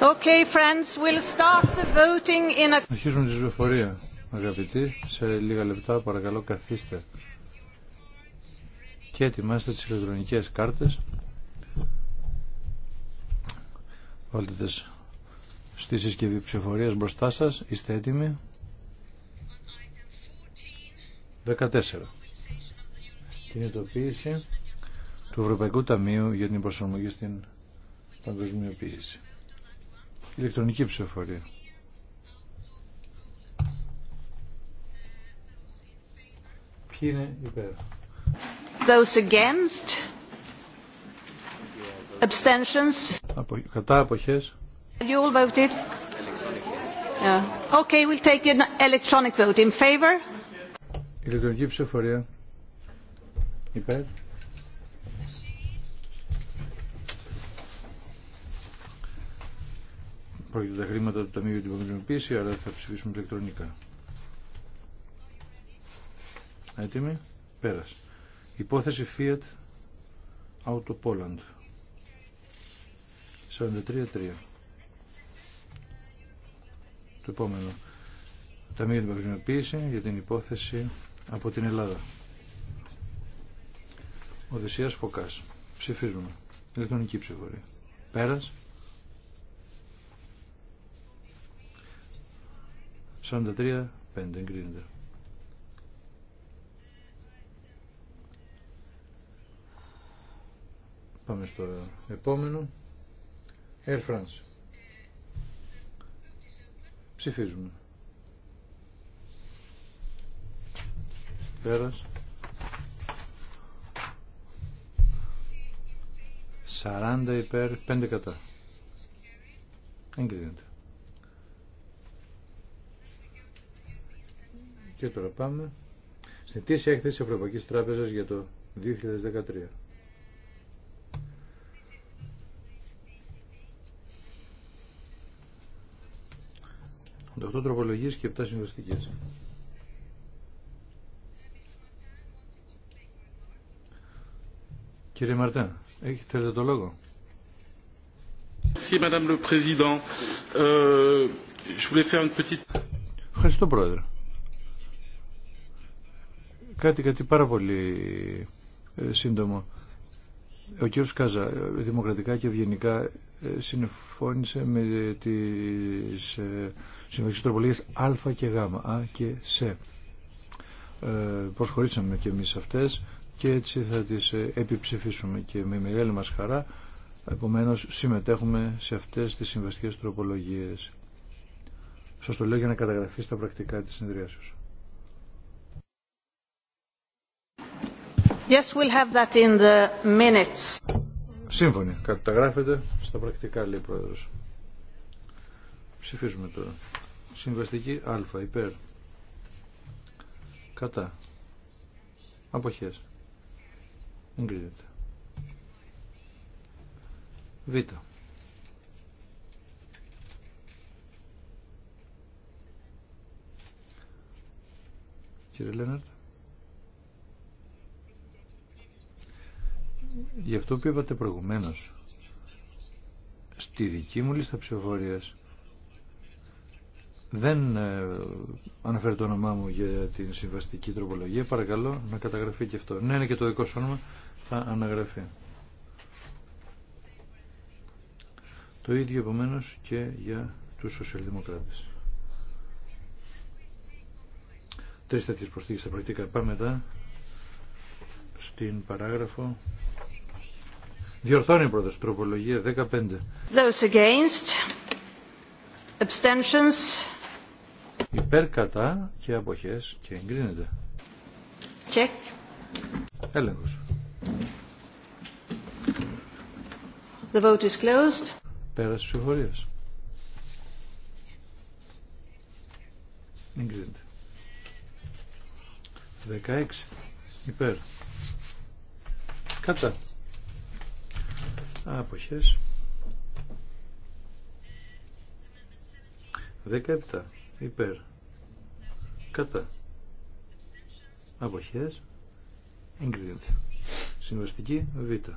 Okay, friends, we'll start Αρχίζουμε τη ψηφοφορία, αγαπητοί. Σε λίγα λεπτά, παρακαλώ, καθίστε. Και ετοιμάστε τις ηλεκτρονικές κάρτες. Βάλτε τις στη συσκευή μπροστά σας. Είστε έτοιμοι. 14. Κινητοποίηση του Ευρωπαϊκού Ταμείου για την προσαρμογή στην παγκοσμιοποίηση ηλεκτρονική ψηφοφορία. Ποιοι είναι υπέρ. Those against. Abstentions. Απο, κατά αποχές. You all voted. Yeah. Okay, we'll take an electronic vote in favor. Ηλεκτρονική ψηφοφορία. Υπέρ. Πρόκειται τα χρήματα του Ταμείου για την Παγκοσμιοποίηση, αλλά θα ψηφίσουμε ηλεκτρονικά. Έτοιμοι. Πέρας. Υπόθεση Fiat Auto Poland. 43-3. Το επόμενο. Ταμείο την Παγκοσμιοποίηση για την υπόθεση από την Ελλάδα. Οδυσσίας Φωκάς. Ψηφίζουμε. Ηλεκτρονική ψηφορία. Πέρας. 43-5 εγκρίνεται. Πάμε στο επόμενο. Air France. Ψηφίζουμε. Πέρας. 40 υπέρ 5 κατά. Εγκρίνεται. Και τώρα πάμε στην τήση έκθεση Ευρωπαϊκής Τράπεζας για το 2013. Το τροπολογίες και 7 συγκριστικές. Κύριε Μαρτά, θέλετε το λόγο. Euh, Ευχαριστώ, Πρόεδρε. Κάτι, κάτι πάρα πολύ ε, σύντομο. Ο κύριος Κάζα ε, δημοκρατικά και ευγενικά ε, συμφώνησε με τις συμβατικές τροπολογίες Α και Γ, Α και Σ. Προσχωρήσαμε και εμείς αυτές και έτσι θα τις επιψηφίσουμε και με μεγάλη μας χαρά. Επομένως συμμετέχουμε σε αυτές τις συμβαστικές τροπολογίες. Σας το λέω για να καταγραφεί στα πρακτικά της συνεδρίασης. Yes, we'll have that in the minutes. Σύμφωνοι. Καταγράφεται στα πρακτικά, λέει ο Πρόεδρος. Ψηφίζουμε τώρα. Συμβαστική Α, υπέρ. Κατά. Αποχές. Εγκρίνεται. Β. Κύριε Λένερτ Γι' αυτό που είπατε προηγουμένως, στη δική μου λίστα ψηφοφορίας δεν ε, αναφέρει το όνομά μου για την συμβαστική τροπολογία. Παρακαλώ να καταγραφεί και αυτό. Ναι, είναι και το δικό σου όνομα. Θα αναγραφεί. Το ίδιο επομένω και για τους σοσιαλδημοκράτες. Τρεις τέτοιες προσθήκες στα πρακτικά. Πάμε μετά στην παράγραφο Διορθώνει πρώτα τροπολογία 15. Υπέρ κατά και αποχές και εγκρίνεται. Check. Έλεγχος. The vote is closed. Πέρας της ψηφορίας. Εγκρίνεται. 16. Υπέρ. Κατά. Άποχες. 17. Υπέρ. Κατά. Αποχές. Εγκρίνεται. Συμβαστική Β.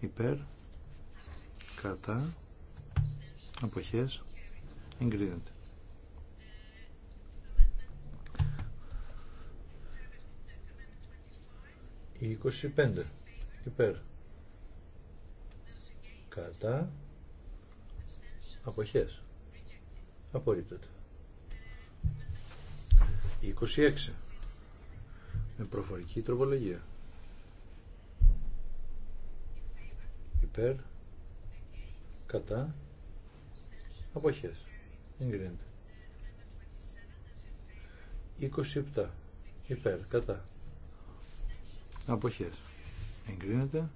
Υπέρ. Κατά. Αποχές. Εγκρίνεται. Η 25. Υπέρ κατά αποχές απορρίπτεται 26 με προφορική τροπολογία υπέρ κατά αποχές εγκρίνεται 27 υπέρ κατά αποχές εγκρίνεται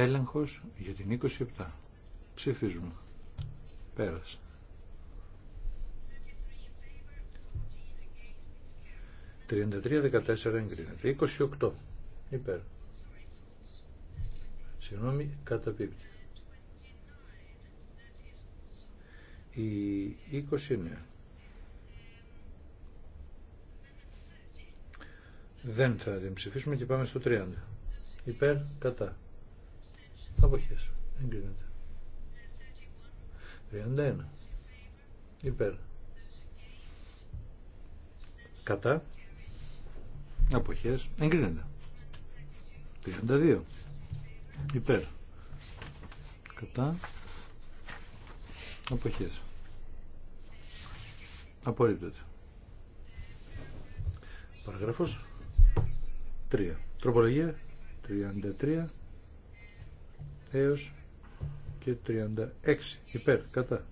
Έλεγχος για την 27. Ψηφίζουμε. Πέρασε. 33-14 εγκρίνεται. 28. Υπέρ. Συγγνώμη, καταπίπτει. Η 29. Δεν θα την ψηφίσουμε και πάμε στο 30. Υπέρ, κατά. Αποχές. Εγκρίνεται. 31. Υπέρ. Κατά. Αποχές. Εγκρίνεται. 32. Υπέρ. Κατά. Αποχές. Απορρίπτεται. Παραγράφος 3. Τροπολογία 33 έως και 36 υπέρ κατά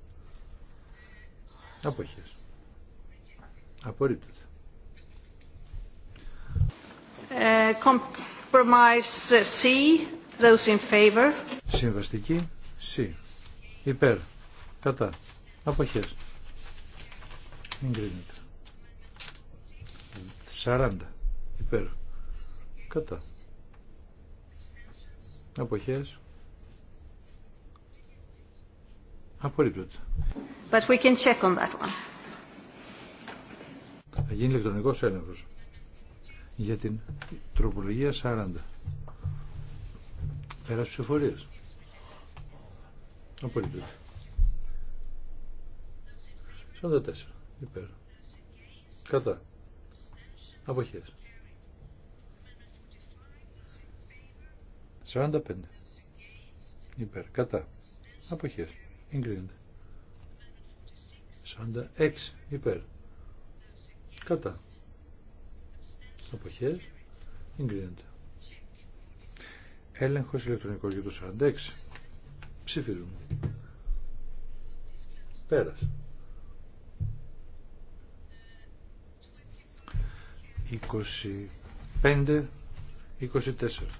αποχές απορρίπτεται ε, ε, συμβαστική C υπέρ κατά αποχές εγκρίνεται 40 υπέρ κατά αποχές Απορρίπτωτα. But we can check on that one. Θα γίνει ηλεκτρονικός έλεγχος για την τροπολογία 40. Πέρας ψηφορίας. Απορρίπτωτα. 44. Υπέρ. Κατά. Αποχές. 45. Υπέρ. Κατά. Αποχές. Εγκρίνεται. 46 υπέρ. Κατά. Αποχές. Εγκρίνεται. Έλεγχος ηλεκτρονικός για το 46. Ψηφίζουμε. Πέρας. 25, 24.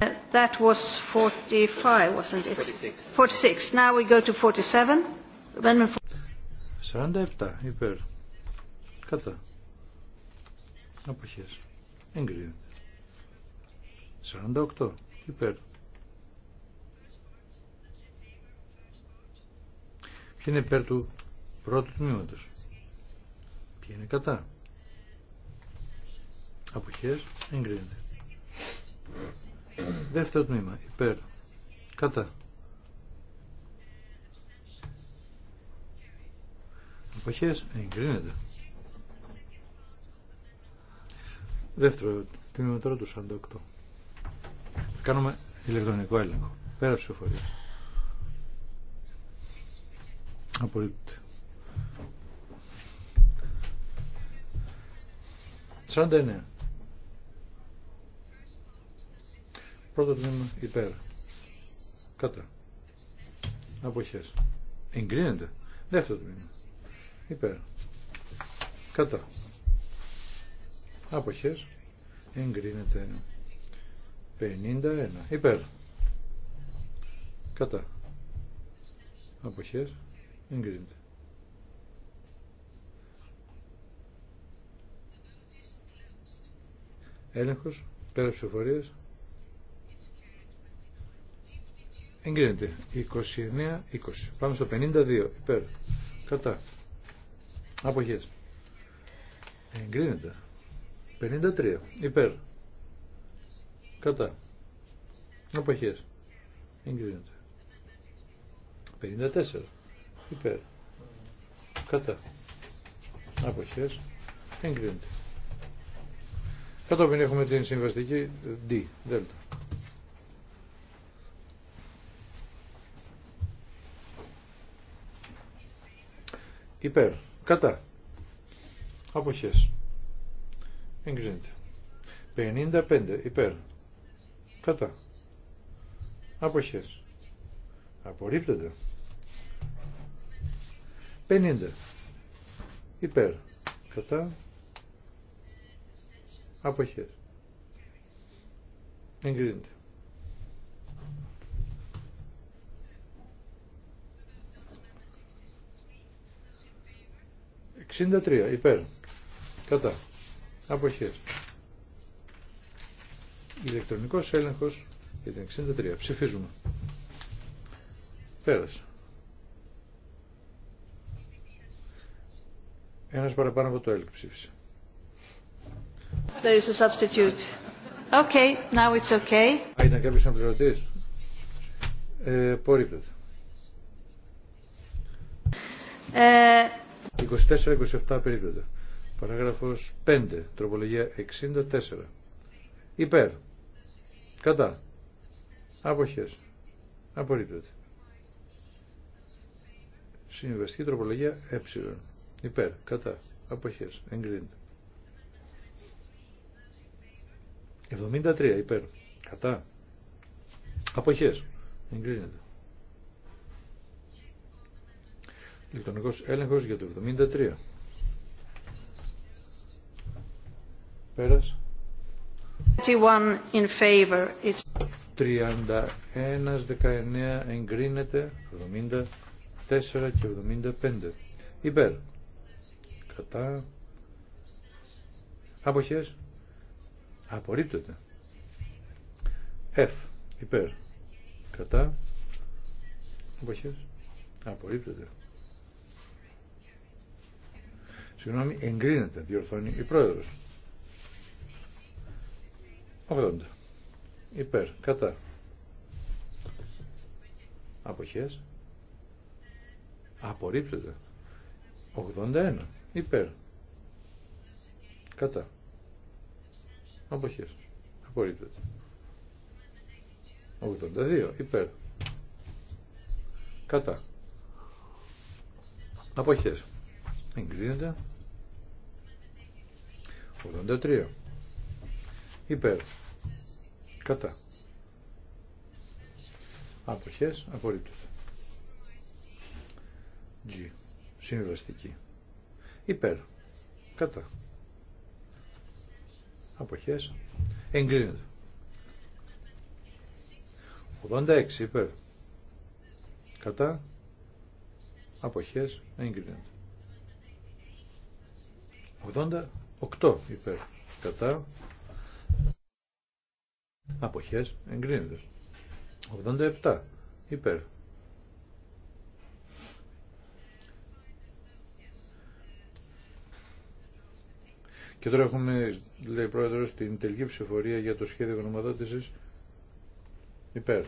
That was 45, wasn't it? 46. to 47. 47 υπέρ. Κατά. Αποχές. Εγκρίνεται. 48 υπέρ. Ποιο είναι υπέρ του πρώτου τμήματος. Ποιο είναι κατά. Αποχές. Εγκρίνεται. Δεύτερο τμήμα. Υπέρ. Κατά. Αποχές. Εγκρίνεται. Δεύτερο τμήμα τώρα του 48. Κάνουμε ηλεκτρονικό έλεγχο. Πέρα ψηφοφορία. Απορρίπτεται. 49. Πρώτο τμήμα υπέρ. Κατά. αποχε Εγκρίνεται. Δεύτερο τμήμα. Υπέρ. Κατά. αποχε Εγκρίνεται. 51. Υπέρ. Κατά. αποχε Εγκρίνεται. Έλεγχος. Πέρα ψηφορίας. Εγκρίνεται. 29-20. Πάμε στο 52. Υπέρ. Κατά. Αποχές. Εγκρίνεται. 53. Υπέρ. Κατά. Αποχές. Εγκρίνεται. 54. Υπέρ. Κατά. Αποχές. Εγκρίνεται. Κατόπιν έχουμε την συμβαστική D. Δέλτα. υπέρ, κατά, αποχές, εγκρίνεται. 55 υπέρ, κατά, αποχές, απορρίπτεται. 50 υπέρ, κατά, αποχές, εγκρίνεται. 63 υπέρ. Κατά. Αποχές. Ηλεκτρονικός έλεγχος για την 63. Ψηφίζουμε. Πέρασε. Ένας παραπάνω από το ΕΛΚ ψήφισε. There is a substitute. Okay, now it's okay. Α, ήταν κάποιος αναπληρωτής. Ε, Πορύπτεται. Ε, 24-27 περίπτωτα. Παράγραφος 5, τροπολογία 64. Υπέρ. Κατά. Αποχές. Απορρίπτωται. Συμβαστική τροπολογία ε. Υπέρ. Κατά. Αποχές. Εγκρίνεται. 73. Υπέρ. Κατά. Αποχές. Εγκρίνεται. Ηλεκτρονικός έλεγχος για το 73. Πέρας. 31 in favor. It's... 19 εγκρίνεται 74 και 75. Υπέρ. Κατά. Αποχές. Απορρίπτεται. F. Υπέρ. Κατά. Αποχές. Απορρίπτεται. Συγγνώμη, εγκρίνεται, διορθώνει η πρόεδρος. 80. Υπέρ, κατά. Αποχές. Απορρίπτεται. 81. Υπέρ. Κατά. Αποχές. Απορρίπτεται. 82. Υπέρ. Κατά. Αποχές. Εγκρίνεται. 83. Υπέρ. Κατά. Αποχές Απολύτως G. Συμβαστική. Υπέρ. Κατά. Αποχές. Εγκρίνεται. 86. Υπέρ. Κατά. Αποχές. Εγκρίνεται. 80. 8 υπέρ κατά αποχές εγκρίνεται 87 υπέρ Και τώρα έχουμε, λέει πρόεδρος, την τελική ψηφορία για το σχέδιο γνωμοδότησης υπέρ.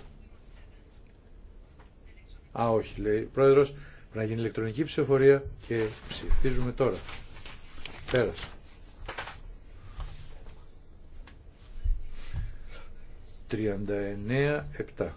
Α, όχι, λέει πρόεδρος, πρέπει να γίνει ηλεκτρονική ψηφορία και ψηφίζουμε τώρα. Πέρασε. 39 επτά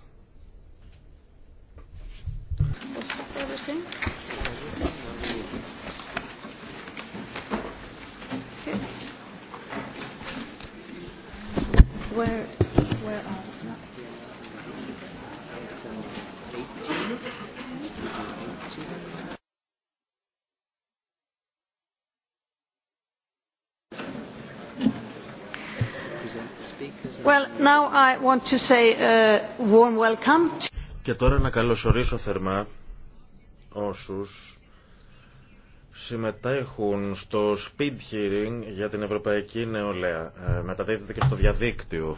Και τώρα να καλωσορίσω θερμά όσους συμμετέχουν στο speed hearing για την Ευρωπαϊκή Νεολαία. Ε, μεταδίδεται και στο διαδίκτυο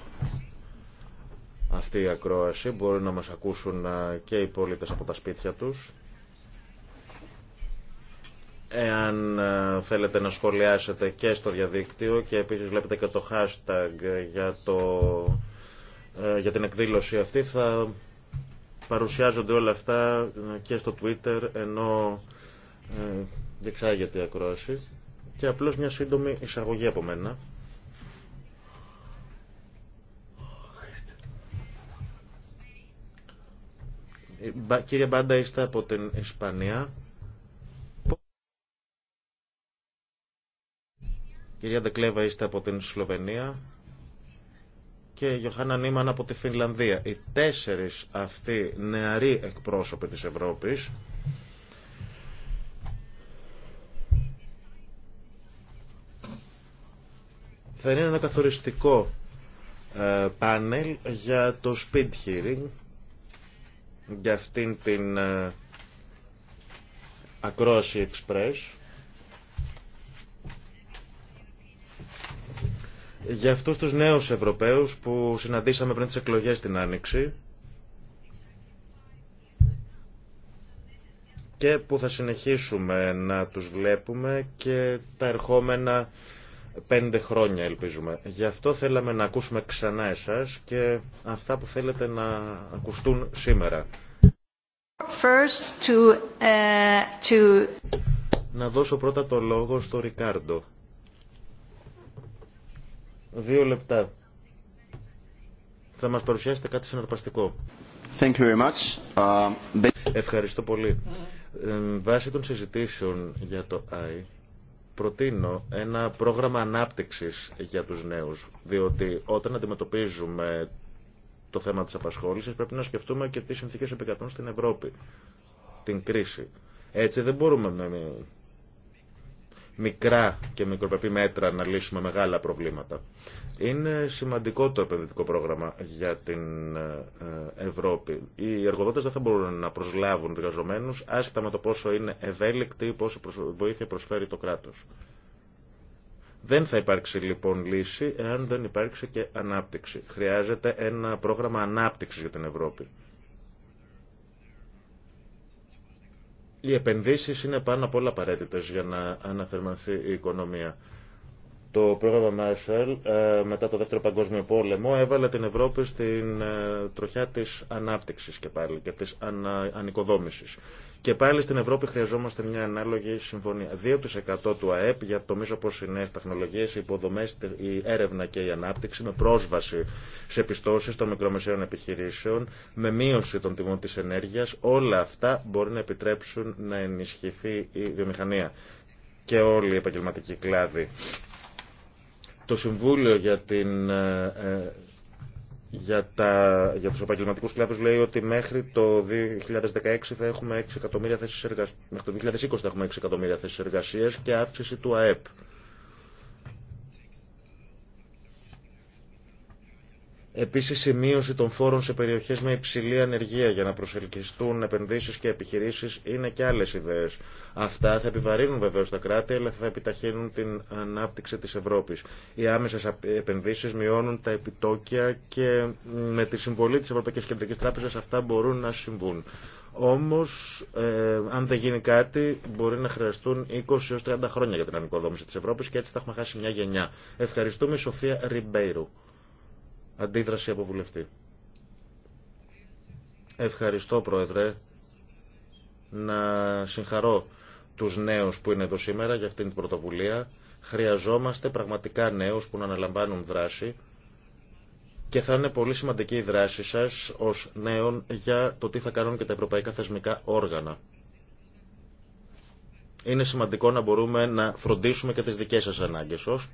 αυτή η ακρόαση. Μπορεί να μας ακούσουν ε, και οι πολίτες από τα σπίτια τους. Εάν ε, θέλετε να σχολιάσετε και στο διαδίκτυο και επίσης βλέπετε και το hashtag για, ε, για την εκδήλωση αυτή θα παρουσιάζονται όλα αυτά ε, και στο Twitter ενώ διεξάγεται η ακρόαση και απλώς μια σύντομη εισαγωγή από μένα. Κύριε Μπάντα, είστε από την Ισπανία. Κυρία Ντεκλέβα είστε από την Σλοβενία και Γιωχάννα Νίμαν από τη Φινλανδία. Οι τέσσερις αυτοί νεαροί εκπρόσωποι της Ευρώπης θα είναι ένα καθοριστικό ε, πάνελ για το speed hearing για αυτήν την ε, ακρόαση express Για αυτούς τους νέους Ευρωπαίους που συναντήσαμε πριν τις εκλογές την Άνοιξη και που θα συνεχίσουμε να τους βλέπουμε και τα ερχόμενα πέντε χρόνια ελπίζουμε. Γι' αυτό θέλαμε να ακούσουμε ξανά εσάς και αυτά που θέλετε να ακουστούν σήμερα. Uh, να δώσω πρώτα το λόγο στο Ρικάρντο Δύο λεπτά. Θα μας παρουσιάσετε κάτι συναρπαστικό. Thank you very much. Uh, Ευχαριστώ πολύ. Ε, βάσει των συζητήσεων για το AI, προτείνω ένα πρόγραμμα ανάπτυξης για τους νέους, διότι όταν αντιμετωπίζουμε το θέμα της απασχόλησης πρέπει να σκεφτούμε και τις συνθήκες επικατών στην Ευρώπη, την κρίση. Έτσι δεν μπορούμε με μικρά και μικροπρεπή μέτρα να λύσουμε μεγάλα προβλήματα. Είναι σημαντικό το επενδυτικό πρόγραμμα για την ε, Ευρώπη. Οι εργοδότες δεν θα μπορούν να προσλάβουν εργαζομένους άσχετα με το πόσο είναι ευέλικτοι ή πόση βοήθεια προσφέρει το κράτος. Δεν θα υπάρξει λοιπόν λύση εάν δεν υπάρξει και ανάπτυξη. Χρειάζεται ένα πρόγραμμα ανάπτυξης για την Ευρώπη. Οι επενδύσεις είναι πάνω από όλα απαραίτητε για να αναθερμανθεί η οικονομία. Το πρόγραμμα Marshall ε, μετά το Δεύτερο Παγκόσμιο Πόλεμο έβαλε την Ευρώπη στην ε, τροχιά της ανάπτυξης και πάλι και της ανα, Και πάλι στην Ευρώπη χρειαζόμαστε μια ανάλογη συμφωνία. 2% του ΑΕΠ για το μίσο πώ οι νέες τεχνολογίες, οι υποδομές, η έρευνα και η ανάπτυξη με πρόσβαση σε πιστώσεις των μικρομεσαίων επιχειρήσεων, με μείωση των τιμών της ενέργειας, όλα αυτά μπορεί να επιτρέψουν να ενισχυθεί η βιομηχανία και όλοι οι επαγγελματικοί κλάδοι το Συμβούλιο για, την, ε, ε, για, τα, για τους επαγγελματικού κλάδους λέει ότι μέχρι το 2016 θα έχουμε 6 εκατομμύρια θέσεις εργασίας, μέχρι το 2020 θα έχουμε 6 εκατομμύρια θέσεις εργασίας και αύξηση του ΑΕΠ. Επίση, η μείωση των φόρων σε περιοχέ με υψηλή ανεργία για να προσελκυστούν επενδύσει και επιχειρήσει, είναι και άλλε ιδέε. Αυτά θα επιβαρύνουν βεβαίω τα κράτη αλλά θα επιταχύνουν την ανάπτυξη τη Ευρώπη. Οι άμεσες επενδύσει μειώνουν τα επιτόκια και με τη συμβολή τη Ευρωπαϊκή Κεντρικής Τράπεζα, αυτά μπορούν να συμβούν. Όμω, ε, αν δεν γίνει κάτι, μπορεί να χρειαστούν 20 έως 30 χρόνια για την ανοικοδόμηση τη Ευρώπη και έτσι θα έχουμε χάσει μια γενιά. Ευχαριστούμε Σοφία Ριμπέιρου. Αντίδραση από βουλευτή. Ευχαριστώ Πρόεδρε να συγχαρώ τους νέους που είναι εδώ σήμερα για αυτήν την πρωτοβουλία. Χρειαζόμαστε πραγματικά νέους που να αναλαμβάνουν δράση και θα είναι πολύ σημαντική η δράση σας ως νέων για το τι θα κάνουν και τα ευρωπαϊκά θεσμικά όργανα. Είναι σημαντικό να μπορούμε να φροντίσουμε και τις δικές σας ανάγκες ως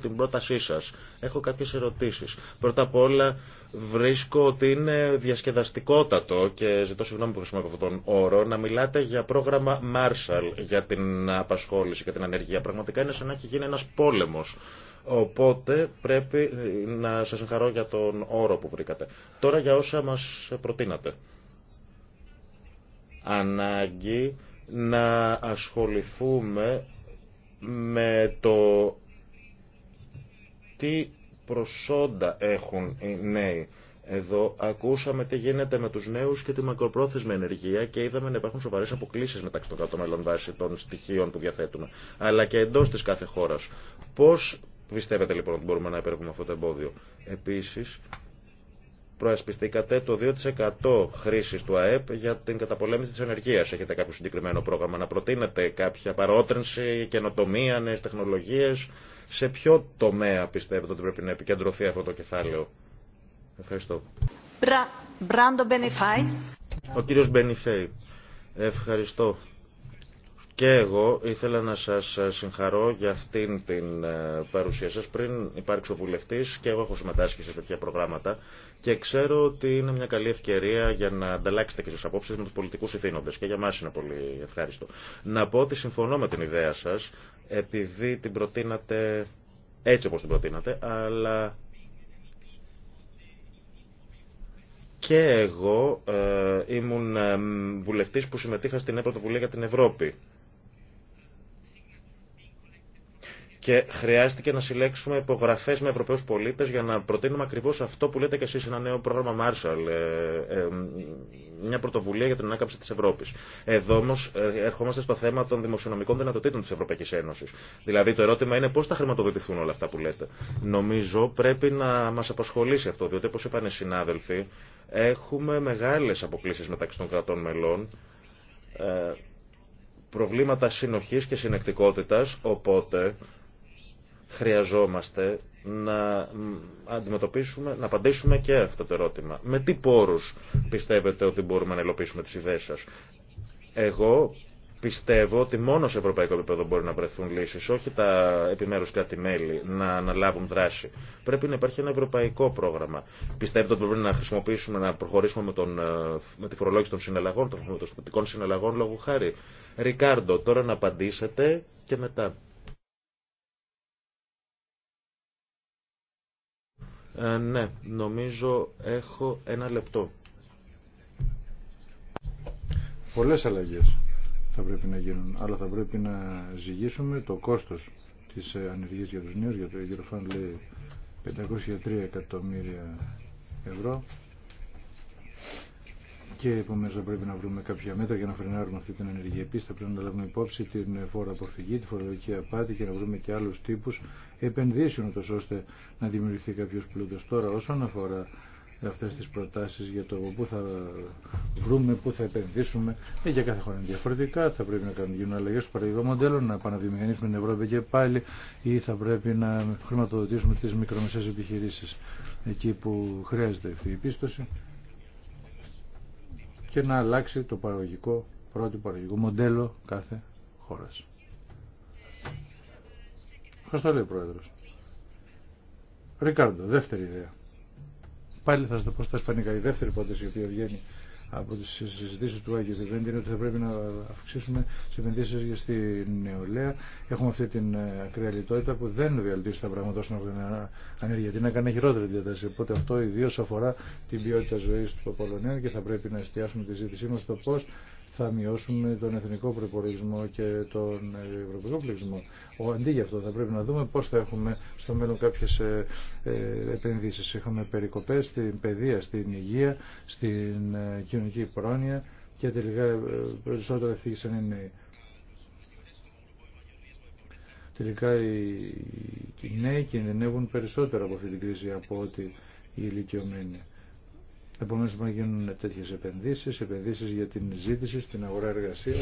την πρότασή σας. Έχω κάποιες ερωτήσεις. Πρώτα απ' όλα βρίσκω ότι είναι διασκεδαστικότατο και ζητώ συγγνώμη που χρησιμοποιώ αυτόν τον όρο να μιλάτε για πρόγραμμα Marshall για την απασχόληση και την ανεργία. Πραγματικά είναι σαν να έχει γίνει ένας πόλεμος. Οπότε πρέπει ε, να σας ευχαρώ για τον όρο που βρήκατε. Τώρα για όσα μας προτείνατε. Ανάγκη να ασχοληθούμε με το τι προσόντα έχουν οι νέοι. Εδώ ακούσαμε τι γίνεται με τους νέους και τη μακροπρόθεσμη ενεργεία και είδαμε να υπάρχουν σοβαρές αποκλήσεις μεταξύ των κρατών βάση βάσει των στοιχείων που διαθέτουμε, αλλά και εντός της κάθε χώρας. Πώς πιστεύετε λοιπόν ότι μπορούμε να υπερβούμε αυτό το εμπόδιο. Επίσης, προασπιστήκατε το 2% χρήση του ΑΕΠ για την καταπολέμηση τη ενεργεία. Έχετε κάποιο συγκεκριμένο πρόγραμμα να προτείνετε, κάποια παρότρινση, καινοτομία, νέε τεχνολογίε. Σε ποιο τομέα πιστεύετε ότι πρέπει να επικεντρωθεί αυτό το κεφάλαιο. Ευχαριστώ. Μπράντο Ο κύριος Μπενιφέη. Ευχαριστώ και εγώ ήθελα να σας ε, συγχαρώ για αυτήν την ε, παρουσία σας. Πριν υπάρξει ο βουλευτής και εγώ έχω συμμετάσχει σε τέτοια προγράμματα και ξέρω ότι είναι μια καλή ευκαιρία για να ανταλλάξετε και τις απόψεις με τους πολιτικούς ηθήνοντες και για μας είναι πολύ ευχάριστο. Να πω ότι συμφωνώ με την ιδέα σας επειδή την προτείνατε έτσι όπως την προτείνατε, αλλά και εγώ ε, ήμουν ε, βουλευτής που συμμετείχα στην Πρωτοβουλία για την Ευρώπη Και χρειάστηκε να συλλέξουμε υπογραφέ με Ευρωπαίου πολίτε για να προτείνουμε ακριβώ αυτό που λέτε κι εσεί, ένα νέο πρόγραμμα Marshall, ε, ε μια πρωτοβουλία για την ανάκαμψη τη Ευρώπη. Εδώ όμω ε, ερχόμαστε στο θέμα των δημοσιονομικών δυνατοτήτων τη Ευρωπαϊκή Ένωση. Δηλαδή το ερώτημα είναι πώ θα χρηματοδοτηθούν όλα αυτά που λέτε. Νομίζω πρέπει να μα απασχολήσει αυτό, διότι όπω είπαν οι συνάδελφοι, έχουμε μεγάλε αποκλήσει μεταξύ των κρατών μελών. Ε, προβλήματα συνοχής και συνεκτικότητας, οπότε Χρειαζόμαστε να αντιμετωπίσουμε, να απαντήσουμε και αυτό το ερώτημα. Με τι πόρους πιστεύετε ότι μπορούμε να υλοποιήσουμε τις ιδέες σας. Εγώ πιστεύω ότι μόνο σε ευρωπαϊκό επίπεδο μπορεί να βρεθούν λύσει, όχι τα επιμέρου κράτη-μέλη να αναλάβουν δράση. Πρέπει να υπάρχει ένα ευρωπαϊκό πρόγραμμα. Πιστεύετε ότι πρέπει να χρησιμοποιήσουμε, να προχωρήσουμε με, τον, ε, με τη φορολόγηση των συναλλαγών, των χρηματοδοτικών συναλλαγών λόγω χάρη. Ρικάρντο, τώρα να απαντήσετε και μετά. Ε, ναι, νομίζω έχω ένα λεπτό. Πολλές αλλαγές θα πρέπει να γίνουν, αλλά θα πρέπει να ζυγίσουμε το κόστος της ε, ανεργίας για τους νέους, για το Φαν, λέει 503 εκατομμύρια ευρώ και επομένω θα πρέπει να βρούμε κάποια μέτρα για να φρενάρουμε αυτή την ενεργή. Επίση, θα πρέπει να λάβουμε υπόψη την φόρα αποφυγή, τη φορολογική απάτη και να βρούμε και άλλου τύπου επενδύσεων, ώστε να δημιουργηθεί κάποιο πλούτο. Τώρα, όσον αφορά αυτέ τι προτάσει για το πού θα βρούμε, πού θα επενδύσουμε, ε, για κάθε χώρα είναι διαφορετικά. Θα πρέπει να κάνουν γίνουν αλλαγέ στο παραγωγικό μοντέλο, να επαναβιομηχανίσουμε την Ευρώπη και πάλι, ή θα πρέπει να χρηματοδοτήσουμε τι μικρομεσαίε επιχειρήσει εκεί που χρειάζεται αυτή η πίστοση και να αλλάξει το παραγωγικό πρώτο παραγωγικό μοντέλο κάθε χώρας. Ευχαριστώ λέει ο Πρόεδρος. Ρικάρντο, δεύτερη ιδέα. Πάλι θα σας το πω στα ισπανικά, η δεύτερη υπόθεση η οποία βγαίνει από τις συζητήσεις του Άγιος Δεβέντη είναι ότι θα πρέπει να αυξήσουμε τις επενδύσεις στη νεολαία. Έχουμε αυτή την ε, ακραία λιτότητα που δεν βιαλτίζει τα πράγματα όσον αφορά την Τι να κάνει χειρότερη διατάση. Οπότε αυτό ιδίω αφορά την ποιότητα ζωής του Πολωνίου και θα πρέπει να εστιάσουμε τη ζήτησή μας στο πώς θα μειώσουμε τον εθνικό προπολογισμό και τον ε, ευρωπαϊκό πληθυσμό. Αντί για αυτό θα πρέπει να δούμε πώς θα έχουμε στο μέλλον κάποιες ε, ε, επενδύσεις. Είχαμε περικοπές στην παιδεία, στην υγεία, στην κοινωνική πρόνοια και τελικά περισσότερα ευθύγησαν οι νέοι. Τελικά οι νέοι κινδυνεύουν περισσότερο από αυτή την κρίση από ότι οι ηλικιωμένοι. Επομένω, πρέπει να γίνουν τέτοιε επενδύσει, επενδύσει για την ζήτηση στην αγορά εργασία,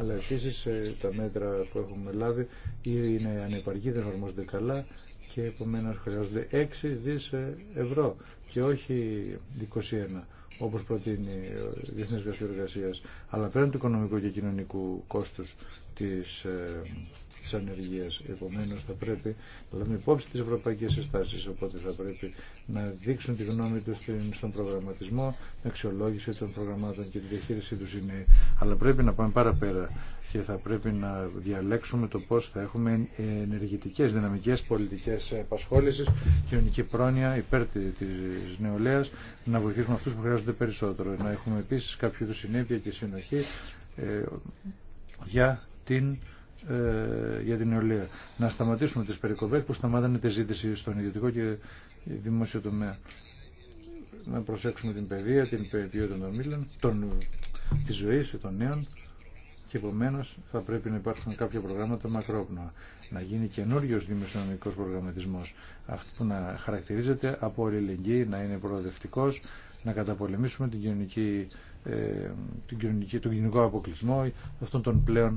αλλά επίση ε, τα μέτρα που έχουμε λάβει είναι ανεπαρκή, δεν εφαρμόζονται καλά και επομένω χρειάζονται 6 δι ε, ευρώ και όχι 21 όπως προτείνει η διεθνή Γραφείο εργασία, αλλά πέραν του οικονομικού και κοινωνικού κόστους της ε, της ανεργίας. Επομένως θα πρέπει να λάβουμε υπόψη τις ευρωπαϊκές συστάσεις, οπότε θα πρέπει να δείξουν τη γνώμη τους στον προγραμματισμό, την αξιολόγηση των προγραμμάτων και τη διαχείρισή τους είναι. Αλλά πρέπει να πάμε πάρα πέρα και θα πρέπει να διαλέξουμε το πώς θα έχουμε ενεργητικές, δυναμικές, πολιτικές επασχόλησης, κοινωνική πρόνοια υπέρ της νεολαίας, να βοηθήσουμε αυτούς που χρειάζονται περισσότερο. Να έχουμε επίσης κάποιο είδους συνέπεια και συνοχή ε, για την ε, για την νεολαία. Να σταματήσουμε τις περικοπές που σταμάτανε τη ζήτηση στον ιδιωτικό και δημόσιο τομέα. Να προσέξουμε την παιδεία, την ποιότητα των μήλων, τη ζωή, ζωής, των νέων και επομένω θα πρέπει να υπάρχουν κάποια προγράμματα μακρόπνοα. Να γίνει καινούριο δημοσιονομικό προγραμματισμό, αυτό που να χαρακτηρίζεται από αλληλεγγύη, να είναι προοδευτικό, να καταπολεμήσουμε την κοινωνική, ε, την τον κοινωνικό αποκλεισμό αυτών των πλέον.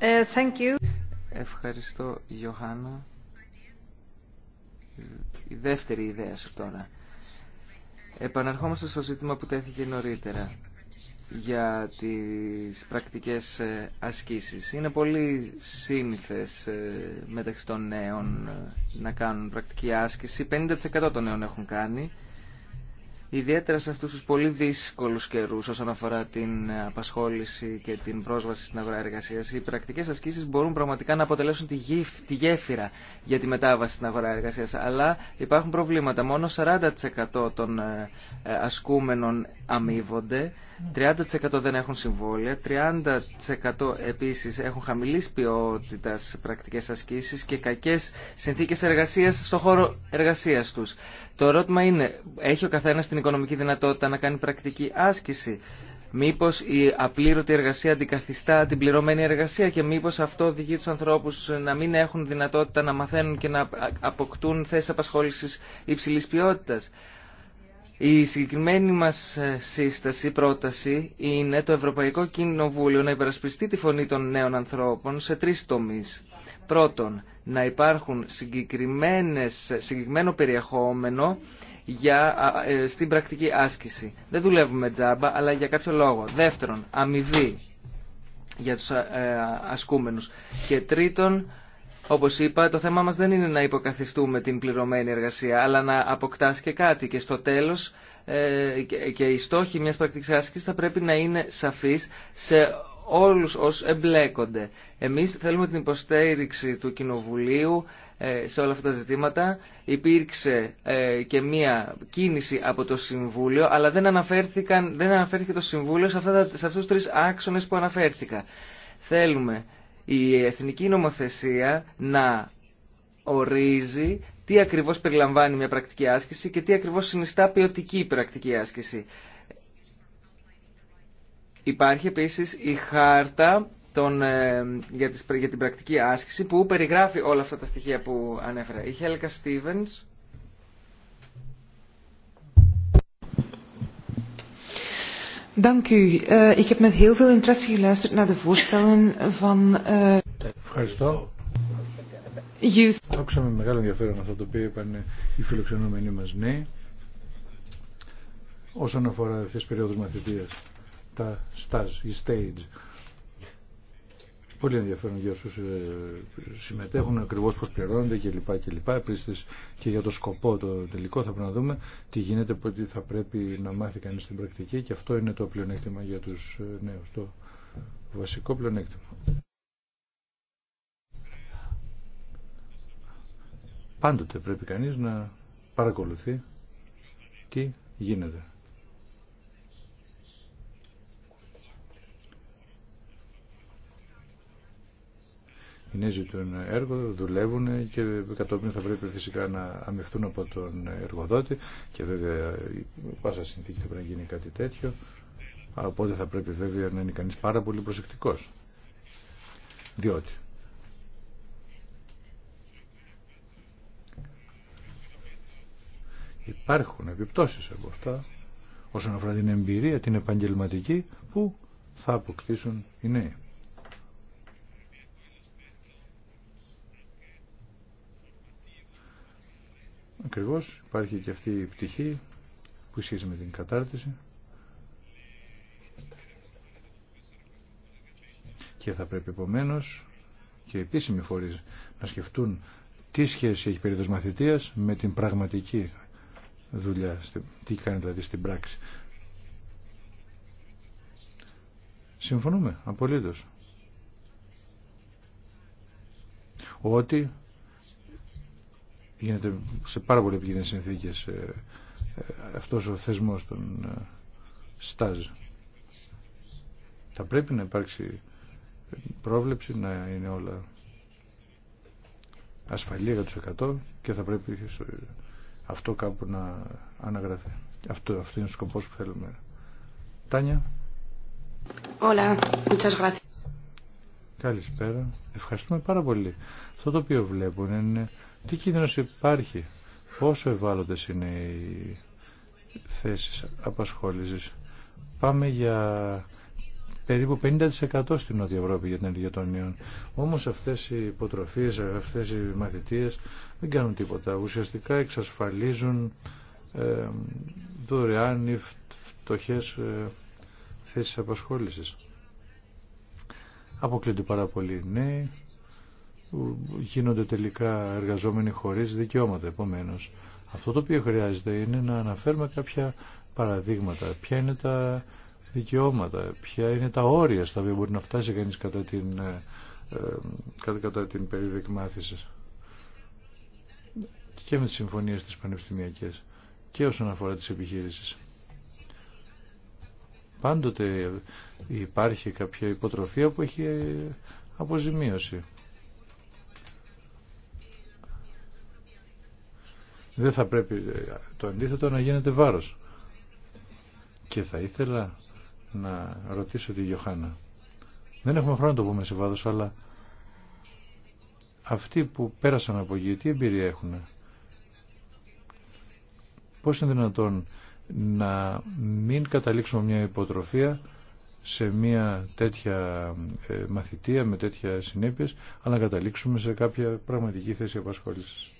Ε, Ευχαριστώ, Γιωχάννα. Η δεύτερη ιδέα σου τώρα. Επαναρχόμαστε στο ζήτημα που τέθηκε νωρίτερα για τις πρακτικές ε, ασκήσεις. Είναι πολύ σύνηθες ε, μεταξύ των νέων να κάνουν πρακτική άσκηση. 50% των νέων έχουν κάνει ιδιαίτερα σε αυτούς τους πολύ δύσκολους καιρούς όσον αφορά την απασχόληση και την πρόσβαση στην αγορά εργασίας. Οι πρακτικές ασκήσεις μπορούν πραγματικά να αποτελέσουν τη, γέφυρα για τη μετάβαση στην αγορά εργασίας, αλλά υπάρχουν προβλήματα. Μόνο 40% των ε, ε, ασκούμενων αμείβονται 30% δεν έχουν συμβόλαια, 30% επίσης έχουν χαμηλής ποιότητας πρακτικές ασκήσεις και κακές συνθήκες εργασίας στο χώρο εργασίας τους. Το ερώτημα είναι, έχει ο καθένας την οικονομική δυνατότητα να κάνει πρακτική άσκηση. Μήπως η απλήρωτη εργασία αντικαθιστά την πληρωμένη εργασία και μήπως αυτό οδηγεί τους ανθρώπους να μην έχουν δυνατότητα να μαθαίνουν και να αποκτούν θέσεις απασχόλησης υψηλής ποιότητας. Η συγκεκριμένη μας ε, σύσταση, πρόταση, είναι το Ευρωπαϊκό Κοινοβούλιο να υπερασπιστεί τη φωνή των νέων ανθρώπων σε τρεις τομείς. Πρώτον, να υπάρχουν συγκεκριμένο περιεχόμενο για, ε, στην πρακτική άσκηση. Δεν δουλεύουμε τζάμπα, αλλά για κάποιο λόγο. Δεύτερον, αμοιβή για τους ε, ασκούμενους. Και τρίτον, όπως είπα, το θέμα μας δεν είναι να υποκαθιστούμε την πληρωμένη εργασία, αλλά να αποκτάς και κάτι και στο τέλος ε, και η στόχοι μιας πρακτικής άσκησης θα πρέπει να είναι σαφείς σε όλους όσους εμπλέκονται. Εμείς θέλουμε την υποστήριξη του Κοινοβουλίου ε, σε όλα αυτά τα ζητήματα. Υπήρξε ε, και μία κίνηση από το Συμβούλιο, αλλά δεν, δεν αναφέρθηκε το Συμβούλιο σε, αυτά τα, σε αυτούς τους τρεις άξονες που αναφέρθηκα. Θέλουμε η εθνική νομοθεσία να ορίζει τι ακριβώς περιλαμβάνει μια πρακτική άσκηση και τι ακριβώς συνιστά ποιοτική πρακτική άσκηση. Υπάρχει επίσης η χάρτα τον, ε, για, τις, για την πρακτική άσκηση που περιγράφει όλα αυτά τα στοιχεία που ανέφερα. Η Χέλκα Στίβενς Ευχαριστώ. Άκουσα με μεγάλο ενδιαφέρον αυτό το οποίο είπαν οι φιλοξενούμενοι μα νέοι όσον αφορά τα η stage. Πολύ ενδιαφέρον για όσους ε, συμμετέχουν ακριβώς πώς πληρώνονται κλπ. λοιπά. Επίσης και για το σκοπό το τελικό θα πρέπει να δούμε τι γίνεται, τι θα πρέπει να μάθει κανείς στην πρακτική και αυτό είναι το πλεονέκτημα για τους ε, νέους, το βασικό πλεονέκτημα. Πάντοτε πρέπει κανείς να παρακολουθεί τι γίνεται. είναι ζητούν έργο, δουλεύουν και κατόπιν θα πρέπει φυσικά να αμυφθούν από τον εργοδότη και βέβαια πάσα συνθήκη θα πρέπει να γίνει κάτι τέτοιο οπότε θα πρέπει βέβαια να είναι κανείς πάρα πολύ προσεκτικός διότι υπάρχουν επιπτώσεις από αυτά όσον αφορά την εμπειρία, την επαγγελματική που θα αποκτήσουν οι νέοι. Ακριβώς υπάρχει και αυτή η πτυχή που ισχύει με την κατάρτιση και θα πρέπει επομένω και επίσημοι φορείς να σκεφτούν τι σχέση έχει περίοδος μαθητείας με την πραγματική δουλειά, τι κάνει δηλαδή στην πράξη. Συμφωνούμε απολύτως. Ότι γίνεται σε πάρα πολύ επικίνδυνες συνθήκες ε, ε, αυτός ο θεσμός των ε, στάζ. Θα πρέπει να υπάρξει πρόβλεψη να είναι όλα ασφαλή για 100% και θα πρέπει αυτό κάπου να αναγραφεί. Αυτό, είναι ο σκοπός που θέλουμε. Τάνια. Hola, muchas gracias. Καλησπέρα. Ευχαριστούμε πάρα πολύ. Αυτό το οποίο βλέπουν είναι τι κίνδυνος υπάρχει, πόσο ευάλωτες είναι οι θέσεις απασχόλησης. Πάμε για περίπου 50% στην Νότια Ευρώπη για την ενέργεια των νέων. Όμως αυτές οι υποτροφίες, αυτές οι μαθητείες δεν κάνουν τίποτα. Ουσιαστικά εξασφαλίζουν ε, δωρεάν ή φτωχές ε, θέσεις απασχόλησης. Αποκλείται πάρα πολύ νέοι γίνονται τελικά εργαζόμενοι χωρίς δικαιώματα. Επομένως, αυτό το οποίο χρειάζεται είναι να αναφέρουμε κάποια παραδείγματα. Ποια είναι τα δικαιώματα, ποια είναι τα όρια στα οποία μπορεί να φτάσει κανείς κατά την, ε, ε, κατά, κατά την περίοδο εκμάθησης και με τις συμφωνίες της πανεπιστημιακές και όσον αφορά τις επιχείρησεις. Πάντοτε υπάρχει κάποια υποτροφία που έχει αποζημίωση. Δεν θα πρέπει ε, το αντίθετο να γίνεται βάρος. Και θα ήθελα να ρωτήσω τη Γιωχάννα. Δεν έχουμε χρόνο να το πούμε σε βάθος, αλλά αυτοί που πέρασαν από γη, τι εμπειρία έχουν. Πώς είναι δυνατόν να μην καταλήξουμε μια υποτροφία σε μια τέτοια ε, μαθητεία με τέτοια συνέπειες, αλλά να καταλήξουμε σε κάποια πραγματική θέση απασχόλησης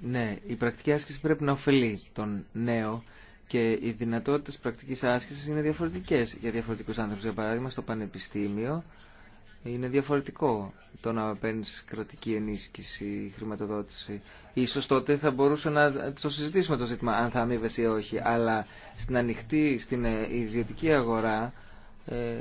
ναι, η πρακτική άσκηση πρέπει να ωφελεί τον νέο και οι δυνατότητε πρακτική άσκηση είναι διαφορετικέ για διαφορετικού άνθρωπους. Για παράδειγμα, στο πανεπιστήμιο είναι διαφορετικό το να παίρνει κρατική ενίσχυση, χρηματοδότηση. Ίσως τότε θα μπορούσε να το συζητήσουμε το ζήτημα, αν θα αμείβεσαι ή όχι. Αλλά στην ανοιχτή, στην ε, ιδιωτική αγορά, ε,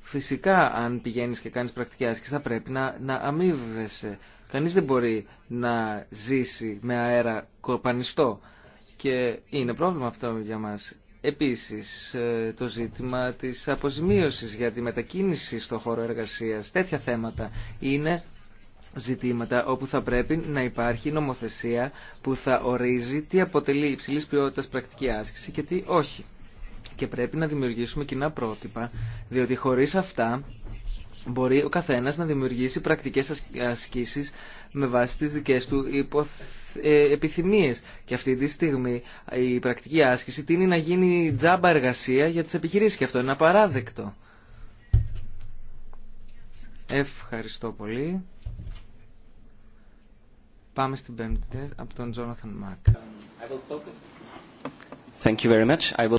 φυσικά αν πηγαίνει και κάνει πρακτική άσκηση θα πρέπει να, να αμείβεσαι. Κανείς δεν μπορεί να ζήσει με αέρα κορπανιστό και είναι πρόβλημα αυτό για μας. Επίσης ε, το ζήτημα της αποζημίωσης για τη μετακίνηση στο χώρο εργασίας, τέτοια θέματα είναι ζητήματα όπου θα πρέπει να υπάρχει νομοθεσία που θα ορίζει τι αποτελεί υψηλής ποιότητας πρακτική άσκηση και τι όχι. Και πρέπει να δημιουργήσουμε κοινά πρότυπα, διότι χωρίς αυτά μπορεί ο καθένας να δημιουργήσει πρακτικές ασκήσεις με βάση τις δικές του ε, επιθυμίες. Και αυτή τη στιγμή η πρακτική άσκηση τίνει να γίνει τζάμπα εργασία για τις επιχειρήσεις και αυτό είναι απαράδεκτο. Ευχαριστώ πολύ. Πάμε στην πέμπτη από τον Τζόναθαν Μακ. Thank you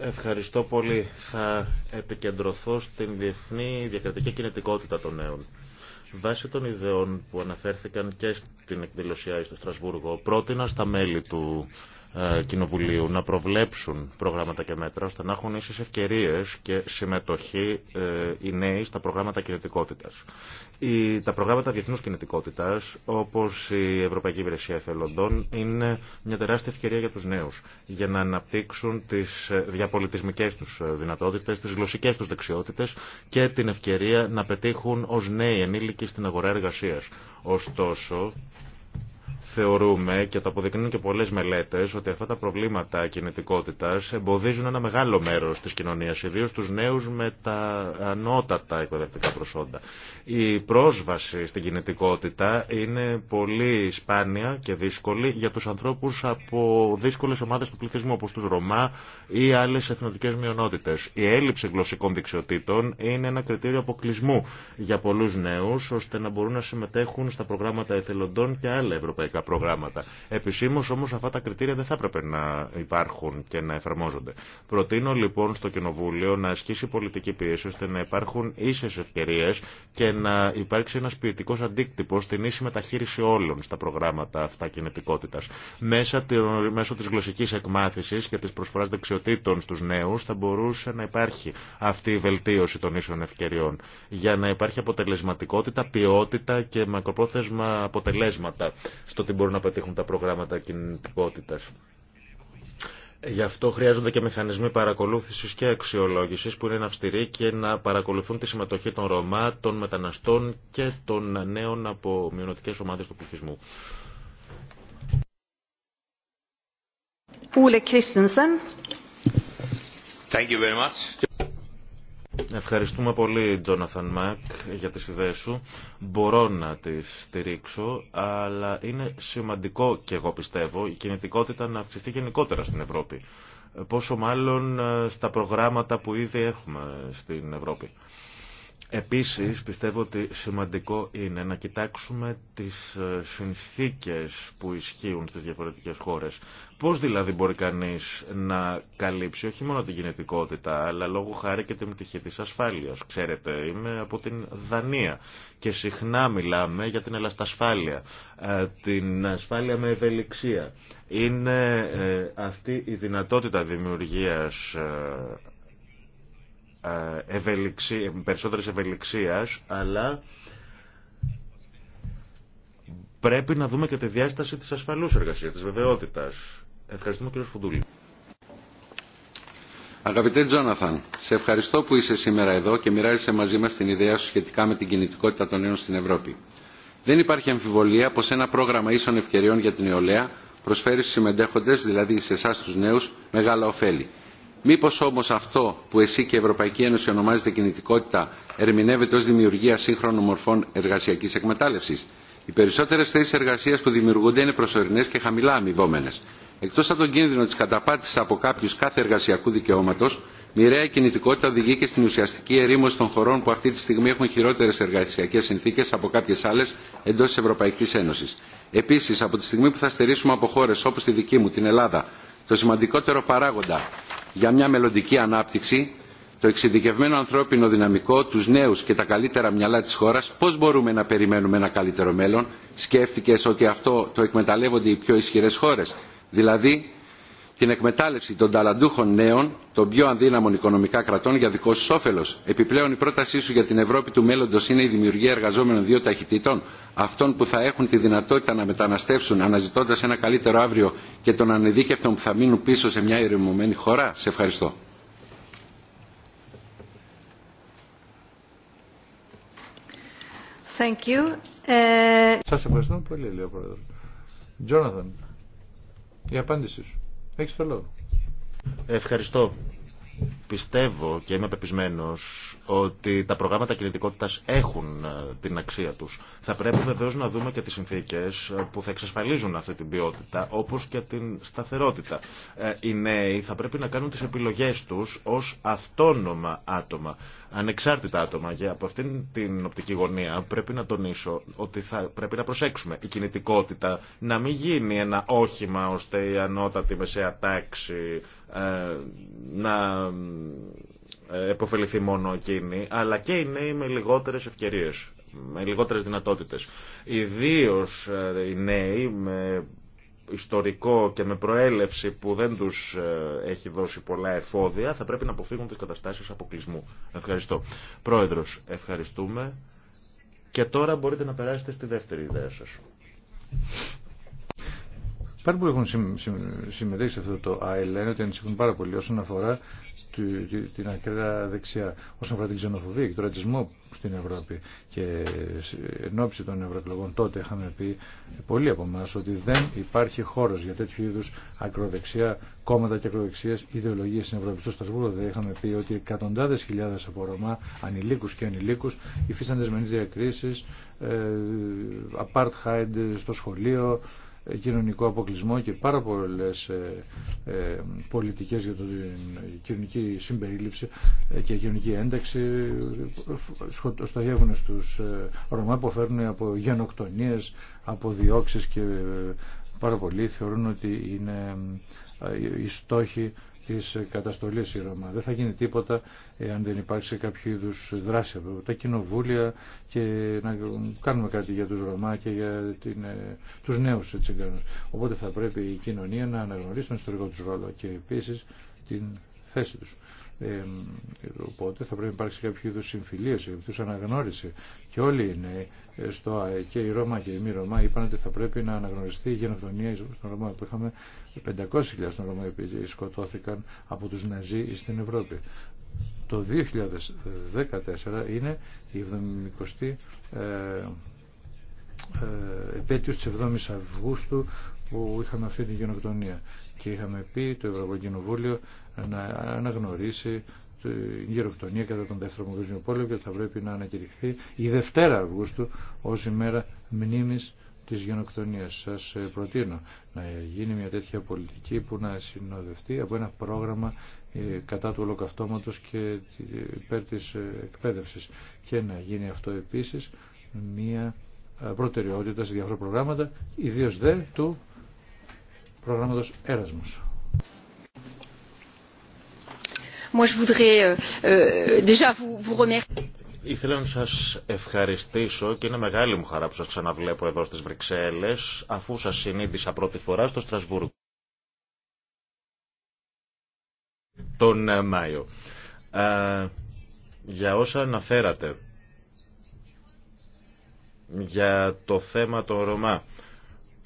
Ευχαριστώ πολύ. Θα επικεντρωθώ στην διεθνή διακρατική κινητικότητα των νέων. Βάσει των ιδεών που αναφέρθηκαν και στην εκδηλωσία στο Στρασβούργο, πρότεινα στα μέλη του ε, Κοινοβουλίου να προβλέψουν προγράμματα και μέτρα ώστε να έχουν ίσες ευκαιρίες και συμμετοχή ε, οι νέοι στα προγράμματα κινητικότητας. τα προγράμματα διεθνούς κινητικότητας, όπως η Ευρωπαϊκή Υπηρεσία Εθελοντών, είναι μια τεράστια ευκαιρία για τους νέους, για να αναπτύξουν τις διαπολιτισμικές τους δυνατότητες, τις γλωσσικές τους δεξιότητες και την ευκαιρία να πετύχουν ως νέοι ενήλικοι στην αγορά εργασίας. Ωστόσο, θεωρούμε και το αποδεικνύουν και πολλές μελέτες ότι αυτά τα προβλήματα κινητικότητας εμποδίζουν ένα μεγάλο μέρος της κοινωνίας, ιδίως τους νέους με τα ανώτατα εκπαιδευτικά προσόντα. Η πρόσβαση στην κινητικότητα είναι πολύ σπάνια και δύσκολη για τους ανθρώπους από δύσκολες ομάδες του πληθυσμού όπως τους Ρωμά ή άλλες εθνοτικές μειονότητες. Η έλλειψη γλωσσικών δεξιοτήτων είναι ένα κριτήριο αποκλεισμού για πολλούς νέους ώστε να μπορούν να συμμετέχουν στα προγράμματα εθελοντών και άλλα ευρωπαϊκά προγράμματα. Επισήμω όμω αυτά τα κριτήρια δεν θα έπρεπε να υπάρχουν και να εφαρμόζονται. Προτείνω λοιπόν στο Κοινοβούλιο να ασκήσει πολιτική πίεση ώστε να υπάρχουν ίσε ευκαιρίε και να υπάρξει ένα ποιητικό αντίκτυπο στην ίση μεταχείριση όλων στα προγράμματα αυτά κινητικότητα. Μέσω τη γλωσσική εκμάθηση και τη προσφορά δεξιοτήτων στου νέου θα μπορούσε να υπάρχει αυτή η βελτίωση των ίσων ευκαιριών για να υπάρχει αποτελεσματικότητα, ποιότητα και μακροπρόθεσμα αποτελέσματα ότι μπορούν να πετύχουν τα προγράμματα κινητικότητας. Γι' αυτό χρειάζονται και μηχανισμοί παρακολούθηση και αξιολόγηση που είναι αυστηροί και να παρακολουθούν τη συμμετοχή των Ρωμά, των μεταναστών και των νέων από μειονοτικέ ομάδε του πληθυσμού. Thank you very much. Ευχαριστούμε πολύ, Τζόναθαν Μακ, για τις ιδέες σου. Μπορώ να τις στηρίξω, αλλά είναι σημαντικό και εγώ πιστεύω η κινητικότητα να αυξηθεί γενικότερα στην Ευρώπη. Πόσο μάλλον ε, στα προγράμματα που ήδη έχουμε στην Ευρώπη. Επίσης πιστεύω ότι σημαντικό είναι να κοιτάξουμε τις ε, συνθήκες που ισχύουν στις διαφορετικές χώρες. Πώς δηλαδή μπορεί κανείς να καλύψει όχι μόνο την γενετικότητα αλλά λόγω χάρη και την πτυχή της ασφάλειας. Ξέρετε, είμαι από την Δανία και συχνά μιλάμε για την ελαστασφάλεια, ε, την ασφάλεια με ευελιξία. Είναι ε, αυτή η δυνατότητα δημιουργίας ε, ευελιξία, περισσότερης ευελιξίας, αλλά πρέπει να δούμε και τη διάσταση της ασφαλούς εργασίας, της βεβαιότητας. Ευχαριστούμε κύριο Φουντούλη. Αγαπητέ Τζόναθαν, σε ευχαριστώ που είσαι σήμερα εδώ και μοιράζεσαι μαζί μας την ιδέα σου σχετικά με την κινητικότητα των νέων στην Ευρώπη. Δεν υπάρχει αμφιβολία πως ένα πρόγραμμα ίσων ευκαιριών για την νεολαία προσφέρει στους συμμετέχοντες, δηλαδή σε εσά τους νέους, μεγάλα ωφέλη. Μήπως όμως αυτό που εσύ και η Ευρωπαϊκή Ένωση ονομάζετε κινητικότητα ερμηνεύεται ως δημιουργία σύγχρονων μορφών εργασιακής εκμετάλλευσης. Οι περισσότερες θέσεις εργασίας που δημιουργούνται είναι προσωρινές και χαμηλά αμοιβόμενες. Εκτός από τον κίνδυνο της καταπάτησης από κάποιους κάθε εργασιακού δικαιώματος, μοιραία κινητικότητα οδηγεί και στην ουσιαστική ερήμωση των χωρών που αυτή τη στιγμή έχουν χειρότερες εργασιακές συνθήκες από κάποιες άλλες εντός της Ευρωπαϊκής Ένωσης. Επίσης, από τη στιγμή που θα στερήσουμε από χώρες όπως τη δική μου, την Ελλάδα, το σημαντικότερο παράγοντα για μια μελλοντική ανάπτυξη, το εξειδικευμένο ανθρώπινο δυναμικό, τους νέους και τα καλύτερα μυαλά της χώρας, πώς μπορούμε να περιμένουμε ένα καλύτερο μέλλον. Σκέφτηκες ότι αυτό το εκμεταλλεύονται οι πιο ισχυρές χώρες. Δηλαδή την εκμετάλλευση των ταλαντούχων νέων των πιο αδύναμων οικονομικά κρατών για δικό σου όφελο. Επιπλέον, η πρότασή σου για την Ευρώπη του μέλλοντο είναι η δημιουργία εργαζόμενων δύο ταχυτήτων, αυτών που θα έχουν τη δυνατότητα να μεταναστεύσουν αναζητώντα ένα καλύτερο αύριο και των ανεδίκευτων που θα μείνουν πίσω σε μια ηρεμωμένη χώρα. Σε ευχαριστώ. Ε, ευχαριστώ πολύ, η απάντησή σου. Έχει το λόγο. Ευχαριστώ Πιστεύω και είμαι πεπισμένος ότι τα προγράμματα κινητικότητας έχουν ε, την αξία τους. Θα πρέπει βεβαίως να δούμε και τις συνθήκες ε, που θα εξασφαλίζουν αυτή την ποιότητα, όπως και την σταθερότητα. Ε, οι νέοι θα πρέπει να κάνουν τις επιλογές τους ως αυτόνομα άτομα, ανεξάρτητα άτομα. Για από αυτήν την οπτική γωνία πρέπει να τονίσω ότι θα πρέπει να προσέξουμε η κινητικότητα να μην γίνει ένα όχημα ώστε η ανώτατη μεσαία τάξη ε, να ε, επωφεληθεί μόνο εκείνη, αλλά και οι νέοι με λιγότερες ευκαιρίες, με λιγότερες δυνατότητες. Ιδίως ε, οι νέοι με ιστορικό και με προέλευση που δεν τους έχει δώσει πολλά εφόδια θα πρέπει να αποφύγουν τις καταστάσεις αποκλεισμού. Ευχαριστώ. Πρόεδρος, ευχαριστούμε. Και τώρα μπορείτε να περάσετε στη δεύτερη ιδέα σας. Πάρα που έχουν συμμετέχει σε αυτό το ΑΕΛ, λένε ότι ανησυχούν πάρα πολύ όσον αφορά την ακραία δεξιά, όσον αφορά την ξενοφοβία και τον ρατσισμό στην Ευρώπη. Και εν ώψη των ευρωεκλογών τότε είχαμε πει πολλοί από εμά ότι δεν υπάρχει χώρο για τέτοιου είδου ακροδεξιά κόμματα και ακροδεξιέ ιδεολογίε στην Ευρώπη. Στο Στασβούργο δεν είχαμε πει ότι εκατοντάδε χιλιάδε από Ρωμά, ανηλίκου και ανηλίκου, υφίστανται δεσμενεί διακρίσει, ε, apartheid στο σχολείο, κοινωνικό αποκλεισμό και πάρα πολλές ε, ε, πολιτικές για την κοινωνική συμπερίληψη ε, και κοινωνική ένταξη στοχεύουν στους Ρωμά που φέρνουν από γενοκτονίες, από διώξεις και πάρα πολλοί θεωρούν ότι είναι οι στόχοι της καταστολής η Ρώμα. Δεν θα γίνει τίποτα αν δεν υπάρξει κάποιο είδου δράση από τα κοινοβούλια και να κάνουμε κάτι για τους Ρωμά και για την, ε, τους νέους τσιγκάνους. Οπότε θα πρέπει η κοινωνία να αναγνωρίσει τον ιστορικό τους ρόλο και επίσης την θέση τους. Ε, οπότε θα πρέπει να υπάρξει κάποιο είδου συμφιλία, κάποιο αναγνώριση. Και όλοι είναι ε, στο ΑΕ και η Ρώμα και η μη Ρωμά είπαν ότι θα πρέπει να αναγνωριστεί η γενοκτονία στον Ρωμά που είχαμε 500.000 στον Ρωμά οι σκοτώθηκαν από τους Ναζί στην Ευρώπη. Το 2014 είναι η 70η ε, επέτειος 7ης Αυγούστου που είχαμε αυτή τη γενοκτονία και είχαμε πει το Ευρωπαϊκό Κοινοβούλιο να αναγνωρίσει την γεροκτονία κατά τον Δεύτερο Παγκόσμιο Πόλεμο και ότι θα πρέπει να ανακηρυχθεί η Δευτέρα Αυγούστου ως ημέρα μνήμης της γενοκτονίας. Σας προτείνω να γίνει μια τέτοια πολιτική που να συνοδευτεί από ένα πρόγραμμα ε, κατά του ολοκαυτώματος και υπέρ της ε, εκπαίδευσης και να γίνει αυτό επίσης μια ε, προτεραιότητα σε διάφορα προγράμματα, ιδίως δε του προγράμματος Erasmus. Moi, je voudrais euh, euh, déjà vous, vous remercier. Ήθελα να σας ευχαριστήσω και είναι μεγάλη μου χαρά που σας ξαναβλέπω εδώ στις Βρυξέλλες αφού σας συνείδησα πρώτη φορά στο Στρασβούργο τον ε, Μάιο. Ε, για όσα αναφέρατε για το θέμα των Ρωμά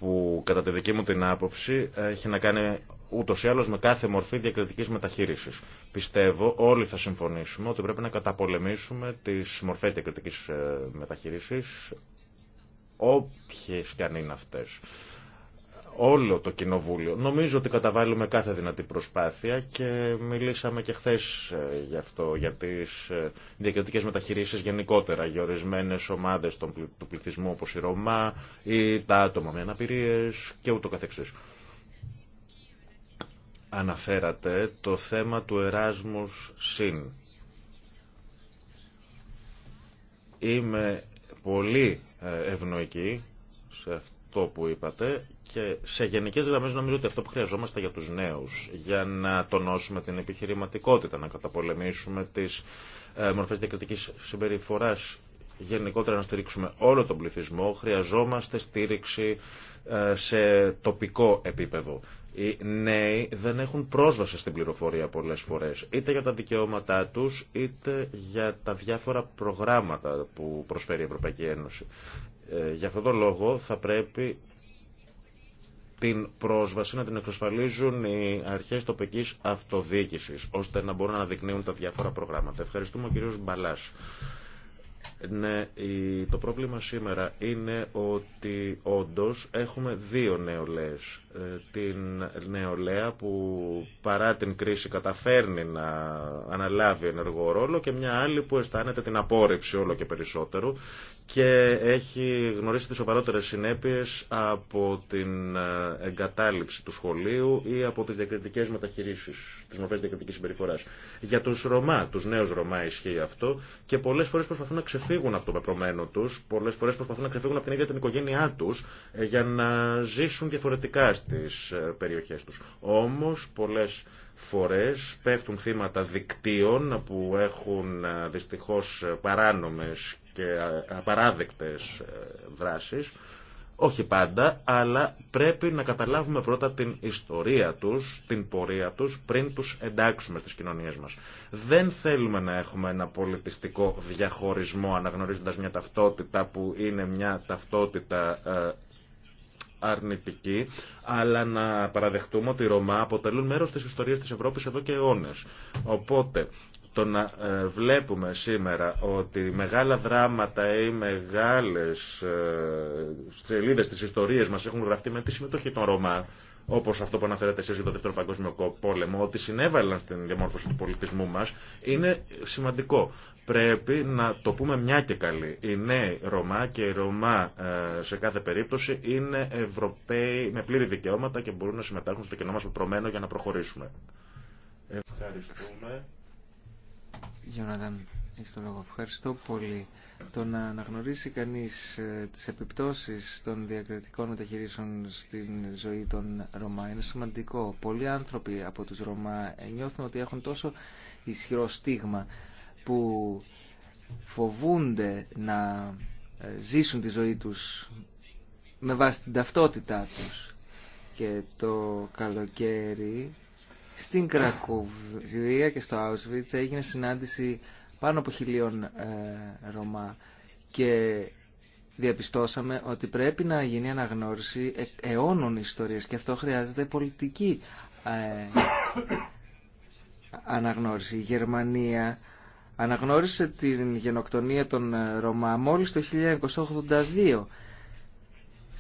που κατά τη δική μου την άποψη έχει να κάνει ούτως ή άλλως με κάθε μορφή διακριτικής μεταχείρισης. Πιστεύω όλοι θα συμφωνήσουμε ότι πρέπει να καταπολεμήσουμε τις μορφές διακριτικής ε, μεταχείρισης, όποιες και αν είναι αυτές όλο το Κοινοβούλιο. Νομίζω ότι καταβάλουμε κάθε δυνατή προσπάθεια και μιλήσαμε και χθε ε, γι' αυτό, για τι ε, διακριτικέ μεταχειρήσει γενικότερα, για ορισμένε ομάδε του πληθυσμού όπω η Ρωμά ή τα άτομα με αναπηρίε και ούτω καθεξής. Αναφέρατε το θέμα του Εράσμους ΣΥΝ. Είμαι πολύ ε, ευνοϊκή σε αυτό που είπατε και σε γενικέ γραμμέ νομίζω ότι αυτό που χρειαζόμαστε για του νέου. για να τονώσουμε την επιχειρηματικότητα, να καταπολεμήσουμε τις ε, μορφέ διακριτική συμπεριφορά. γενικότερα να στηρίξουμε όλο τον πληθυσμό, χρειαζόμαστε στήριξη ε, σε τοπικό επίπεδο. Οι νέοι δεν έχουν πρόσβαση στην πληροφορία πολλέ φορέ, είτε για τα δικαιώματά του, είτε για τα διάφορα προγράμματα που προσφέρει η Ευρωπαϊκή Ένωση. Ε, για αυτόν τον λόγο θα πρέπει την πρόσβαση να την εξασφαλίζουν οι αρχές τοπική αυτοδιοίκηση, ώστε να μπορούν να αναδεικνύουν τα διάφορα προγράμματα. Ευχαριστούμε ο κύριος Μπαλά. Ναι, το πρόβλημα σήμερα είναι ότι όντως έχουμε δύο νεολαίες. Ε, την νεολαία που παρά την κρίση καταφέρνει να αναλάβει ενεργό ρόλο και μια άλλη που αισθάνεται την απόρριψη όλο και περισσότερο και έχει γνωρίσει τις σοβαρότερες συνέπειες από την ε, εγκατάλειψη του σχολείου ή από τις διακριτικές μεταχειρήσεις, τις μορφές διακριτικής συμπεριφοράς. Για τους Ρωμά, τους νέους Ρωμά ισχύει αυτό και πολλές φορές προσπαθούν να ξεφύγουν από το πεπρωμένο τους, πολλές φορές προσπαθούν να ξεφύγουν από την ίδια την οικογένειά τους ε, για να ζήσουν διαφορετικά στις ε, περιοχές τους. Όμως πολλές φορές πέφτουν θύματα δικτύων που έχουν δυστυχώς παράνομες και απαράδεκτες ε, δράσεις. Όχι πάντα, αλλά πρέπει να καταλάβουμε πρώτα την ιστορία τους, την πορεία τους, πριν τους εντάξουμε στις κοινωνίες μας. Δεν θέλουμε να έχουμε ένα πολιτιστικό διαχωρισμό αναγνωρίζοντας μια ταυτότητα που είναι μια ταυτότητα ε, αρνητική, αλλά να παραδεχτούμε ότι οι Ρωμά αποτελούν μέρος της ιστορίας της Ευρώπης εδώ και αιώνες. Οπότε το να ε, βλέπουμε σήμερα ότι μεγάλα δράματα ή μεγάλες ε, σελίδες της ιστορίας μας έχουν γραφτεί με τη συμμετοχή των Ρωμά, όπως αυτό που αναφέρατε εσείς για το Δεύτερο Παγκόσμιο Πόλεμο, ότι συνέβαλαν στην διαμόρφωση του πολιτισμού μας, είναι σημαντικό. Πρέπει να το πούμε μια και καλή. Οι νέοι Ρωμά και οι Ρωμά ε, σε κάθε περίπτωση είναι Ευρωπαίοι με πλήρη δικαιώματα και μπορούν να συμμετάχουν στο κοινό μας προμένο για να προχωρήσουμε. Ευχαριστούμε. Γιώναταν, έχεις το λόγο. Ευχαριστώ πολύ. Το να αναγνωρίσει κανείς ε, τις επιπτώσεις των διακριτικών μεταχειρήσεων στην ζωή των Ρωμά είναι σημαντικό. Πολλοί άνθρωποι από τους Ρωμά νιώθουν ότι έχουν τόσο ισχυρό στίγμα που φοβούνται να ε, ζήσουν τη ζωή τους με βάση την ταυτότητά τους. Και το καλοκαίρι στην Κρακοβία και στο Auschwitz έγινε συνάντηση πάνω από χιλίων ε, Ρωμά και διαπιστώσαμε ότι πρέπει να γίνει αναγνώριση ε, αιώνων ιστορίας και αυτό χρειάζεται πολιτική ε, αναγνώριση. Η Γερμανία αναγνώρισε την γενοκτονία των Ρωμά μόλις το 1982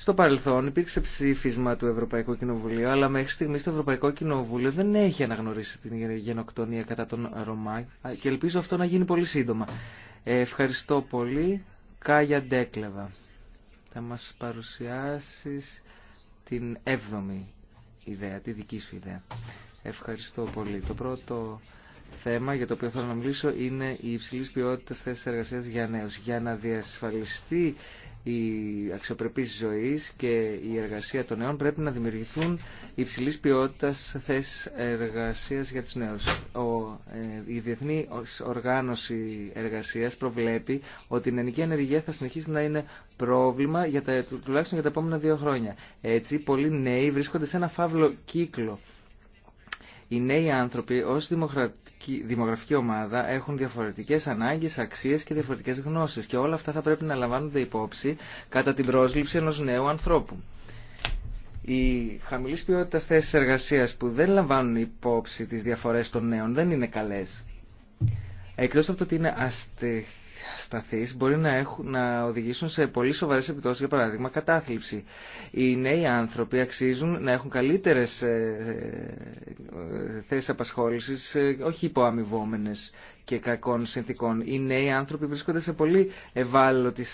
στο παρελθόν υπήρξε ψήφισμα του Ευρωπαϊκού Κοινοβουλίου, αλλά μέχρι στιγμή το Ευρωπαϊκό Κοινοβούλιο δεν έχει αναγνωρίσει την γενοκτονία κατά τον Ρωμά και ελπίζω αυτό να γίνει πολύ σύντομα. Ε, ευχαριστώ πολύ. Κάγια Ντέκλεβα. Θα μας παρουσιάσεις την έβδομη ιδέα, τη δική σου ιδέα. Ευχαριστώ πολύ. Το πρώτο θέμα για το οποίο θέλω να μιλήσω είναι η υψηλή ποιότητα θέση εργασία για νέους. Για να διασφαλιστεί η αξιοπρεπής ζωής και η εργασία των νέων πρέπει να δημιουργηθούν υψηλής ποιότητας θέσεις εργασίας για τους νέους. Ο, ε, η Διεθνή Οργάνωση Εργασίας προβλέπει ότι η νεανική ανεργία θα συνεχίσει να είναι πρόβλημα για τα, τουλάχιστον για τα επόμενα δύο χρόνια. Έτσι, πολλοί νέοι βρίσκονται σε ένα φαύλο κύκλο οι νέοι άνθρωποι ως δημογραφική ομάδα έχουν διαφορετικές ανάγκες, αξίες και διαφορετικές γνώσεις και όλα αυτά θα πρέπει να λαμβάνονται υπόψη κατά την πρόσληψη ενός νέου ανθρώπου. Οι χαμηλή ποιότητα θέσει εργασία που δεν λαμβάνουν υπόψη τι διαφορέ των νέων δεν είναι καλέ. Εκτό από το ότι είναι σταθείς μπορεί να, έχουν, να οδηγήσουν σε πολύ σοβαρέ επιπτώσει, για παράδειγμα κατάθλιψη. Οι νέοι άνθρωποι αξίζουν να έχουν καλύτερες ε, ε, θέσεις απασχόλησης, ε, όχι υποαμοιβόμενε και κακών συνθήκων. Οι νέοι άνθρωποι βρίσκονται σε πολύ ευάλωτη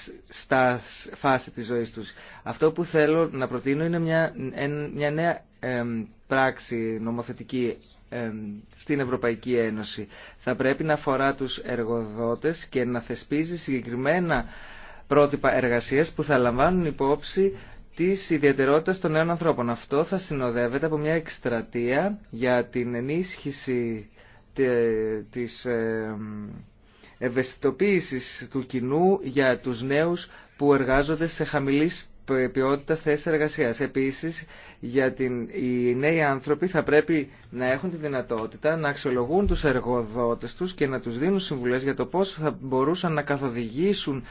φάση τη ζωή τους. Αυτό που θέλω να προτείνω είναι μια, μια νέα πράξη νομοθετική στην Ευρωπαϊκή Ένωση. Θα πρέπει να αφορά τους εργοδότες και να θεσπίζει συγκεκριμένα πρότυπα εργασίας που θα λαμβάνουν υπόψη τις ιδιαιτερότητας των νέων ανθρώπων. Αυτό θα συνοδεύεται από μια εκστρατεία για την ενίσχυση της ευαισθητοποίησης του κοινού για τους νέους που εργάζονται σε χαμηλής ποιότητα θέση εργασία. Επίση, για την, οι νέοι άνθρωποι θα πρέπει να έχουν τη δυνατότητα να αξιολογούν τους εργοδότες τους και να τους δίνουν συμβουλέ για το πώ θα μπορούσαν να καθοδηγήσουν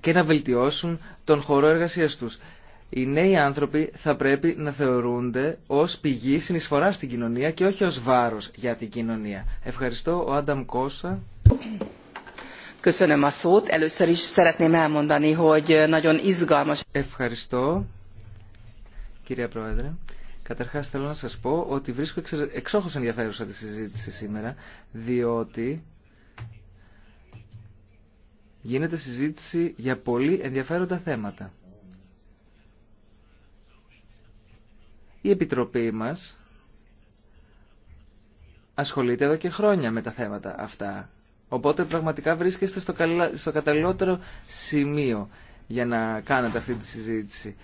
και να βελτιώσουν τον χώρο εργασία τους. Οι νέοι άνθρωποι θα πρέπει να θεωρούνται ω πηγή συνεισφορά στην κοινωνία και όχι ω βάρο για την κοινωνία. Ευχαριστώ, ο Άνταμ Κώσα. Ευχαριστώ, κύριε Πρόεδρε. Καταρχάς θέλω να σας πω ότι βρίσκω εξόχως ενδιαφέρουσα τη συζήτηση σήμερα, διότι γίνεται συζήτηση για πολύ ενδιαφέροντα θέματα. Η Επιτροπή μας ασχολείται εδώ και χρόνια με τα θέματα αυτά. Οπότε πραγματικά βρίσκεστε στο, καταλληλότερο σημείο για να κάνετε αυτή τη συζήτηση.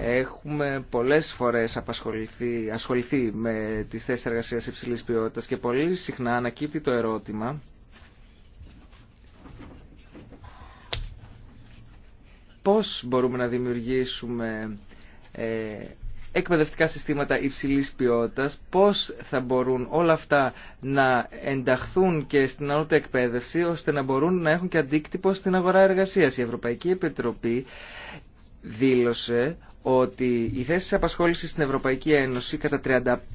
Έχουμε πολλές φορές απασχοληθεί, ασχοληθεί με τις θέσεις εργασίας υψηλής ποιότητας και πολύ συχνά ανακύπτει το ερώτημα πώς μπορούμε να δημιουργήσουμε ε, εκπαιδευτικά συστήματα υψηλής ποιότητας, πώς θα μπορούν όλα αυτά να ενταχθούν και στην ανώτερη εκπαίδευση, ώστε να μπορούν να έχουν και αντίκτυπο στην αγορά εργασίας. Η Ευρωπαϊκή Επιτροπή δήλωσε ότι οι θέσει απασχόλησης στην Ευρωπαϊκή Ένωση κατά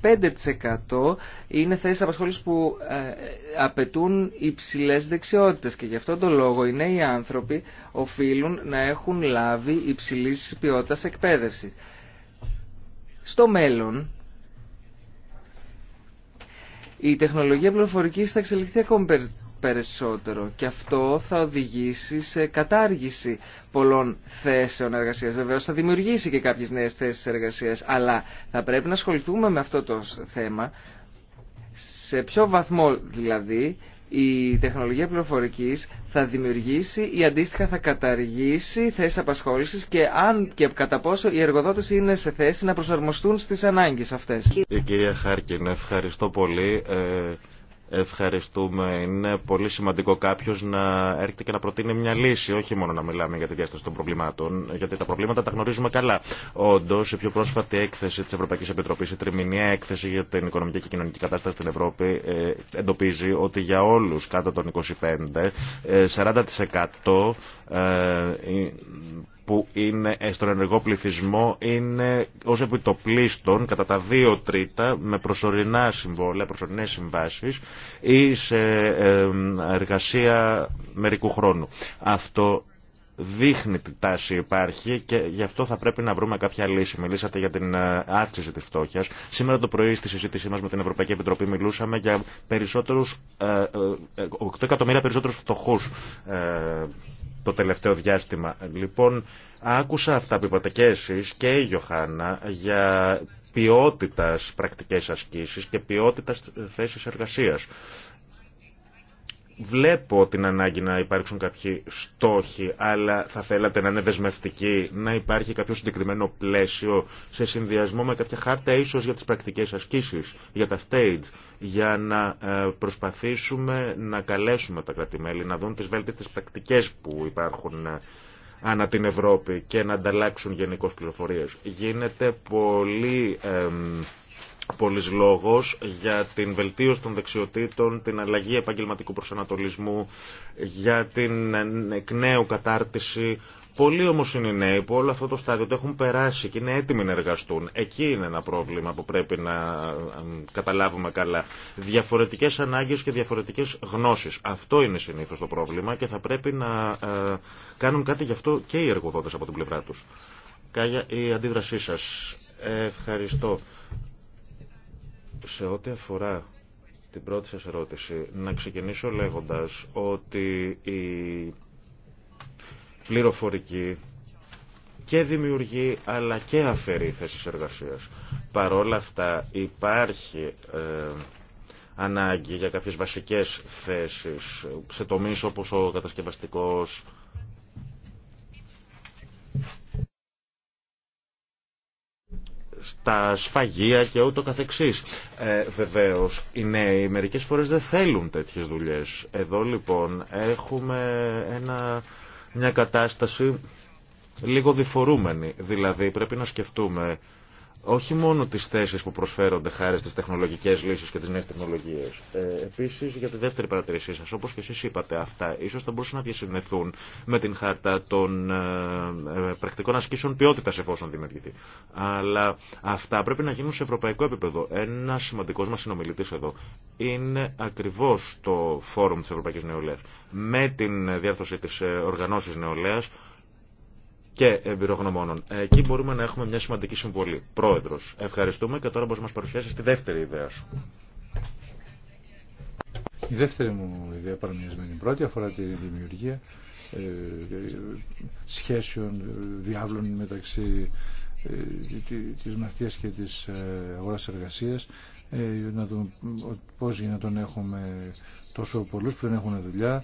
35% είναι θέσεις απασχόλησης που ε, απαιτούν υψηλές δεξιότητες και γι' αυτόν τον λόγο οι νέοι άνθρωποι οφείλουν να έχουν λάβει υψηλής ποιότητας εκπαίδευση στο μέλλον η τεχνολογία πληροφορικής θα εξελιχθεί ακόμη περισσότερο και αυτό θα οδηγήσει σε κατάργηση πολλών θέσεων εργασίας. Βεβαίως θα δημιουργήσει και κάποιες νέες θέσεις εργασίας, αλλά θα πρέπει να ασχοληθούμε με αυτό το θέμα, σε ποιο βαθμό δηλαδή η τεχνολογία πληροφορικής θα δημιουργήσει ή αντίστοιχα θα καταργήσει θέσεις απασχόλησης και αν και κατά πόσο οι εργοδότες είναι σε θέση να προσαρμοστούν στις ανάγκες αυτές. Η ε, κυρία Χάρκιν, ευχαριστώ πολύ. Ε, Ευχαριστούμε. Είναι πολύ σημαντικό κάποιο να έρχεται και να προτείνει μια λύση, όχι μόνο να μιλάμε για τη διάσταση των προβλημάτων, γιατί τα προβλήματα τα γνωρίζουμε καλά. Όντω, η πιο πρόσφατη έκθεση τη Ευρωπαϊκή Επιτροπή, η τριμηνία έκθεση για την οικονομική και κοινωνική κατάσταση στην Ευρώπη, ε, εντοπίζει ότι για όλου κάτω των 25, 40% που είναι ε, στον ενεργό πληθυσμό είναι ως επιτοπλίστων κατά τα δύο τρίτα με προσωρινά συμβόλαια, προσωρινές συμβάσεις ή σε ε, εργασία μερικού χρόνου. Αυτό δείχνει τι τάση υπάρχει και γι' αυτό θα πρέπει να βρούμε κάποια λύση. Μιλήσατε για την ε, αύξηση τη φτώχεια. Σήμερα το πρωί στη συζήτησή μα με την Ευρωπαϊκή Επιτροπή μιλούσαμε για περισσότερου, 8 εκατομμύρια περισσότερου φτωχού το τελευταίο διάστημα. Λοιπόν, άκουσα αυτά που είπατε και εσείς και η Γιωχάνα για ποιότητας πρακτικές ασκήσεις και ποιότητας θέσει εργασίας. Βλέπω την ανάγκη να υπάρξουν κάποιοι στόχοι, αλλά θα θέλατε να είναι δεσμευτικοί, να υπάρχει κάποιο συγκεκριμένο πλαίσιο σε συνδυασμό με κάποια χάρτα ίσως για τις πρακτικές ασκήσεις, για τα stage, για να ε, προσπαθήσουμε να καλέσουμε τα κρατημέλη, να δουν τις βέλτιστες πρακτικές που υπάρχουν ε, ανά την Ευρώπη και να ανταλλάξουν γενικώ πληροφορίες. Γίνεται πολύ πολλής λόγος για την βελτίωση των δεξιοτήτων, την αλλαγή επαγγελματικού προσανατολισμού, για την ε, εκ νέου κατάρτιση. Πολλοί όμω είναι οι νέοι που όλο αυτό το στάδιο το έχουν περάσει και είναι έτοιμοι να εργαστούν. Εκεί είναι ένα πρόβλημα που πρέπει να ε, καταλάβουμε καλά. Διαφορετικέ ανάγκε και διαφορετικέ γνώσει. Αυτό είναι συνήθω το πρόβλημα και θα πρέπει να ε, κάνουν κάτι γι' αυτό και οι εργοδότε από την πλευρά του. Κάγια, η αντίδρασή σα. Ευχαριστώ σε ό,τι αφορά την πρώτη σας ερώτηση, να ξεκινήσω λέγοντας ότι η πληροφορική και δημιουργεί αλλά και αφαιρεί θέσεις εργασίας. Παρόλα αυτά υπάρχει ε, ανάγκη για κάποιες βασικές θέσεις σε τομείς όπως ο κατασκευαστικός, στα σφαγεία και ούτω καθεξής. Ε, βεβαίως, οι νέοι μερικές φορές δεν θέλουν τέτοιες δουλειές. Εδώ λοιπόν έχουμε ένα, μια κατάσταση λίγο διφορούμενη. Δηλαδή πρέπει να σκεφτούμε όχι μόνο τις θέσεις που προσφέρονται χάρη στις τεχνολογικές λύσεις και τις νέες τεχνολογίες. Ε, επίσης, για τη δεύτερη παρατηρήσή σας, όπως και εσείς είπατε αυτά, ίσως θα μπορούσαν να διασυνδεθούν με την χάρτα των ε, ε, πρακτικών ασκήσεων ποιότητας εφόσον δημιουργηθεί. Αλλά αυτά πρέπει να γίνουν σε ευρωπαϊκό επίπεδο. Ένα σημαντικό μας συνομιλητής εδώ είναι ακριβώς το φόρουμ της Ευρωπαϊκής Νεολαίας. Με την διάρθρωση της ε, οργανώσης νεολαίας, και εμπειρογνωμόνων. Εκεί μπορούμε να έχουμε μια σημαντική συμβολή. Πρόεδρος, ευχαριστούμε και τώρα μπορείς να μας παρουσιάσεις τη δεύτερη ιδέα σου. Η δεύτερη μου ιδέα παραμοιασμένη πρώτη αφορά τη δημιουργία ε, σχέσεων, διάβλων μεταξύ ε, της μαθίας και της ε, αγοράς εργασίας να δούμε πώς γίνεται να τον έχουμε τόσο πολλούς που δεν έχουν δουλειά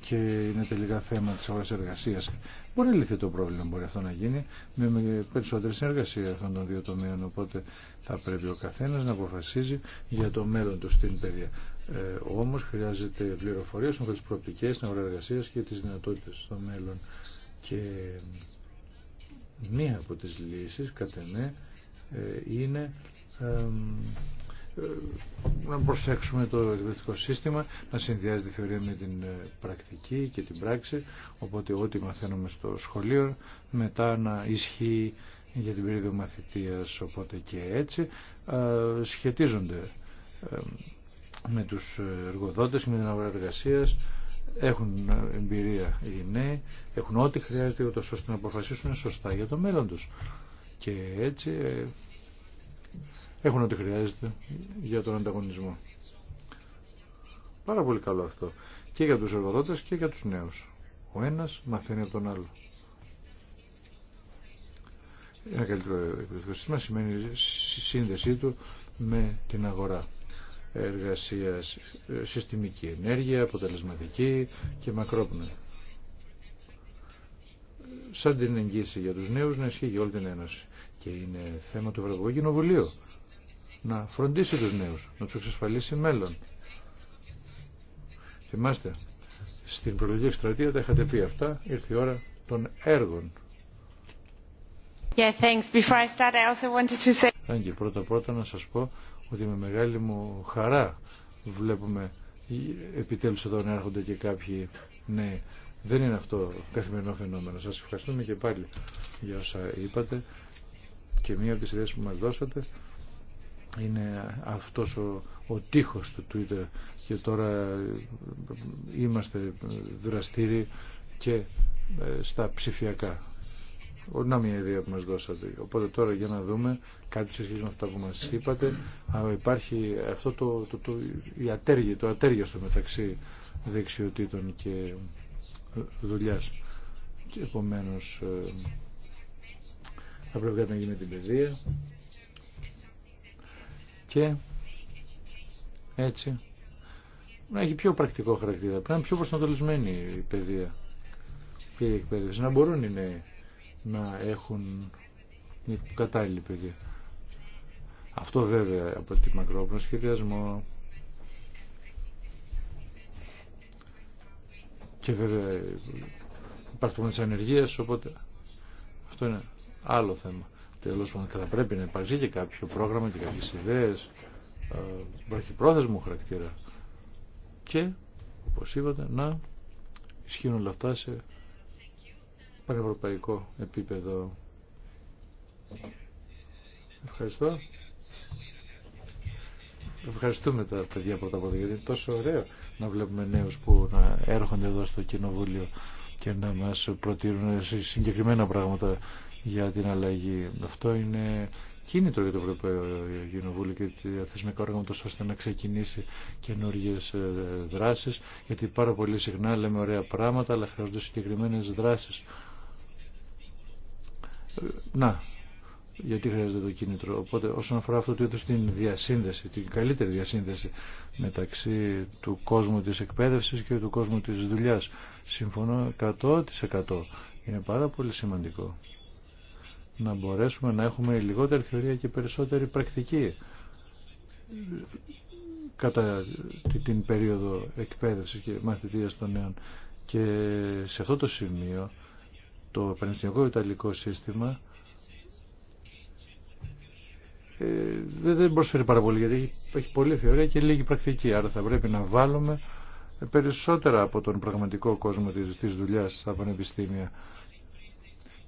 και είναι τελικά θέμα της αγοράς εργασίας. Μπορεί να λυθεί το πρόβλημα, μπορεί αυτό να γίνει με περισσότερη συνεργασία αυτών των δύο τομέων, οπότε θα πρέπει ο καθένας να αποφασίζει για το μέλλον του στην παιδεία. Ε, όμως χρειάζεται πληροφορίες με τις προοπτικές, της αγορά εργασίας και τις δυνατότητες στο μέλλον. Και μία από τις λύσεις, κατά ναι, είναι να προσέξουμε το εκδοτικό σύστημα, να συνδυάζει τη θεωρία με την ε, πρακτική και την πράξη, οπότε ό,τι μαθαίνουμε στο σχολείο μετά να ισχύει για την περίοδο μαθητείας, οπότε και έτσι ε, σχετίζονται ε, με τους εργοδότες και με την αγορά εργασία. Έχουν εμπειρία οι νέοι, έχουν ό,τι χρειάζεται ούτως ώστε να αποφασίσουν σωστά για το μέλλον τους. Και έτσι έχουν ό,τι χρειάζεται για τον ανταγωνισμό. Πάρα πολύ καλό αυτό. Και για τους εργοδότες και για τους νέους. Ο ένας μαθαίνει από τον άλλο. Ένα καλύτερο επιδοτικό σύστημα σημαίνει σύνδεσή του με την αγορά Εργασία, συστημική ενέργεια, αποτελεσματική και μακρόπνοη. Σαν την εγγύηση για τους νέους να ισχύει για όλη την Ένωση. Και είναι θέμα του Ευρωπαϊκού Κοινοβουλίου να φροντίσει τους νέους, να τους εξασφαλίσει μέλλον. Θυμάστε, στην προηγούμενη εκστρατεία τα είχατε πει αυτά, ήρθε η ώρα των έργων. Yeah, thanks. Before I start, I also wanted to say... Αν και πρώτα πρώτα να σας πω ότι με μεγάλη μου χαρά βλέπουμε επιτέλους εδώ να έρχονται και κάποιοι νέοι. Δεν είναι αυτό καθημερινό φαινόμενο. Σας ευχαριστούμε και πάλι για όσα είπατε και μία από τις ιδέες που μας δώσατε είναι αυτός ο, ο του Twitter και τώρα είμαστε δραστήριοι και ε, στα ψηφιακά. Να μια ιδέα που μας δώσατε. Οπότε τώρα για να δούμε κάτι σε σχέση με αυτά που μας είπατε. Υπάρχει αυτό το, το, το, το στο μεταξύ δεξιοτήτων και ε, δουλειάς. Και επομένως ε, θα πρέπει να γίνει την παιδεία και έτσι να έχει πιο πρακτικό χαρακτήρα. Πρέπει να είναι πιο προσανατολισμένη η παιδεία και η εκπαίδευση. Να μπορούν οι νέοι να έχουν κατάλληλη παιδεία. Αυτό βέβαια από τη μακρόπνο σχεδιασμό. Και βέβαια υπάρχουν τις ανεργίες, οπότε αυτό είναι άλλο θέμα. Τέλο πάντων, θα πρέπει να υπάρξει και κάποιο πρόγραμμα και κάποιε ιδέε ε, πρόθεσμο χαρακτήρα. Και, όπω είπατε, να ισχύουν όλα αυτά σε πανευρωπαϊκό επίπεδο. Ευχαριστώ. Ευχαριστούμε τα παιδιά πρώτα απ' όλα γιατί είναι τόσο ωραίο να βλέπουμε νέους που να έρχονται εδώ στο κοινοβούλιο και να μας προτείνουν συγκεκριμένα πράγματα για την αλλαγή. Αυτό είναι κίνητο για το Ευρωπαϊκό Γενοβούλιο και τη θεσμικά όργανα τόσο ώστε να ξεκινήσει καινούργιε ε, δράσει. Γιατί πάρα πολύ συχνά λέμε ωραία πράγματα, αλλά χρειάζονται συγκεκριμένε δράσει. Ε, να, γιατί χρειάζεται το κίνητρο. Οπότε όσον αφορά αυτό το είδος την διασύνδεση, την καλύτερη διασύνδεση μεταξύ του κόσμου της εκπαίδευσης και του κόσμου της δουλειάς. Συμφωνώ 100%. Είναι πάρα πολύ σημαντικό να μπορέσουμε να έχουμε λιγότερη θεωρία και περισσότερη πρακτική κατά την περίοδο εκπαίδευση και μαθητείας των νέων. Και σε αυτό το σημείο το πανεπιστημιακό ιταλικό σύστημα ε, δεν προσφέρει πάρα πολύ γιατί έχει πολλή θεωρία και λίγη πρακτική. Άρα θα πρέπει να βάλουμε περισσότερα από τον πραγματικό κόσμο της, της στα πανεπιστήμια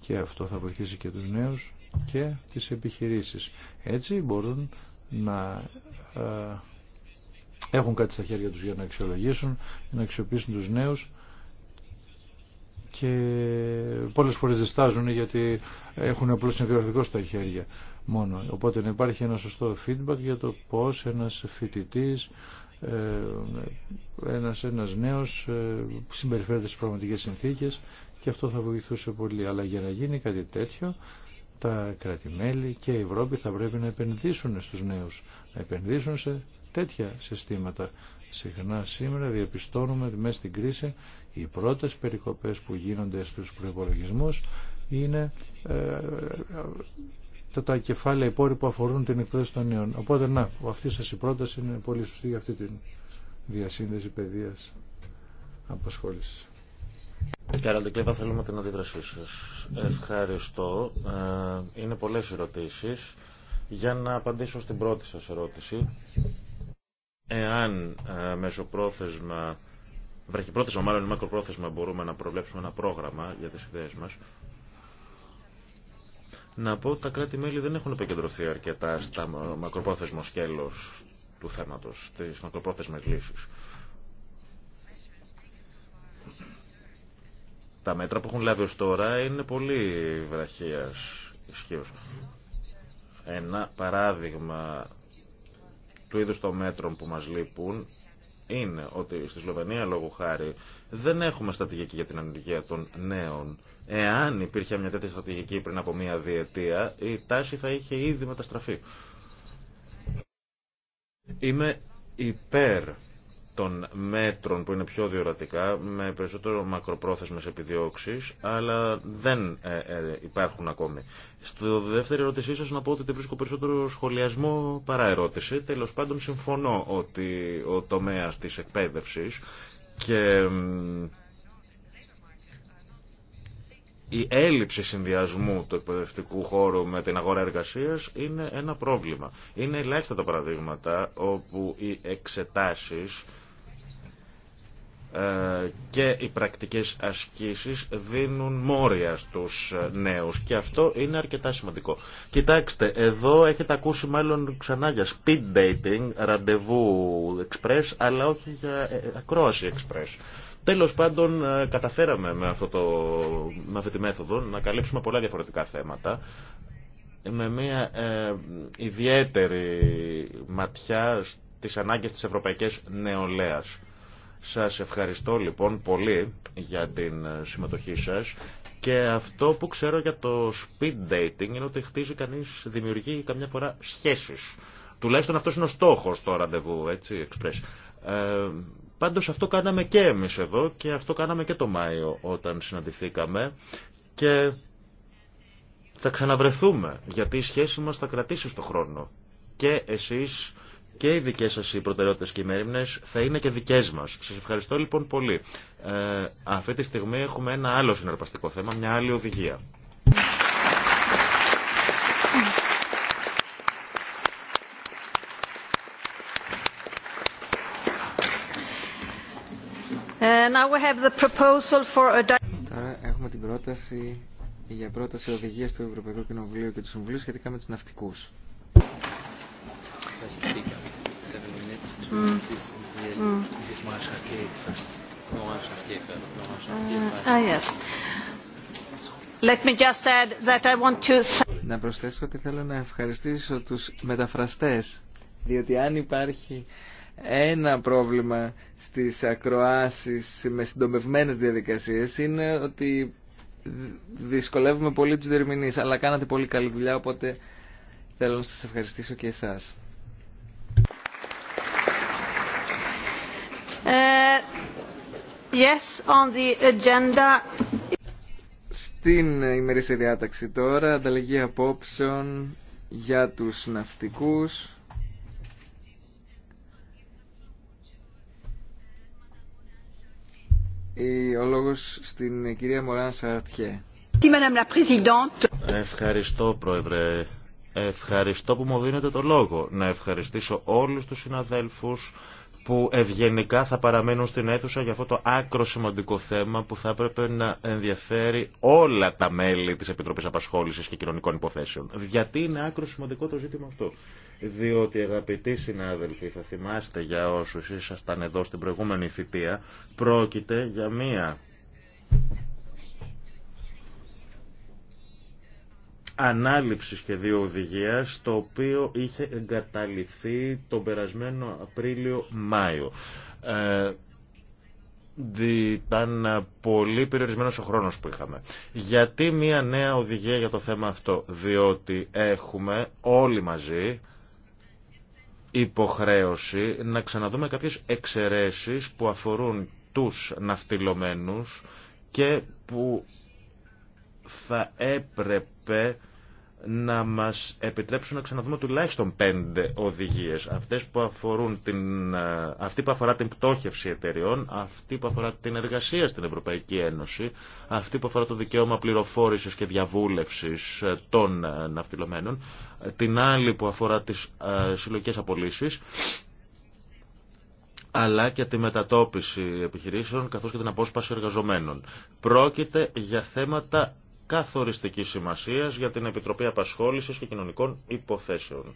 και αυτό θα βοηθήσει και τους νέους και τις επιχειρήσεις. Έτσι μπορούν να ε, έχουν κάτι στα χέρια τους για να αξιολογήσουν, να αξιοποιήσουν τους νέους και πολλές φορές διστάζουν γιατί έχουν απλώς συγγραφικό στα χέρια μόνο. Οπότε να υπάρχει ένα σωστό feedback για το πώς ένας φοιτητής, ε, ένας, ένας νέος ε, συμπεριφέρεται στις πραγματικές συνθήκες και αυτό θα βοηθούσε πολύ. Αλλά για να γίνει κάτι τέτοιο, τα κρατημέλη και η Ευρώπη θα πρέπει να επενδύσουν στους νέους, να επενδύσουν σε τέτοια συστήματα. Συχνά σήμερα διαπιστώνουμε ότι μέσα στην κρίση οι πρώτες περικοπές που γίνονται στους προϋπολογισμούς είναι ε, ε, τα, κεφάλαια υπόρρη που αφορούν την εκπαίδευση των νέων. Οπότε να, αυτή σας η πρόταση είναι πολύ σωστή για αυτή τη διασύνδεση παιδείας απασχόλησης. Κύριε Αλτικλήβα, θέλουμε την αντίδρασή σα. Ευχαριστώ. Ε, είναι πολλέ ερωτήσει. Για να απαντήσω στην πρώτη σα ερώτηση. Εάν ε, μεσοπρόθεσμα, βραχυπρόθεσμα μάλλον μακροπρόθεσμα μπορούμε να προβλέψουμε ένα πρόγραμμα για τις ιδέες μας, να πω ότι τα κράτη-μέλη δεν έχουν επικεντρωθεί αρκετά στα μακροπρόθεσμο σκέλος του θέματος, τις μακροπρόθεσμες λύσεις. Τα μέτρα που έχουν λάβει ως τώρα είναι πολύ βραχίας ισχύως. Ένα παράδειγμα του είδους των μέτρων που μας λείπουν είναι ότι στη Σλοβενία λόγω χάρη δεν έχουμε στρατηγική για την ανεργία των νέων. Εάν υπήρχε μια τέτοια στρατηγική πριν από μια διετία, η τάση θα είχε ήδη μεταστραφεί. Είμαι υπέρ των μέτρων που είναι πιο διορατικά, με περισσότερο μακροπρόθεσμες επιδιώξεις, αλλά δεν ε, ε, υπάρχουν ακόμη. Στο δεύτερη ερώτησή σας να πω ότι βρίσκω περισσότερο σχολιασμό παρά ερώτηση. Τέλος πάντων συμφωνώ ότι ο τομέας της εκπαίδευσης και η έλλειψη συνδυασμού του εκπαιδευτικού χώρου με την αγορά εργασίας είναι ένα πρόβλημα. Είναι ελάχιστα τα παραδείγματα όπου οι εξετάσεις ε, και οι πρακτικές ασκήσεις δίνουν μόρια στους ε, νέους και αυτό είναι αρκετά σημαντικό. Κοιτάξτε, εδώ έχετε ακούσει μάλλον ξανά για speed dating, ραντεβού express, αλλά όχι για ε, ακρόαση express. Τέλος πάντων καταφέραμε με, αυτό το, με αυτή τη μέθοδο να καλύψουμε πολλά διαφορετικά θέματα με μια ιδιαίτερη ματιά στις ανάγκες της ευρωπαϊκής νεολαίας. Σας ευχαριστώ λοιπόν πολύ για την ε, συμμετοχή σας και αυτό που ξέρω για το speed dating είναι ότι χτίζει κανείς, δημιουργεί καμιά φορά σχέσεις. Τουλάχιστον αυτός είναι ο στόχος το ραντεβού, έτσι, express. Ε, πάντως αυτό κάναμε και εμείς εδώ και αυτό κάναμε και το Μάιο όταν συναντηθήκαμε και θα ξαναβρεθούμε γιατί η σχέση μας θα κρατήσει στο χρόνο. Και εσείς και οι δικέ σα οι προτεραιότητε και οι μέρημνε θα είναι και δικέ μα. Σα ευχαριστώ λοιπόν πολύ. Ε, αυτή τη στιγμή έχουμε ένα άλλο συναρπαστικό θέμα, μια άλλη οδηγία. Ε, Τώρα έχουμε την πρόταση για πρόταση οδηγία του Ευρωπαϊκού Κοινοβουλίου και του Συμβουλίου σχετικά με του ναυτικού. Hm. Hm. Να προσθέσω ότι θέλω να ευχαριστήσω τους μεταφραστές, διότι αν υπάρχει ένα πρόβλημα στις ακροάσεις με συντομευμένες διαδικασίες είναι ότι δυσκολεύουμε πολύ τους δερμηνείς αλλά κάνατε πολύ καλή δουλειά οπότε θέλω να σας ευχαριστήσω και εσάς Uh, στην ημερήσια διάταξη τώρα, ανταλλαγή απόψεων για τους ναυτικούς. Ο λόγος στην κυρία Μωράν Σαρατιέ Ευχαριστώ, Πρόεδρε. Ευχαριστώ που μου δίνετε το λόγο. Να ευχαριστήσω όλους τους συναδέλφους που ευγενικά θα παραμένουν στην αίθουσα για αυτό το άκρο σημαντικό θέμα που θα έπρεπε να ενδιαφέρει όλα τα μέλη της Επιτροπής Απασχόλησης και Κοινωνικών Υποθέσεων. Γιατί είναι άκρο σημαντικό το ζήτημα αυτό. Διότι αγαπητοί συνάδελφοι, θα θυμάστε για όσους ήσασταν εδώ στην προηγούμενη θητεία, πρόκειται για μία και σχεδίου οδηγία, το οποίο είχε εγκαταληφθεί τον περασμένο Απρίλιο-Μάιο. Ε, ήταν πολύ περιορισμένος ο χρόνος που είχαμε. Γιατί μια νέα οδηγία για το θέμα αυτό. Διότι έχουμε όλοι μαζί υποχρέωση να ξαναδούμε κάποιες εξαιρέσεις που αφορούν τους ναυτιλωμένους και που θα έπρεπε να μας επιτρέψουν να ξαναδούμε τουλάχιστον πέντε οδηγίες. Αυτές που αφορούν την, ε, αυτή που αφορά την πτώχευση εταιριών, αυτή που αφορά την εργασία στην Ευρωπαϊκή Ένωση, αυτή που αφορά το δικαίωμα πληροφόρησης και διαβούλευσης ε, των ε, ναυτιλωμένων, την άλλη που αφορά τις συλλογικές απολύσεις, αλλά και τη μετατόπιση επιχειρήσεων καθώς και την απόσπαση εργαζομένων. Πρόκειται για θέματα Καθοριστική σημασία για την Επιτροπή απασχόληση και Κοινωνικών Υποθέσεων.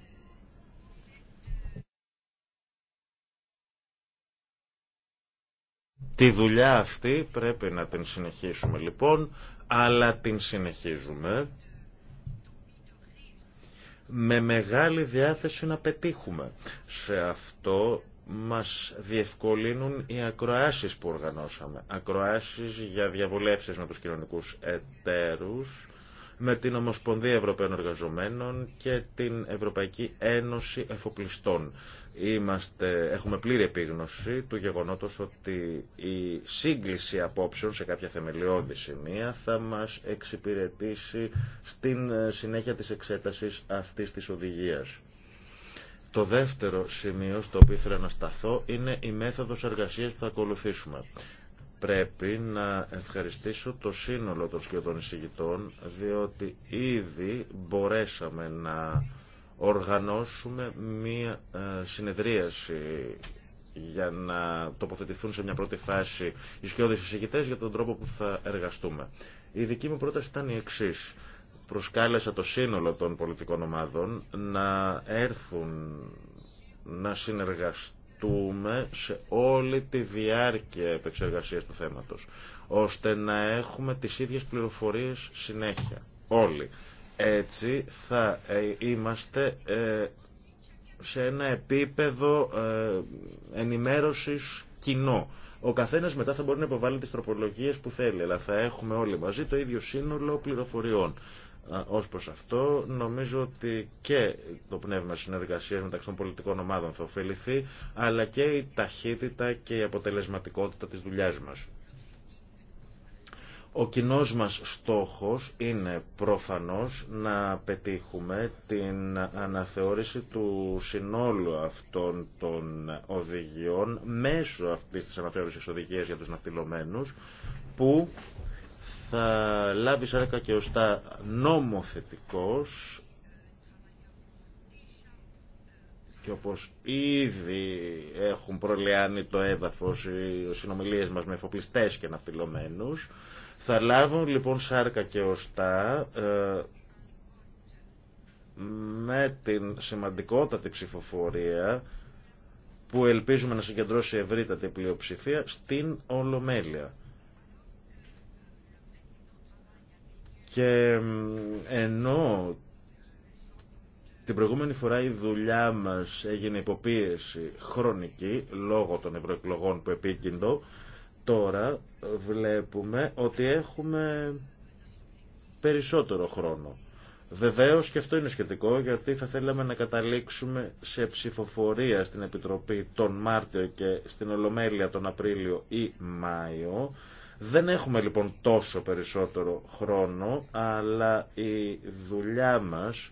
Τη δουλειά αυτή πρέπει να την συνεχίσουμε λοιπόν, αλλά την συνεχίζουμε με μεγάλη διάθεση να πετύχουμε. Σε αυτό μας διευκολύνουν οι ακροάσεις που οργανώσαμε. Ακροάσεις για διαβουλεύσεις με τους κοινωνικούς εταίρους, με την Ομοσπονδία Ευρωπαίων Εργαζομένων και την Ευρωπαϊκή Ένωση Εφοπλιστών. Είμαστε, έχουμε πλήρη επίγνωση του γεγονότος ότι η σύγκληση απόψεων σε κάποια θεμελιώδη σημεία θα μας εξυπηρετήσει στην συνέχεια της εξέτασης αυτής της οδηγίας. Το δεύτερο σημείο στο οποίο ήθελα να σταθώ είναι η μέθοδος εργασίας που θα ακολουθήσουμε. Πρέπει να ευχαριστήσω το σύνολο των σχεδόν εισηγητών, διότι ήδη μπορέσαμε να οργανώσουμε μία ε, συνεδρίαση για να τοποθετηθούν σε μια πρώτη φάση οι σχεδόν εισηγητές για τον τρόπο που θα εργαστούμε. Η δική μου πρόταση ήταν η εξής προσκάλεσα το σύνολο των πολιτικών ομάδων να έρθουν να συνεργαστούμε σε όλη τη διάρκεια επεξεργασίας του θέματος, ώστε να έχουμε τις ίδιες πληροφορίες συνέχεια, όλοι. Έτσι θα ε, είμαστε ε, σε ένα επίπεδο ε, ενημέρωσης κοινό. Ο καθένας μετά θα μπορεί να υποβάλει τις τροπολογίες που θέλει, αλλά θα έχουμε όλοι μαζί το ίδιο σύνολο πληροφοριών. Ως προς αυτό, νομίζω ότι και το πνεύμα συνεργασίας μεταξύ των πολιτικών ομάδων θα ωφεληθεί, αλλά και η ταχύτητα και η αποτελεσματικότητα της δουλειάς μας. Ο κοινό μας στόχος είναι προφανώς να πετύχουμε την αναθεώρηση του συνόλου αυτών των οδηγιών μέσω αυτής της αναθεώρησης οδηγίας για τους ναυτιλωμένους που θα λάβει σάρκα και οστά νόμοθετικός και όπως ήδη έχουν προλειάνει το έδαφος οι συνομιλίες μας με εφοπλιστές και ναυτιλωμένους, θα λάβουν λοιπόν σάρκα και οστά ε, με την σημαντικότατη ψηφοφορία που ελπίζουμε να συγκεντρώσει ευρύτατη πλειοψηφία στην Ολομέλεια. Και ενώ την προηγούμενη φορά η δουλειά μας έγινε υποπίεση χρονική λόγω των ευρωεκλογών που επίκυντο, τώρα βλέπουμε ότι έχουμε περισσότερο χρόνο. Βεβαίω και αυτό είναι σχετικό γιατί θα θέλαμε να καταλήξουμε σε ψηφοφορία στην Επιτροπή τον Μάρτιο και στην Ολομέλεια τον Απρίλιο ή Μάιο δεν έχουμε λοιπόν τόσο περισσότερο χρόνο, αλλά η δουλειά μας,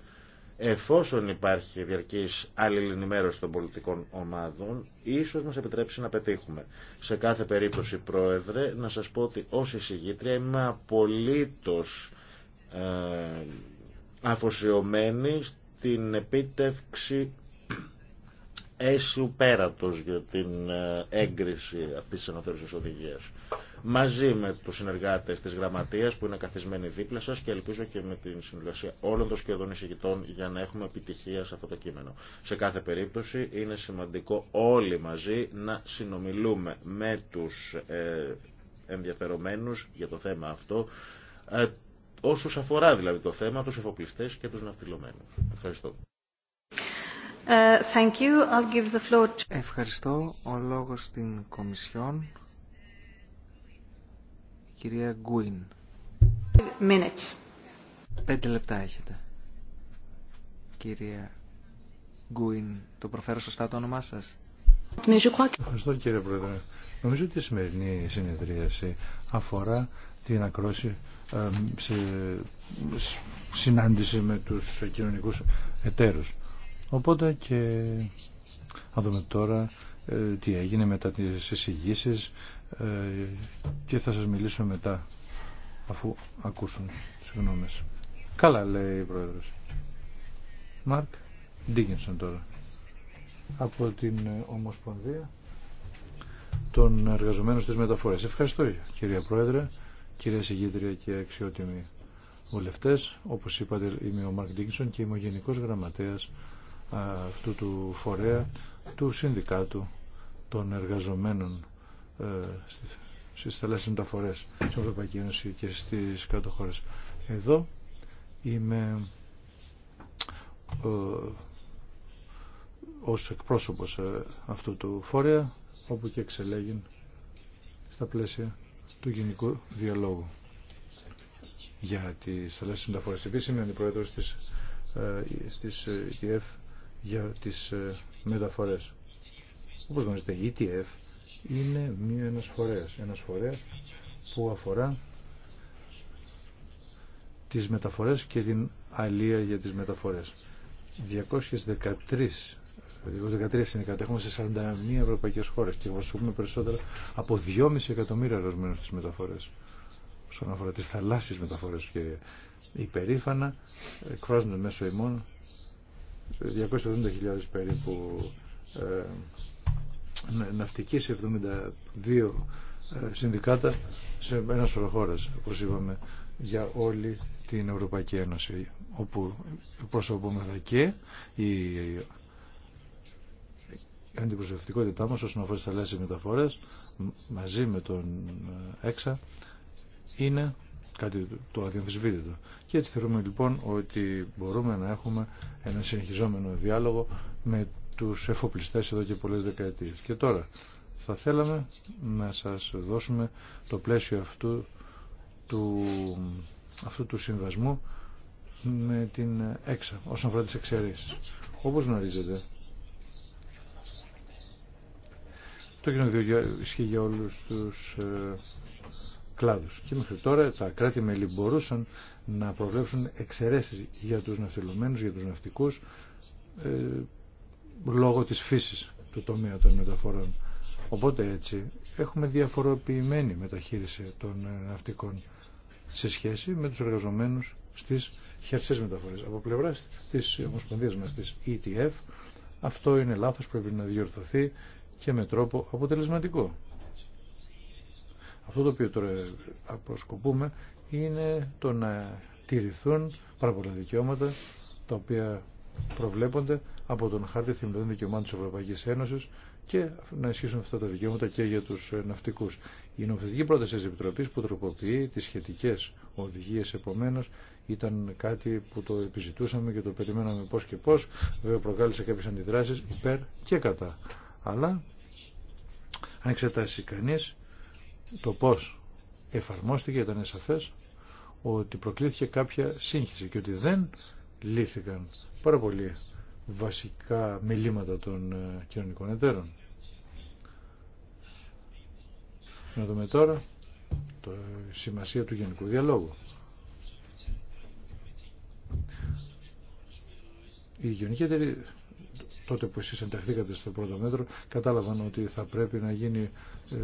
εφόσον υπάρχει διαρκής αλληλενημέρωση των πολιτικών ομάδων, ίσως μας επιτρέψει να πετύχουμε. Σε κάθε περίπτωση, Πρόεδρε, να σας πω ότι ως εισηγήτρια είμαι απολύτως ε, αφοσιωμένη στην επίτευξη αίσιου πέρατος για την ε, έγκριση αυτής της ενωθέρωσης οδηγίας. Μαζί με τους συνεργάτες της γραμματείας που είναι καθισμένοι δίπλα σας και ελπίζω και με την συνεργασία όλων των σχεδόν εισηγητών για να έχουμε επιτυχία σε αυτό το κείμενο. Σε κάθε περίπτωση είναι σημαντικό όλοι μαζί να συνομιλούμε με τους ε, ενδιαφερομένους για το θέμα αυτό ε, όσους αφορά δηλαδή το θέμα, τους εφοπλιστές και τους ναυτιλωμένους. Ευχαριστώ. Uh, Ευχαριστώ. Ο λόγος στην Κομισιόν. Κυρία Γκουίν. Πέντε λεπτά έχετε. Κυρία Γκουίν, το προφέρω σωστά το όνομά σας. Ναι, Ευχαριστώ κύριε Πρόεδρε. Νομίζω ότι η σημερινή συνεδρίαση αφορά την ακρόση σε συνάντηση με τους κοινωνικούς εταίρους. Οπότε και να δούμε τώρα ε, τι έγινε μετά τις εισηγήσεις ε, και θα σας μιλήσω μετά αφού ακούσουν τις γνώμες. Καλά λέει η Πρόεδρος. Μαρκ Ντίγκινσον τώρα. Από την Ομοσπονδία των εργαζομένων στις μεταφορές. Ευχαριστώ κυρία Πρόεδρε, κυρία Συγγήτρια και αξιότιμοι βουλευτές. Όπως είπατε είμαι ο Μαρκ Ντίκινσον και είμαι ο Γενικός Γραμματέας αυτού του φορέα του Συνδικάτου των Εργαζομένων ε, στις θελάσσιες μεταφορές στην Ευρωπαϊκή Ένωση και στις κάτω Εδώ είμαι ε, ως εκπρόσωπος ε, αυτού του φορέα όπου και εξελέγει στα πλαίσια του γενικού διαλόγου για τις θελάσσιες μεταφορές. Επίσης είμαι αντιπρόεδρος της, της ETF για τις ε, μεταφορές. Όπως γνωρίζετε, η ETF είναι μία ένας φορέας. Ένας φορέας που αφορά τις μεταφορές και την αλία για τις μεταφορές. 213 213 είναι κατέχουμε σε 41 ευρωπαϊκές χώρες και βασούμε περισσότερα από 2,5 εκατομμύρια ερωσμένους στις μεταφορές, Όσον αφορά τις θαλάσσιες μεταφορές και υπερήφανα, εκφράζονται μέσω ημών 270.000 περίπου ε, σε 72 ε, συνδικάτα σε ένα σωρό χώρες, όπως είπαμε, για όλη την Ευρωπαϊκή Ένωση, όπου προσωπούμεθα και η αντιπροσωπευτικότητά μας όσον αφορά τα θαλάσσιες μεταφορές μαζί με τον ΕΞΑ είναι κάτι το αδιαμφισβήτητο. Και έτσι θεωρούμε λοιπόν ότι μπορούμε να έχουμε ένα συνεχιζόμενο διάλογο με τους εφοπλιστές εδώ και πολλές δεκαετίες. Και τώρα θα θέλαμε να σας δώσουμε το πλαίσιο αυτού του, αυτού του συμβασμού με την έξα, όσον αφορά τις εξαιρέσεις. Όπως γνωρίζετε, το κοινό ισχύει για όλους τους ε, κλάδους. Και μέχρι τώρα τα κράτη-μέλη μπορούσαν να προβλέψουν εξαιρέσεις για τους ναυτιλωμένους, για τους ναυτικούς, ε, λόγω της φύσης του τομέα των μεταφορών. Οπότε έτσι έχουμε διαφοροποιημένη μεταχείριση των ε, ναυτικών σε σχέση με τους εργαζομένους στις χερσές μεταφορές. Από πλευρά της Ομοσπονδίας μας, της ETF, αυτό είναι λάθος, πρέπει να διορθωθεί και με τρόπο αποτελεσματικό. Αυτό το οποίο τώρα αποσκοπούμε είναι το να τηρηθούν πάρα πολλά δικαιώματα τα οποία προβλέπονται από τον χάρτη θεμελιωδών δικαιωμάτων της Ευρωπαϊκής Ένωσης και να ισχύσουν αυτά τα δικαιώματα και για τους ε, ναυτικούς. Η νομοθετική πρόταση της Επιτροπής που τροποποιεί τις σχετικές οδηγίες επομένως ήταν κάτι που το επιζητούσαμε και το περιμέναμε πώς και πώς. Βέβαια προκάλεσε κάποιες αντιδράσεις υπέρ και κατά. Αλλά αν εξετάσει κανείς το πώς εφαρμόστηκε ήταν σαφές ότι προκλήθηκε κάποια σύγχυση και ότι δεν λύθηκαν πάρα πολύ βασικά μιλήματα των ε, κοινωνικών εταίρων. Να δούμε τώρα το ε, σημασία του γενικού διαλόγου. Οι γενικοί εταίροι τότε που εσείς ενταχθήκατε στο πρώτο μέτρο κατάλαβαν ότι θα πρέπει να γίνει ε,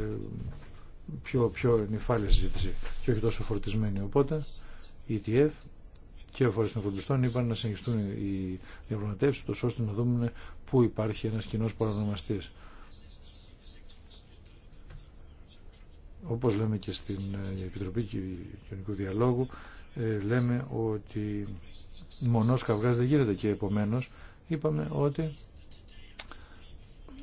πιο, πιο νυφάλια συζήτηση και όχι τόσο φορτισμένη. Οπότε, η ETF και ο Φορέα των Φοντιστών είπαν να συνεχιστούν οι διαπραγματεύσει τόσο ώστε να δούμε πού υπάρχει ένα κοινό παρονομαστή. Όπως λέμε και στην ε, Επιτροπή Κοινωνικού Διαλόγου, ε, λέμε ότι μονός καυγάς δεν γίνεται και επομένως είπαμε ότι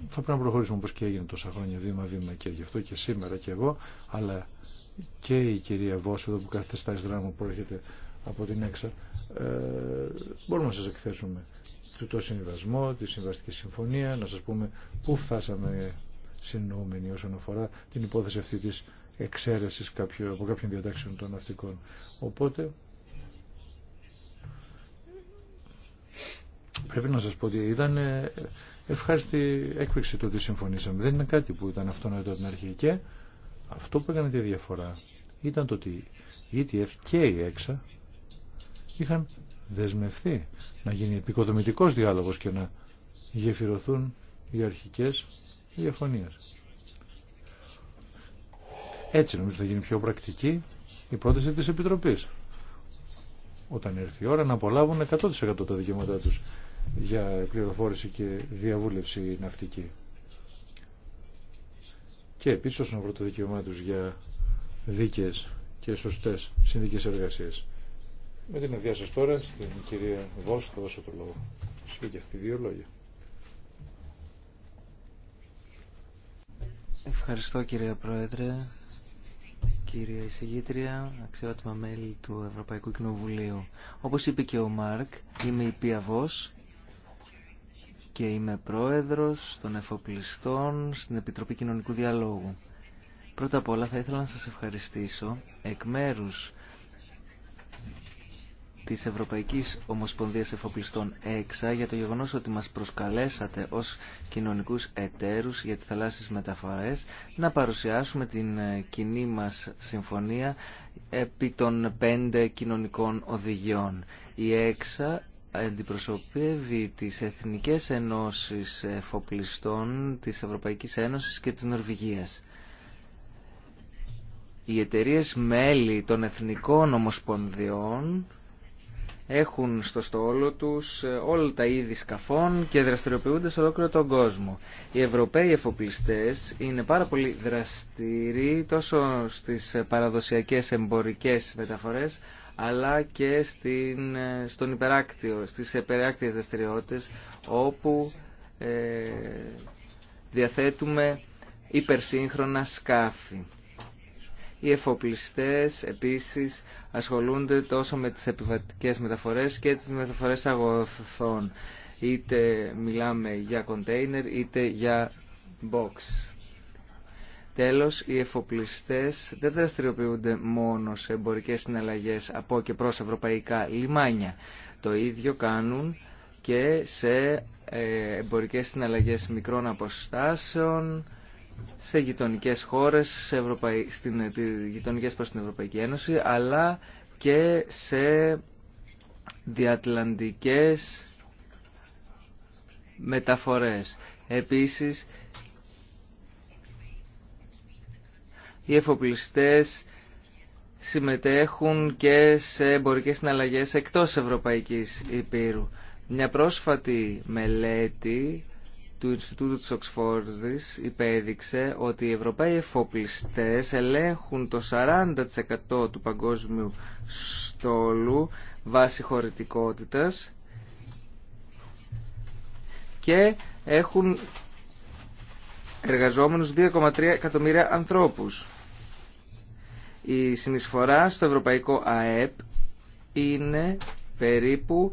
θα πρέπει να προχωρήσουμε όπως και έγινε τόσα χρόνια βήμα-βήμα και γι' αυτό και σήμερα και εγώ, αλλά και η κυρία Βόση εδώ που κάθεται στα δράμα που έρχεται από την έξα, ε, μπορούμε να σας εκθέσουμε το συμβασμό, τη συμβαστική συμφωνία, να σας πούμε πού φτάσαμε συννοούμενοι όσον αφορά την υπόθεση αυτή της εξαίρεσης από κάποιων διατάξεων των ναυτικών. Οπότε, πρέπει να σας πω ότι ήταν ε, ευχάριστη έκπληξη το ότι συμφωνήσαμε. Δεν είναι κάτι που ήταν αυτονοητό την αρχή και αυτό που έκανε τη διαφορά ήταν το ότι η ETF και η ΕΞΑ είχαν δεσμευθεί να γίνει επικοδομητικός διάλογος και να γεφυρωθούν οι αρχικές διαφωνίες. Έτσι νομίζω θα γίνει πιο πρακτική η πρόταση της Επιτροπής. Όταν έρθει η ώρα να απολάβουν 100% τα δικαιώματά τους για πληροφόρηση και διαβούλευση ναυτική. Και επίσης όσον αφορά το δικαιωμά τους για δίκες και σωστές συνδικές εργασίες. Με την αδειά σας τώρα στην κυρία Βόσ θα δώσω το λόγο. Σου και αυτή δύο λόγια. Ευχαριστώ κύριε Πρόεδρε, κύριε Εισηγήτρια, αξιότιμα μέλη του Ευρωπαϊκού Κοινοβουλίου. Όπως είπε και ο Μάρκ, είμαι η Πία Βος, και είμαι πρόεδρος των εφοπλιστών στην Επιτροπή Κοινωνικού Διαλόγου. Πρώτα απ' όλα θα ήθελα να σας ευχαριστήσω εκ μέρους της Ευρωπαϊκής Ομοσπονδίας Εφοπλιστών ΕΞΑ για το γεγονός ότι μας προσκαλέσατε ως κοινωνικούς εταίρους για τις θαλάσσιες μεταφορές να παρουσιάσουμε την ε, κοινή μας συμφωνία επί των πέντε κοινωνικών οδηγιών. Η ΕΞΑ αντιπροσωπεύει τις Εθνικές Ενώσεις Εφοπλιστών της Ευρωπαϊκής Ένωσης και της Νορβηγίας. Οι εταιρείε μέλη των Εθνικών Ομοσπονδιών έχουν στο στόλο τους όλα τα είδη σκαφών και δραστηριοποιούνται σε ολόκληρο τον κόσμο. Οι Ευρωπαίοι εφοπλιστές είναι πάρα πολύ δραστηροί τόσο στις παραδοσιακές εμπορικές μεταφορές αλλά και στην, στον υπεράκτιο, στις υπεράκτιες δραστηριότητε, όπου ε, διαθέτουμε υπερσύγχρονα σκάφη. Οι εφοπλιστές επίσης ασχολούνται τόσο με τις επιβατικές μεταφορές και τις μεταφορές αγωθών. Είτε μιλάμε για κοντέινερ είτε για box. Τέλος, οι εφοπλιστές δεν δραστηριοποιούνται μόνο σε εμπορικές συναλλαγές από και προς ευρωπαϊκά λιμάνια. Το ίδιο κάνουν και σε ε, εμπορικές συναλλαγές μικρών αποστάσεων, σε γειτονικές χώρες, σε Ευρωπαϊ... στην... Ε, γειτονικές προς την Ευρωπαϊκή Ένωση, αλλά και σε διατλαντικές μεταφορές. Επίσης, οι εφοπλιστές συμμετέχουν και σε εμπορικές συναλλαγές εκτός Ευρωπαϊκής Υπήρου. Μια πρόσφατη μελέτη του Ινστιτούτου της Οξφόρδης υπέδειξε ότι οι Ευρωπαίοι εφοπλιστές ελέγχουν το 40% του παγκόσμιου στόλου βάσει χωρητικότητας και έχουν εργαζόμενους 2,3 εκατομμύρια ανθρώπους. Η συνεισφορά στο ευρωπαϊκό ΑΕΠ είναι περίπου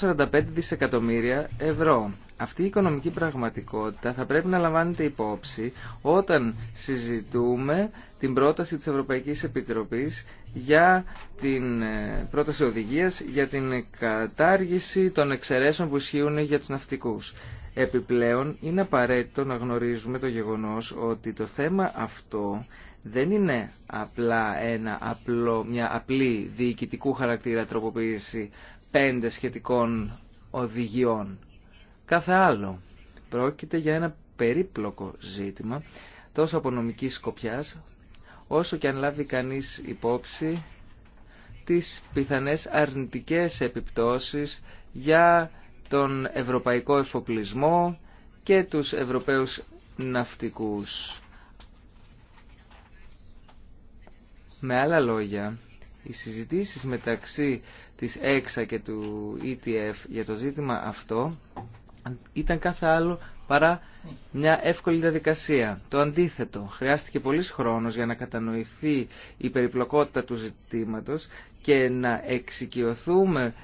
145 δισεκατομμύρια ευρώ. Αυτή η οικονομική πραγματικότητα θα πρέπει να λαμβάνεται υπόψη όταν συζητούμε την πρόταση της Ευρωπαϊκής Επιτροπής για την ε, πρόταση οδηγίας για την κατάργηση των εξαιρέσεων που ισχύουν για τους ναυτικούς. Επιπλέον, είναι απαραίτητο να γνωρίζουμε το γεγονός ότι το θέμα αυτό δεν είναι απλά ένα απλό, μια απλή διοικητικού χαρακτήρα τροποποίηση πέντε σχετικών οδηγιών. Κάθε άλλο. Πρόκειται για ένα περίπλοκο ζήτημα, τόσο από νομική σκοπιάς, όσο και αν λάβει κανείς υπόψη τις πιθανές αρνητικές επιπτώσεις για τον ευρωπαϊκό εφοπλισμό και τους ευρωπαίους ναυτικούς. Με άλλα λόγια, οι συζητήσεις μεταξύ της ΕΞΑ και του ETF για το ζήτημα αυτό ήταν κάθε άλλο παρά μια εύκολη διαδικασία. Το αντίθετο, χρειάστηκε πολύς χρόνος για να κατανοηθεί η περιπλοκότητα του ζητήματος και να εξοικειωθούμε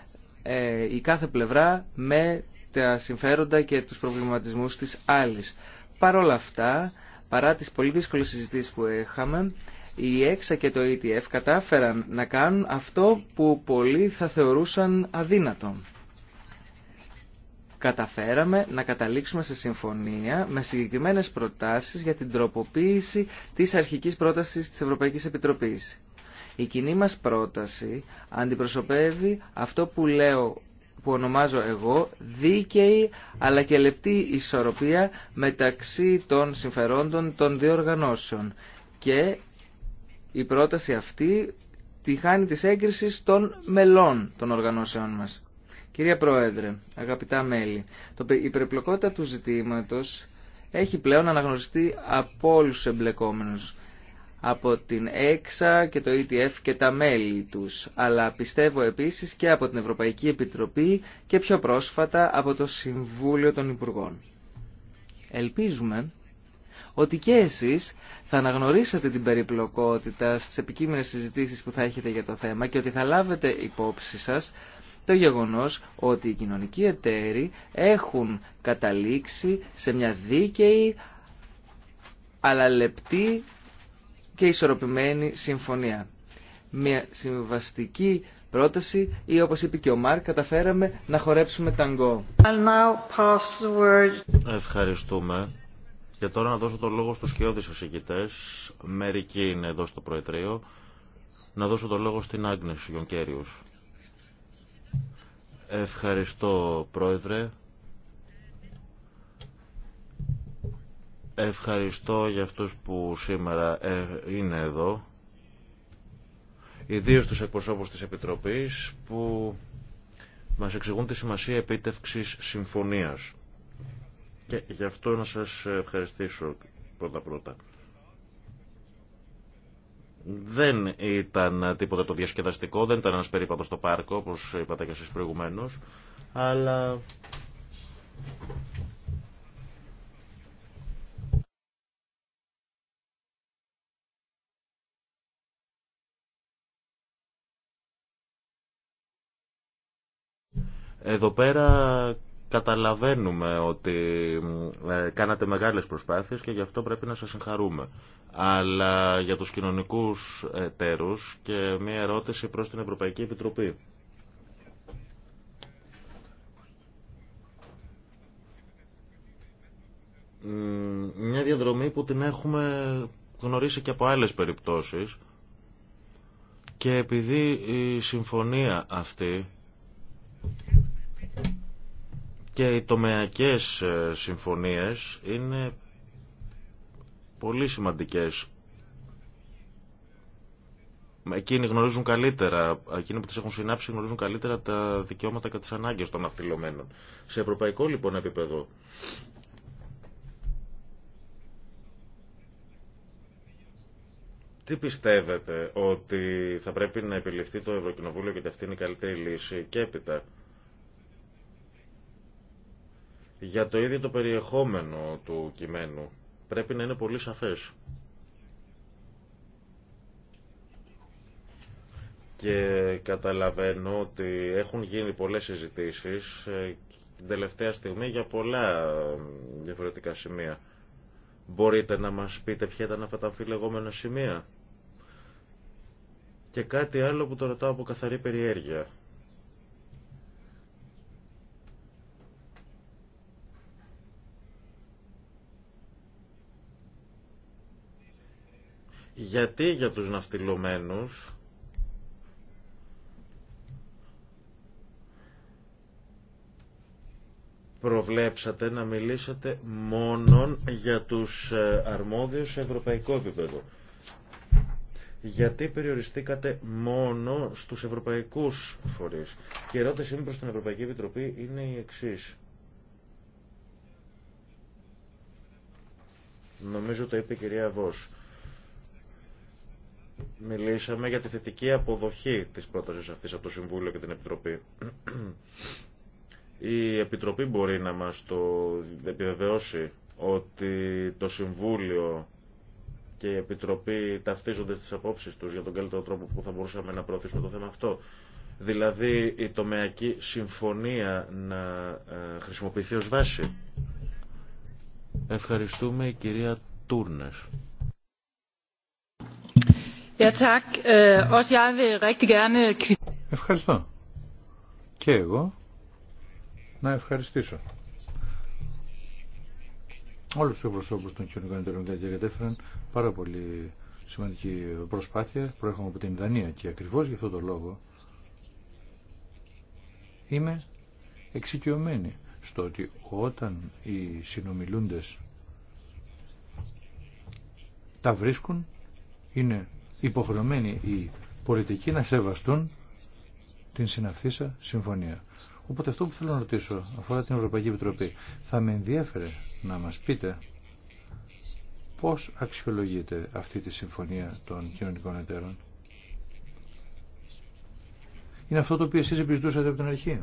ε, η κάθε πλευρά με τα συμφέροντα και τους προβληματισμούς της άλλης. Παρ' όλα αυτά, παρά τις πολύ δύσκολες συζητήσεις που είχαμε, η ΕΞΑ και το ETF κατάφεραν να κάνουν αυτό που πολλοί θα θεωρούσαν αδύνατο. Καταφέραμε να καταλήξουμε σε συμφωνία με συγκεκριμένες προτάσεις για την τροποποίηση της αρχικής πρότασης της Ευρωπαϊκής Επιτροπής. Η κοινή μας πρόταση αντιπροσωπεύει αυτό που λέω που ονομάζω εγώ δίκαιη αλλά και λεπτή ισορροπία μεταξύ των συμφερόντων των δύο οργανώσεων και η πρόταση αυτή τη χάνει της έγκρισης των μελών των οργανώσεών μας. Κυρία Πρόεδρε, αγαπητά μέλη, το, η περιπλοκότητα του ζητήματος έχει πλέον αναγνωριστεί από όλους τους εμπλεκόμενους από την ΕΞΑ και το ETF και τα μέλη τους, αλλά πιστεύω επίσης και από την Ευρωπαϊκή Επιτροπή και πιο πρόσφατα από το Συμβούλιο των Υπουργών. Ελπίζουμε ότι και εσείς θα αναγνωρίσετε την περιπλοκότητα στις επικείμενες συζητήσεις που θα έχετε για το θέμα και ότι θα λάβετε υπόψη σας το γεγονός ότι οι κοινωνικοί εταίροι έχουν καταλήξει σε μια δίκαιη αλλά λεπτή και ισορροπημένη συμφωνία. Μια συμβαστική πρόταση ή όπως είπε και ο Μάρκ καταφέραμε να χορέψουμε ταγκό. Ευχαριστούμε. Και τώρα να δώσω το λόγο στους σκιώδεις ασυγητές. Μερικοί είναι εδώ στο Προεδρείο. Να δώσω το λόγο στην Άγνες Γιονκέριους. Ευχαριστώ Πρόεδρε. Ευχαριστώ για αυτούς που σήμερα ε, είναι εδώ. Ιδίως τους εκπροσώπους της Επιτροπής που μας εξηγούν τη σημασία επίτευξης συμφωνίας και γι' αυτό να σας ευχαριστήσω πρώτα-πρώτα. Δεν ήταν τίποτα το διασκεδαστικό, δεν ήταν ένας περίπατος στο πάρκο, όπως είπατε και εσείς προηγουμένως, αλλά... Εδώ πέρα Καταλαβαίνουμε ότι ε, κάνατε μεγάλες προσπάθειες και γι' αυτό πρέπει να σας συγχαρούμε. Αλλά για τους κοινωνικούς τέρους και μία ερώτηση προς την Ευρωπαϊκή Επιτροπή. Μια διαδρομή που την έχουμε γνωρίσει και από άλλες περιπτώσεις και επειδή η συμφωνία αυτή και οι τομεακές ε, συμφωνίες είναι πολύ σημαντικές. Εκείνοι γνωρίζουν καλύτερα, εκείνοι που τις έχουν συνάψει γνωρίζουν καλύτερα τα δικαιώματα και τις ανάγκες των αυτιλωμένων. Σε ευρωπαϊκό λοιπόν επίπεδο Τι πιστεύετε ότι θα πρέπει να επιληφθεί το Ευρωκοινοβούλιο γιατί αυτή είναι η καλύτερη λύση και έπειτα για το ίδιο το περιεχόμενο του κειμένου πρέπει να είναι πολύ σαφές. Και καταλαβαίνω ότι έχουν γίνει πολλές συζητήσει ε, την τελευταία στιγμή για πολλά διαφορετικά σημεία. Μπορείτε να μας πείτε ποια ήταν αυτά τα αμφιλεγόμενα σημεία. Και κάτι άλλο που το ρωτάω από καθαρή περιέργεια. Γιατί για τους ναυτιλωμένους προβλέψατε να μιλήσετε μόνον για τους ε, αρμόδιους σε ευρωπαϊκό επίπεδο. Γιατί περιοριστήκατε μόνο στους ευρωπαϊκούς φορείς. Και η ερώτησή μου προς την Ευρωπαϊκή Επιτροπή είναι η εξής. Νομίζω το είπε η κυρία Βός μιλήσαμε για τη θετική αποδοχή της πρότασης αυτής από το Συμβούλιο και την Επιτροπή. Η Επιτροπή μπορεί να μας το επιβεβαιώσει ότι το Συμβούλιο και η Επιτροπή ταυτίζονται στις απόψεις τους για τον καλύτερο τρόπο που θα μπορούσαμε να προωθήσουμε το θέμα αυτό. Δηλαδή η τομεακή συμφωνία να ε, χρησιμοποιηθεί ως βάση. Ευχαριστούμε η κυρία Τούρνες. Øh, Ευχαριστώ. Και εγώ να ευχαριστήσω όλου του προσώπου των κοινωνικών εταιρεών και κατέφεραν πάρα πολύ σημαντική προσπάθεια. Προέρχομαι από την Δανία και ακριβώ γι' αυτό το λόγο είμαι εξοικειωμένη στο ότι όταν οι συνομιλούντες τα βρίσκουν είναι υποχρεωμένοι οι πολιτικοί να σεβαστούν την συναυθήσα συμφωνία. Οπότε αυτό που θέλω να ρωτήσω αφορά την Ευρωπαϊκή Επιτροπή. Θα με ενδιέφερε να μας πείτε πώς αξιολογείται αυτή τη συμφωνία των κοινωνικών εταίρων. Είναι αυτό το οποίο εσείς επιζητούσατε από την αρχή.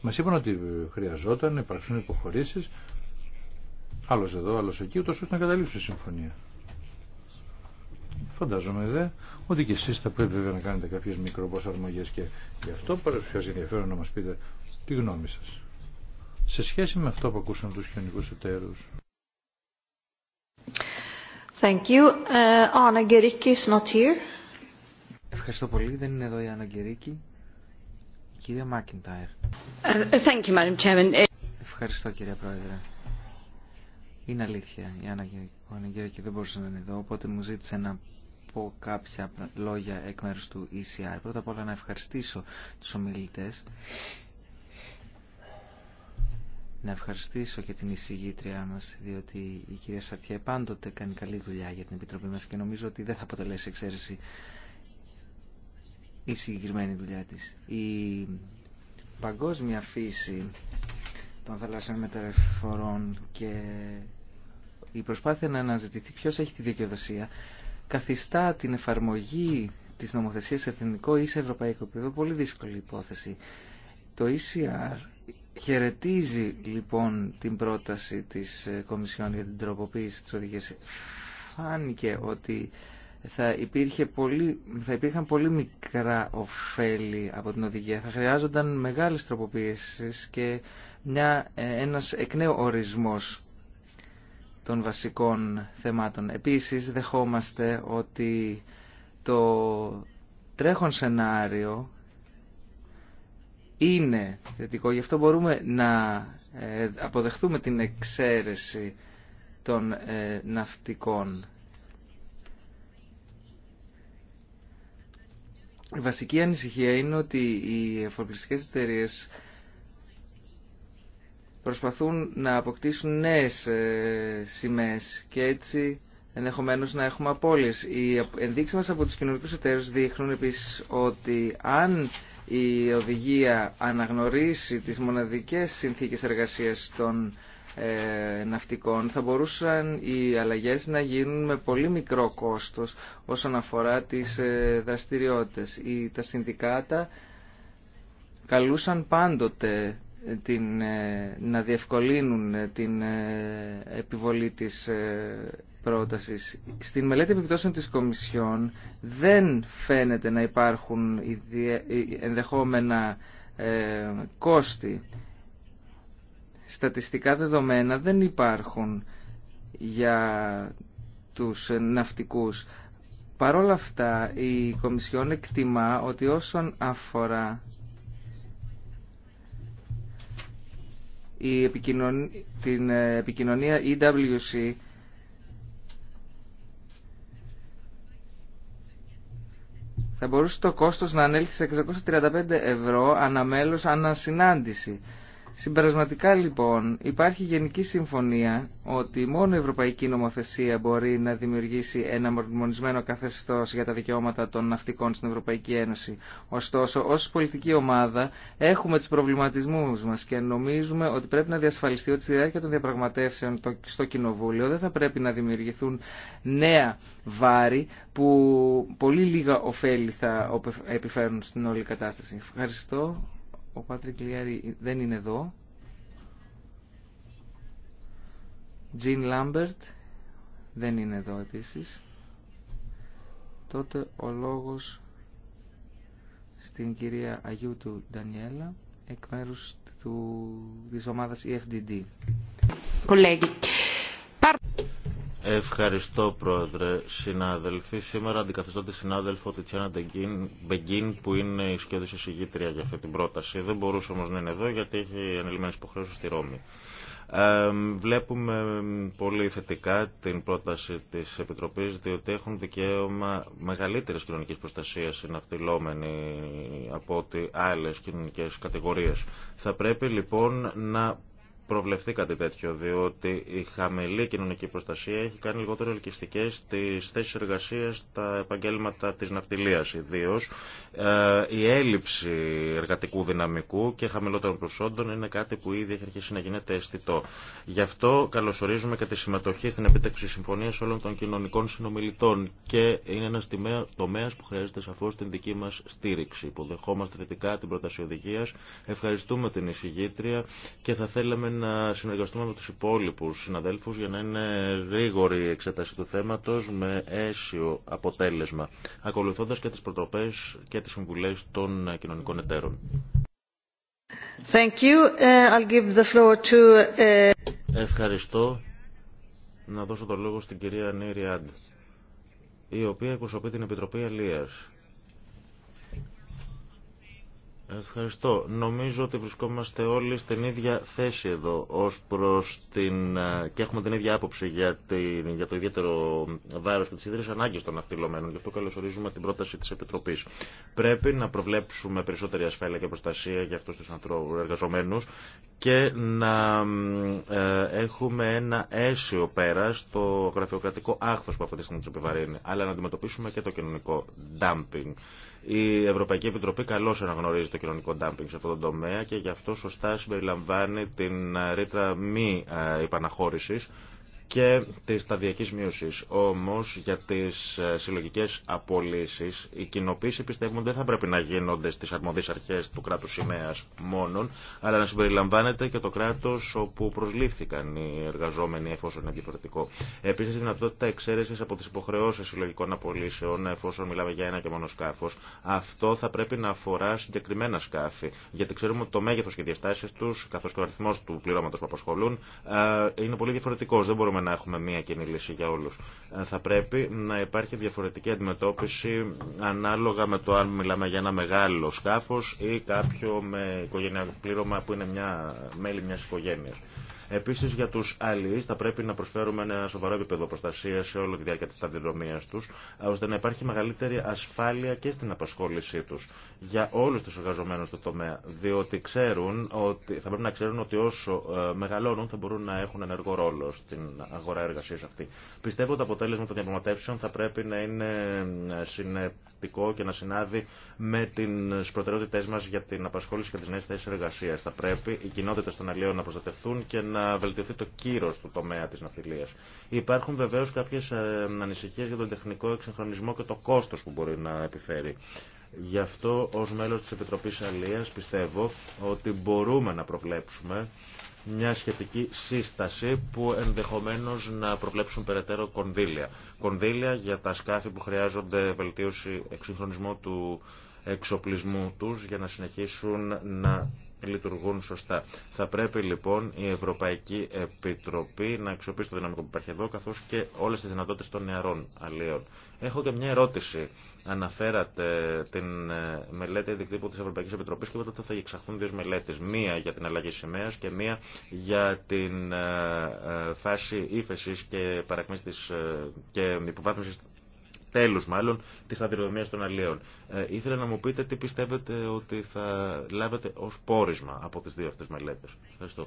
Μας είπαν ότι χρειαζόταν να υπάρξουν υποχωρήσεις άλλος εδώ, άλλος εκεί, ούτως ώστε να καταλήξουν συμφωνία. Φαντάζομαι δε ότι και εσείς θα πρέπει βέβαια να κάνετε κάποιες μικροπόσαρμογέ και γι' αυτό παρουσιάζει ενδιαφέρον να μας πείτε τη γνώμη σας. Σε σχέση με αυτό που ακούσαμε τους χιονικού εταίρους. Thank you. Uh, not here. Ευχαριστώ πολύ. Δεν είναι εδώ η Άννα Γκερίκη. κυρία Μάκιντάιρ. Uh, Ευχαριστώ κυρία Πρόεδρε. Είναι αλήθεια, η Άννα και δεν μπορούσε να είναι εδώ, οπότε μου ζήτησε να πω κάποια λόγια εκ μέρου του ECR. Πρώτα απ' όλα να ευχαριστήσω τους ομιλητές. Να ευχαριστήσω και την εισηγήτριά μας, διότι η κυρία Σαρτία πάντοτε κάνει καλή δουλειά για την Επιτροπή μας και νομίζω ότι δεν θα αποτελέσει εξαίρεση η συγκεκριμένη δουλειά της. Η παγκόσμια φύση των θαλάσσιων μεταφορών και η προσπάθεια να αναζητηθεί ποιο έχει τη δικαιοδοσία καθιστά την εφαρμογή της νομοθεσίας σε εθνικό ή σε ευρωπαϊκό επίπεδο πολύ δύσκολη υπόθεση. Το ECR χαιρετίζει λοιπόν την πρόταση της ε, Κομισιόν για την τροποποίηση της οδηγίας. Φάνηκε ότι θα, υπήρχε πολύ, θα υπήρχαν πολύ μικρά ωφέλη από την οδηγία. Θα χρειάζονταν μεγάλες τροποποίησεις και μια, ε, ένας εκ νέου ορισμός των βασικών θεμάτων. Επίσης δεχόμαστε ότι το τρέχον σενάριο είναι θετικό. Γι' αυτό μπορούμε να ε, αποδεχθούμε την εξαίρεση των ε, ναυτικών. Η βασική ανησυχία είναι ότι οι εφορπλιστικές εταιρείε προσπαθούν να αποκτήσουν νέες ε, σημαίες και έτσι ενδεχομένως να έχουμε απώλειες. Οι ενδείξεις μας από τους κοινωνικούς εταίρους δείχνουν επίσης ότι αν η οδηγία αναγνωρίσει τις μοναδικές συνθήκες εργασίας των ε, ναυτικών θα μπορούσαν οι αλλαγές να γίνουν με πολύ μικρό κόστος όσον αφορά τις ε, δραστηριότητες. Τα συνδικάτα καλούσαν πάντοτε την, ε, να διευκολύνουν ε, την ε, επιβολή της πρότασης. Στην μελέτη επιπτώσεων της Κομισιόν δεν φαίνεται να υπάρχουν ενδεχόμενα κόστη. Στατιστικά δεδομένα δεν υπάρχουν για τους ναυτικούς. Παρ' όλα αυτά η Κομισιόν εκτιμά ότι όσον αφορά η την ε, επικοινωνία EWC θα μπορούσε το κόστος να ανέλθει σε 635 ευρώ αναμέλως ανασυνάντηση. Συμπερασματικά λοιπόν υπάρχει γενική συμφωνία ότι μόνο η ευρωπαϊκή νομοθεσία μπορεί να δημιουργήσει ένα μορμονισμένο καθεστώς για τα δικαιώματα των ναυτικών στην Ευρωπαϊκή Ένωση. Ωστόσο, ως πολιτική ομάδα έχουμε τους προβληματισμούς μας και νομίζουμε ότι πρέπει να διασφαλιστεί ότι στη διάρκεια των διαπραγματεύσεων στο Κοινοβούλιο δεν θα πρέπει να δημιουργηθούν νέα βάρη που πολύ λίγα ωφέλη θα επιφέρουν στην όλη κατάσταση. Ευχαριστώ. Ο Πάτρικ Λιάρη δεν είναι εδώ. Τζιν Λάμπερτ δεν είναι εδώ επίσης. Τότε ο λόγος στην κυρία Αγιούτου Ντανιέλα εκ μέρους του, της ομάδας EFDD. Ευχαριστώ πρόεδρε συνάδελφοι. Σήμερα αντικαθιστώ τη συνάδελφο Τιτσιάνα Μπεγκίν που είναι η σκιώδης εισηγήτρια για αυτή την πρόταση. Δεν μπορούσε όμως να είναι εδώ γιατί έχει ανελημμένες υποχρέωσεις στη Ρώμη. Βλέπουμε πολύ θετικά την πρόταση της Επιτροπής διότι έχουν δικαίωμα μεγαλύτερης κοινωνικής προστασίας συναυτιλόμενοι από ότι άλλες κοινωνικές κατηγορίες. Θα πρέπει λοιπόν να προβλεφθεί κάτι τέτοιο, διότι η χαμηλή κοινωνική προστασία έχει κάνει λιγότερο ελκυστικέ τι θέσει εργασία στα επαγγέλματα τη ναυτιλία. Ιδίω ε, η έλλειψη εργατικού δυναμικού και χαμηλότερων προσόντων είναι κάτι που ήδη έχει αρχίσει να γίνεται αισθητό. Γι' αυτό καλωσορίζουμε και τη συμμετοχή στην επίτευξη συμφωνία όλων των κοινωνικών συνομιλητών και είναι ένα τομέα που χρειάζεται σαφώ την δική μα στήριξη. Υποδεχόμαστε θετικά την πρόταση οδηγία, ευχαριστούμε την εισηγήτρια και θα θέλαμε να συνεργαστούμε με τους υπόλοιπους συναδέλφους για να είναι γρήγορη η εξέταση του θέματος με αίσιο αποτέλεσμα, ακολουθώντας και τις προτροπές και τις συμβουλές των κοινωνικών εταίρων. Uh, uh, Ευχαριστώ. Να δώσω το λόγο στην κυρία Νίριαντ, Άντ, η οποία εκπροσωπεί την Επιτροπή Αλίας Ευχαριστώ. Νομίζω ότι βρισκόμαστε όλοι στην ίδια θέση εδώ ως προς την... Ε, και έχουμε την ίδια άποψη για, την... για το ιδιαίτερο βάρος και τις ίδρες ανάγκες των αυτιλωμένων. Γι' αυτό καλωσορίζουμε την πρόταση της Επιτροπής. Πρέπει να προβλέψουμε περισσότερη ασφάλεια και προστασία για αυτούς τους ανθρώπους εργαζομένους και να ε, έχουμε ένα αίσιο πέρα στο γραφειοκρατικό άχθος που αυτή τη στιγμή τους επιβαρύνει, αλλά να αντιμετωπίσουμε και το κοινωνικό dumping η Ευρωπαϊκή Επιτροπή καλώ αναγνωρίζει το κοινωνικό ντάμπινγκ σε αυτόν τον τομέα και γι' αυτό σωστά συμπεριλαμβάνει την ρήτρα μη ε, υπαναχώρηση και τη σταδιακή μείωση. Όμω για τι ε, συλλογικέ απολύσει, οι κοινοποίηση πιστεύουν δεν θα πρέπει να γίνονται στι αρμοδείς αρχέ του κράτου σημαία μόνον, αλλά να συμπεριλαμβάνεται και το κράτο όπου προσλήφθηκαν οι εργαζόμενοι εφόσον είναι διαφορετικό. Επίση, η δυνατότητα εξαίρεση από τι υποχρεώσει συλλογικών απολύσεων εφόσον μιλάμε για ένα και μόνο σκάφο, Αυτό θα πρέπει να αφορά συγκεκριμένα σκάφη, γιατί ξέρουμε ότι το μέγεθο και οι διαστάσει του, καθώ και ο αριθμό του πληρώματο που απασχολούν, ε, είναι πολύ διαφορετικό. Δεν μπορούμε να έχουμε μία κοινή λύση για όλους. Ε, θα πρέπει να υπάρχει διαφορετική αντιμετώπιση ανάλογα με το αν μιλάμε για ένα μεγάλο σκάφος ή κάποιο με οικογενειακό πλήρωμα που είναι μια, μέλη μια οικογένεια. Επίση, για του αλληλεί θα πρέπει να προσφέρουμε ένα σοβαρό επίπεδο προστασία σε όλη τη διάρκεια τη ταδιοδρομία του, ώστε να υπάρχει μεγαλύτερη ασφάλεια και στην απασχόλησή του για όλου του εργαζομένου το τομέα. Διότι ξέρουν ότι, θα πρέπει να ξέρουν ότι όσο ε, μεγαλώνουν θα μπορούν να έχουν ενεργό ρόλο στην αγορά εργασία αυτή. Πιστεύω ότι το αποτέλεσμα των διαπραγματεύσεων θα πρέπει να είναι ε, συνεπέ και να συνάδει με τι προτεραιότητέ μα για την απασχόληση και τι νέε θέσει εργασία. Θα πρέπει οι κοινότητε των αλλιών να προστατευτούν και να βελτιωθεί το κύρο του τομέα τη ναυτιλία. Υπάρχουν βεβαίω κάποιε ανησυχίε για τον τεχνικό εξυγχρονισμό και το κόστο που μπορεί να επιφέρει. Γι' αυτό ως μέλος της Επιτροπής Αλίας πιστεύω ότι μπορούμε να προβλέψουμε μια σχετική σύσταση που ενδεχομένως να προβλέψουν περαιτέρω κονδύλια. Κονδύλια για τα σκάφη που χρειάζονται βελτίωση εξυγχρονισμού του εξοπλισμού τους για να συνεχίσουν να λειτουργούν σωστά. Θα πρέπει λοιπόν η Ευρωπαϊκή Επιτροπή να αξιοποιήσει το δυναμικό που υπάρχει εδώ, καθώ και όλε τι δυνατότητε των νεαρών αλλιέων. Έχω και μια ερώτηση. Αναφέρατε την ε, μελέτη δικτύπου τη Ευρωπαϊκή Επιτροπή και μετά θα εξαχθούν δύο μελέτε. Μία για την αλλαγή σημαία και μία για την ε, ε, φάση ύφεση και, και υποβάθμιση τέλους μάλλον, της αδειοδομία των αλλιέων. Ε, ήθελα να μου πείτε τι πιστεύετε ότι θα λάβετε ως πόρισμα από τις δύο αυτές μελέτες. Ευχαριστώ.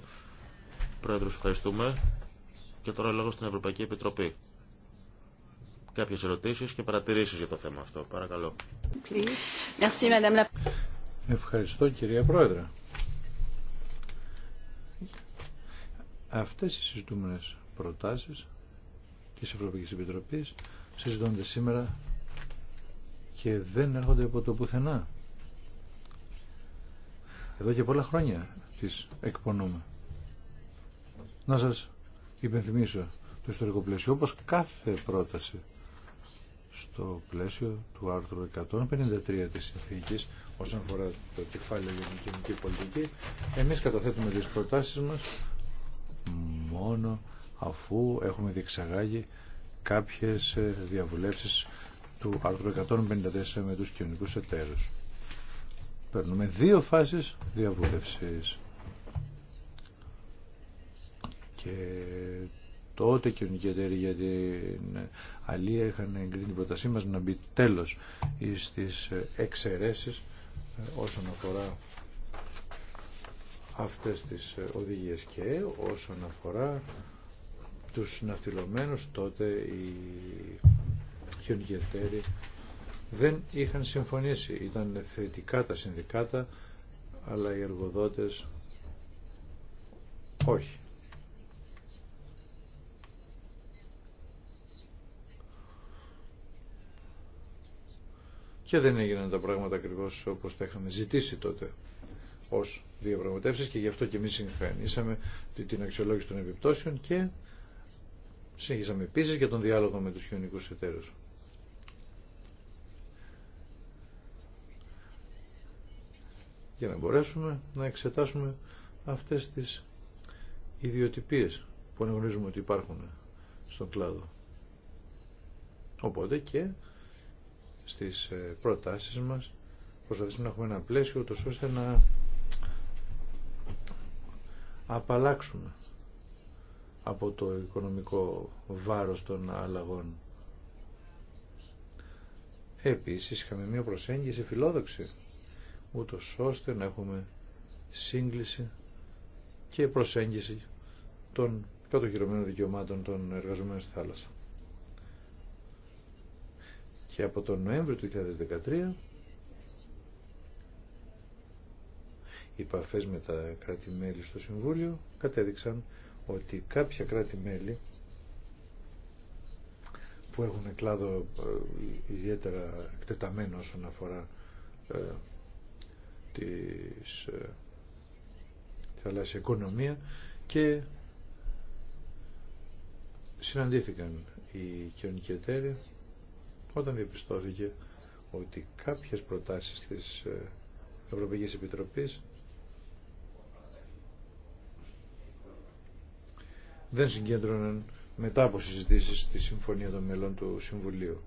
Πρόεδρος, ευχαριστούμε. Και τώρα λόγω στην Ευρωπαϊκή Επιτροπή. Κάποιε ερωτήσει και παρατηρήσει για το θέμα αυτό. Παρακαλώ. Ευχαριστώ κυρία Πρόεδρε. Αυτές οι συζητούμενες προτάσεις της Ευρωπαϊκής Επιτροπής συζητώνται σήμερα και δεν έρχονται από το πουθενά. Εδώ και πολλά χρόνια τις εκπονούμε. Να σας υπενθυμίσω το ιστορικό πλαίσιο, όπως κάθε πρόταση στο πλαίσιο του άρθρου 153 της συνθήκης όσον αφορά το κεφάλαιο για την κοινωνική πολιτική εμείς καταθέτουμε τις προτάσεις μας μόνο αφού έχουμε διεξαγάγει κάποιες ε, διαβουλεύσεις του άρθρου 154 με τους κοινωνικούς εταίρους. Παίρνουμε δύο φάσεις διαβούλευσης. Και τότε κοινωνικοί εταίροι για την Αλία είχαν εγκρίνει την πρότασή μας να μπει τέλος στις εξαιρέσεις ε, όσον αφορά αυτές τις ε, οδηγίες και όσον αφορά τους ναυτιλωμένους τότε οι χιονικοί δεν είχαν συμφωνήσει. Ήταν θετικά τα συνδικάτα αλλά οι εργοδότες όχι. Και δεν έγιναν τα πράγματα ακριβώ όπως τα είχαμε ζητήσει τότε ως διαπραγματεύσει και γι' αυτό και εμείς συγχαρητήσαμε την αξιολόγηση των επιπτώσεων και Συνεχίσαμε επίσης και τον διάλογο με τους χιονικούς εταίρους. Για να μπορέσουμε να εξετάσουμε αυτές τις ιδιοτυπίες που αναγνωρίζουμε ότι υπάρχουν στον κλάδο. Οπότε και στις ε, προτάσεις μας προσπαθήσουμε να έχουμε ένα πλαίσιο ώστε να απαλλάξουμε από το οικονομικό βάρος των αλλαγών. Επίσης είχαμε μία προσέγγιση φιλόδοξη, ούτω ώστε να έχουμε σύγκληση και προσέγγιση των κατοχυρωμένων δικαιωμάτων των εργαζομένων στη θάλασσα. Και από τον Νοέμβριο του 2013 οι επαφές με τα κράτη-μέλη στο Συμβούλιο κατέδειξαν ότι κάποια κράτη-μέλη που έχουν κλάδο ε, ιδιαίτερα εκτεταμένο όσον αφορά ε, της, τη ε, θαλάσσια οικονομία και συναντήθηκαν οι κοινωνικοί εταίροι όταν διαπιστώθηκε ότι κάποιες προτάσεις της ε, Ευρωπαϊκής Επιτροπής δεν συγκέντρωναν μετά από συζητήσεις τη Συμφωνία των Μέλων του Συμβουλίου.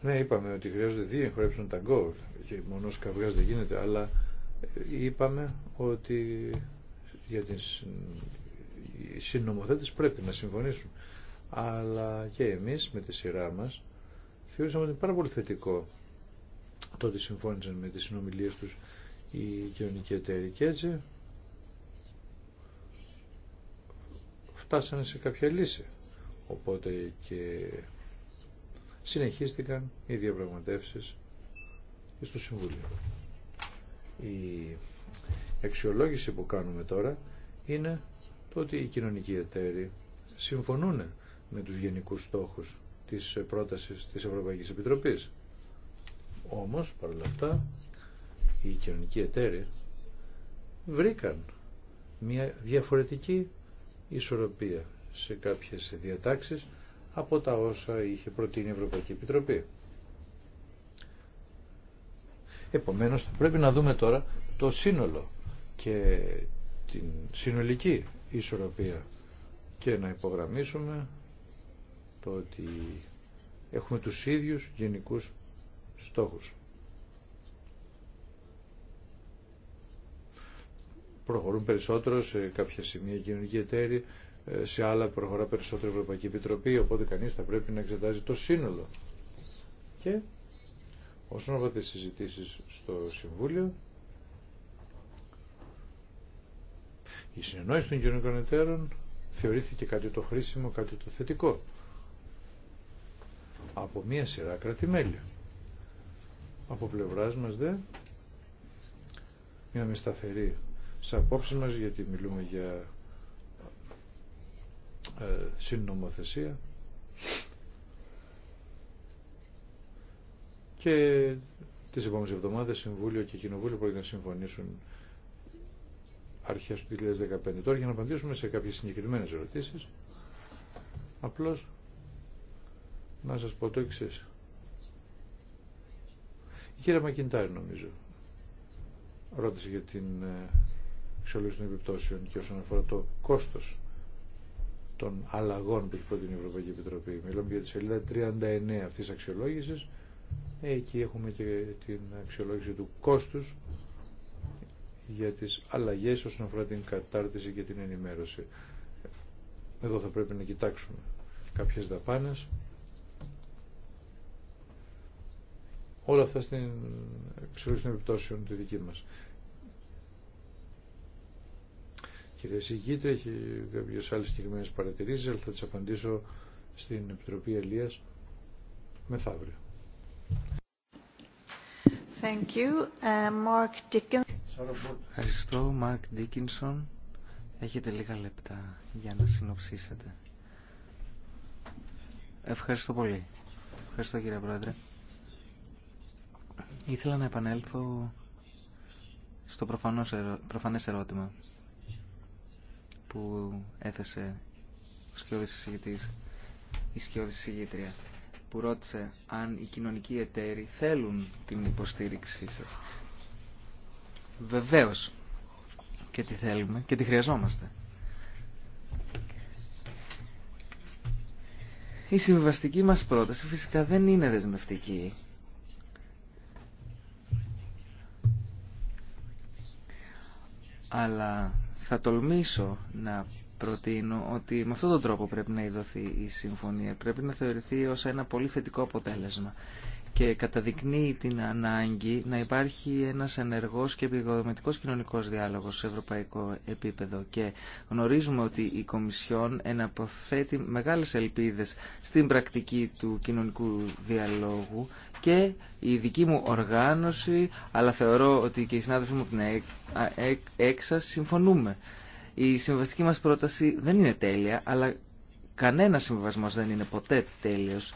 Ναι, είπαμε ότι χρειάζονται δύο τα γκόρ και μονός καυγάς δεν γίνεται, αλλά ε, είπαμε ότι για τις συνομοθέτες πρέπει να συμφωνήσουν. Αλλά και εμείς με τη σειρά μας θεωρήσαμε ότι είναι πάρα πολύ θετικό τότε συμφώνησαν με τις συνομιλίες τους οι κοινωνικοί εταίροι και έτσι φτάσανε σε κάποια λύση. Οπότε και συνεχίστηκαν οι διαπραγματεύσεις στο Συμβούλιο. Η αξιολόγηση που κάνουμε τώρα είναι το ότι οι κοινωνικοί εταίροι συμφωνούν με τους γενικούς στόχους της πρότασης της Ευρωπαϊκής Επιτροπής. Όμως, παρ' όλα αυτά, οι κοινωνικοί εταίροι βρήκαν μια διαφορετική ισορροπία σε κάποιες διατάξεις από τα όσα είχε προτείνει η Ευρωπαϊκή Επιτροπή. Επομένως, πρέπει να δούμε τώρα το σύνολο και την συνολική ισορροπία και να υπογραμμίσουμε το ότι έχουμε τους ίδιους γενικούς στόχους. Προχωρούν περισσότερο σε κάποια σημεία κοινωνική εταίροι, ε, σε άλλα προχωρά περισσότερο η Ευρωπαϊκή Επιτροπή, οπότε κανείς θα πρέπει να εξετάζει το σύνολο. Και όσον αφορά τις συζητήσεις στο Συμβούλιο, η συνεννόηση των κοινωνικών εταίρων θεωρήθηκε κάτι το χρήσιμο, κάτι το θετικό από μία σειρά κρατημέλια. Από πλευρά μας δε μείναμε σταθεροί σε απόψεις μας γιατί μιλούμε για ε, συνομοθεσία και τις επόμενες εβδομάδες Συμβούλιο και Κοινοβούλιο πρέπει να συμφωνήσουν αρχές του 2015. Τώρα για να απαντήσουμε σε κάποιες συγκεκριμένες ερωτήσεις απλώς να σας πω το εξής. Κύριε Μακιντάρη νομίζω ρώτησε για την αξιολόγηση ε, των επιπτώσεων και όσον αφορά το κόστος των αλλαγών που έχει προτείνει η Ευρωπαϊκή Επιτροπή. Μιλάμε για τη σελίδα 39 αυτής αξιολόγησης. Εκεί έχουμε και την αξιολόγηση του κόστους για τις αλλαγές όσον αφορά την κατάρτιση και την ενημέρωση. Εδώ θα πρέπει να κοιτάξουμε κάποιες δαπάνες όλα αυτά στην εξηγήση των επιπτώσεων τη δική μας. Κυρία Συγκίτρια, έχει κάποιε άλλες συγκεκριμένε παρατηρήσει. αλλά θα τι απαντήσω στην Επιτροπή Ελίας μεθαύριο. Uh, Ευχαριστώ, Μάρκ Ντίκινσον. Έχετε λίγα λεπτά για να συνοψίσετε. Ευχαριστώ πολύ. Ευχαριστώ κύριε Πρόεδρε. Ήθελα να επανέλθω στο προφανές ερώτημα που έθεσε ο σκιώδης εισηγητής, η σκιώδης που ρώτησε αν οι κοινωνικοί εταίροι θέλουν την υποστήριξή σας. Βεβαίως και τη θέλουμε και τη χρειαζόμαστε. Η συμβιβαστική μας πρόταση φυσικά δεν είναι δεσμευτική αλλά θα τολμήσω να προτείνω ότι με αυτόν τον τρόπο πρέπει να ειδωθεί η συμφωνία. Πρέπει να θεωρηθεί ως ένα πολύ θετικό αποτέλεσμα και καταδεικνύει την ανάγκη να υπάρχει ένας ενεργός και επικοδομητικός κοινωνικός διάλογος σε ευρωπαϊκό επίπεδο και γνωρίζουμε ότι η Κομισιόν εναποθέτει μεγάλες ελπίδες στην πρακτική του κοινωνικού διαλόγου και η δική μου οργάνωση, αλλά θεωρώ ότι και οι συνάδελφοι μου από την έξα συμφωνούμε. Η συμβαστική μας πρόταση δεν είναι τέλεια, αλλά κανένα συμβασμός δεν είναι ποτέ τέλειος.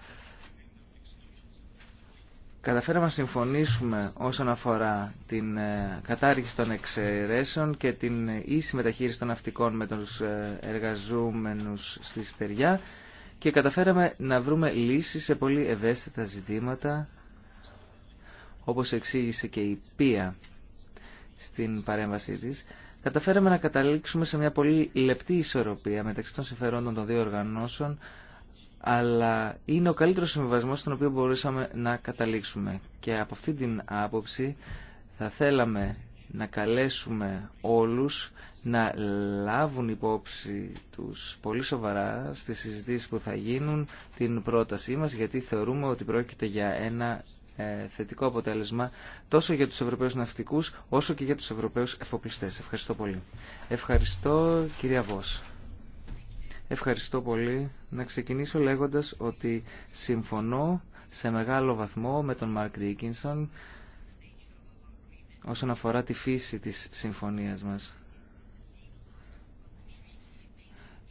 Καταφέραμε να συμφωνήσουμε όσον αφορά την ε, κατάργηση των εξαιρέσεων και την ίση μεταχείριση των ναυτικών με τους ε, εργαζόμενους στη στεριά και καταφέραμε να βρούμε λύσεις σε πολύ ευαίσθητα ζητήματα όπως εξήγησε και η Πία στην παρέμβασή της, καταφέραμε να καταλήξουμε σε μια πολύ λεπτή ισορροπία μεταξύ των συμφερόντων των δύο οργανώσεων, αλλά είναι ο καλύτερος συμβιβασμός στον οποίο μπορούσαμε να καταλήξουμε. Και από αυτή την άποψη θα θέλαμε να καλέσουμε όλους να λάβουν υπόψη τους πολύ σοβαρά στις συζητήσεις που θα γίνουν την πρότασή μας γιατί θεωρούμε ότι πρόκειται για ένα ε, θετικό αποτέλεσμα τόσο για τους Ευρωπαίους ναυτικούς όσο και για τους Ευρωπαίους εφοπλιστές. Ευχαριστώ πολύ. Ευχαριστώ κυρία Βός. Ευχαριστώ πολύ. Να ξεκινήσω λέγοντας ότι συμφωνώ σε μεγάλο βαθμό με τον Μαρκ Δίκινσον όσον αφορά τη φύση της συμφωνίας μας.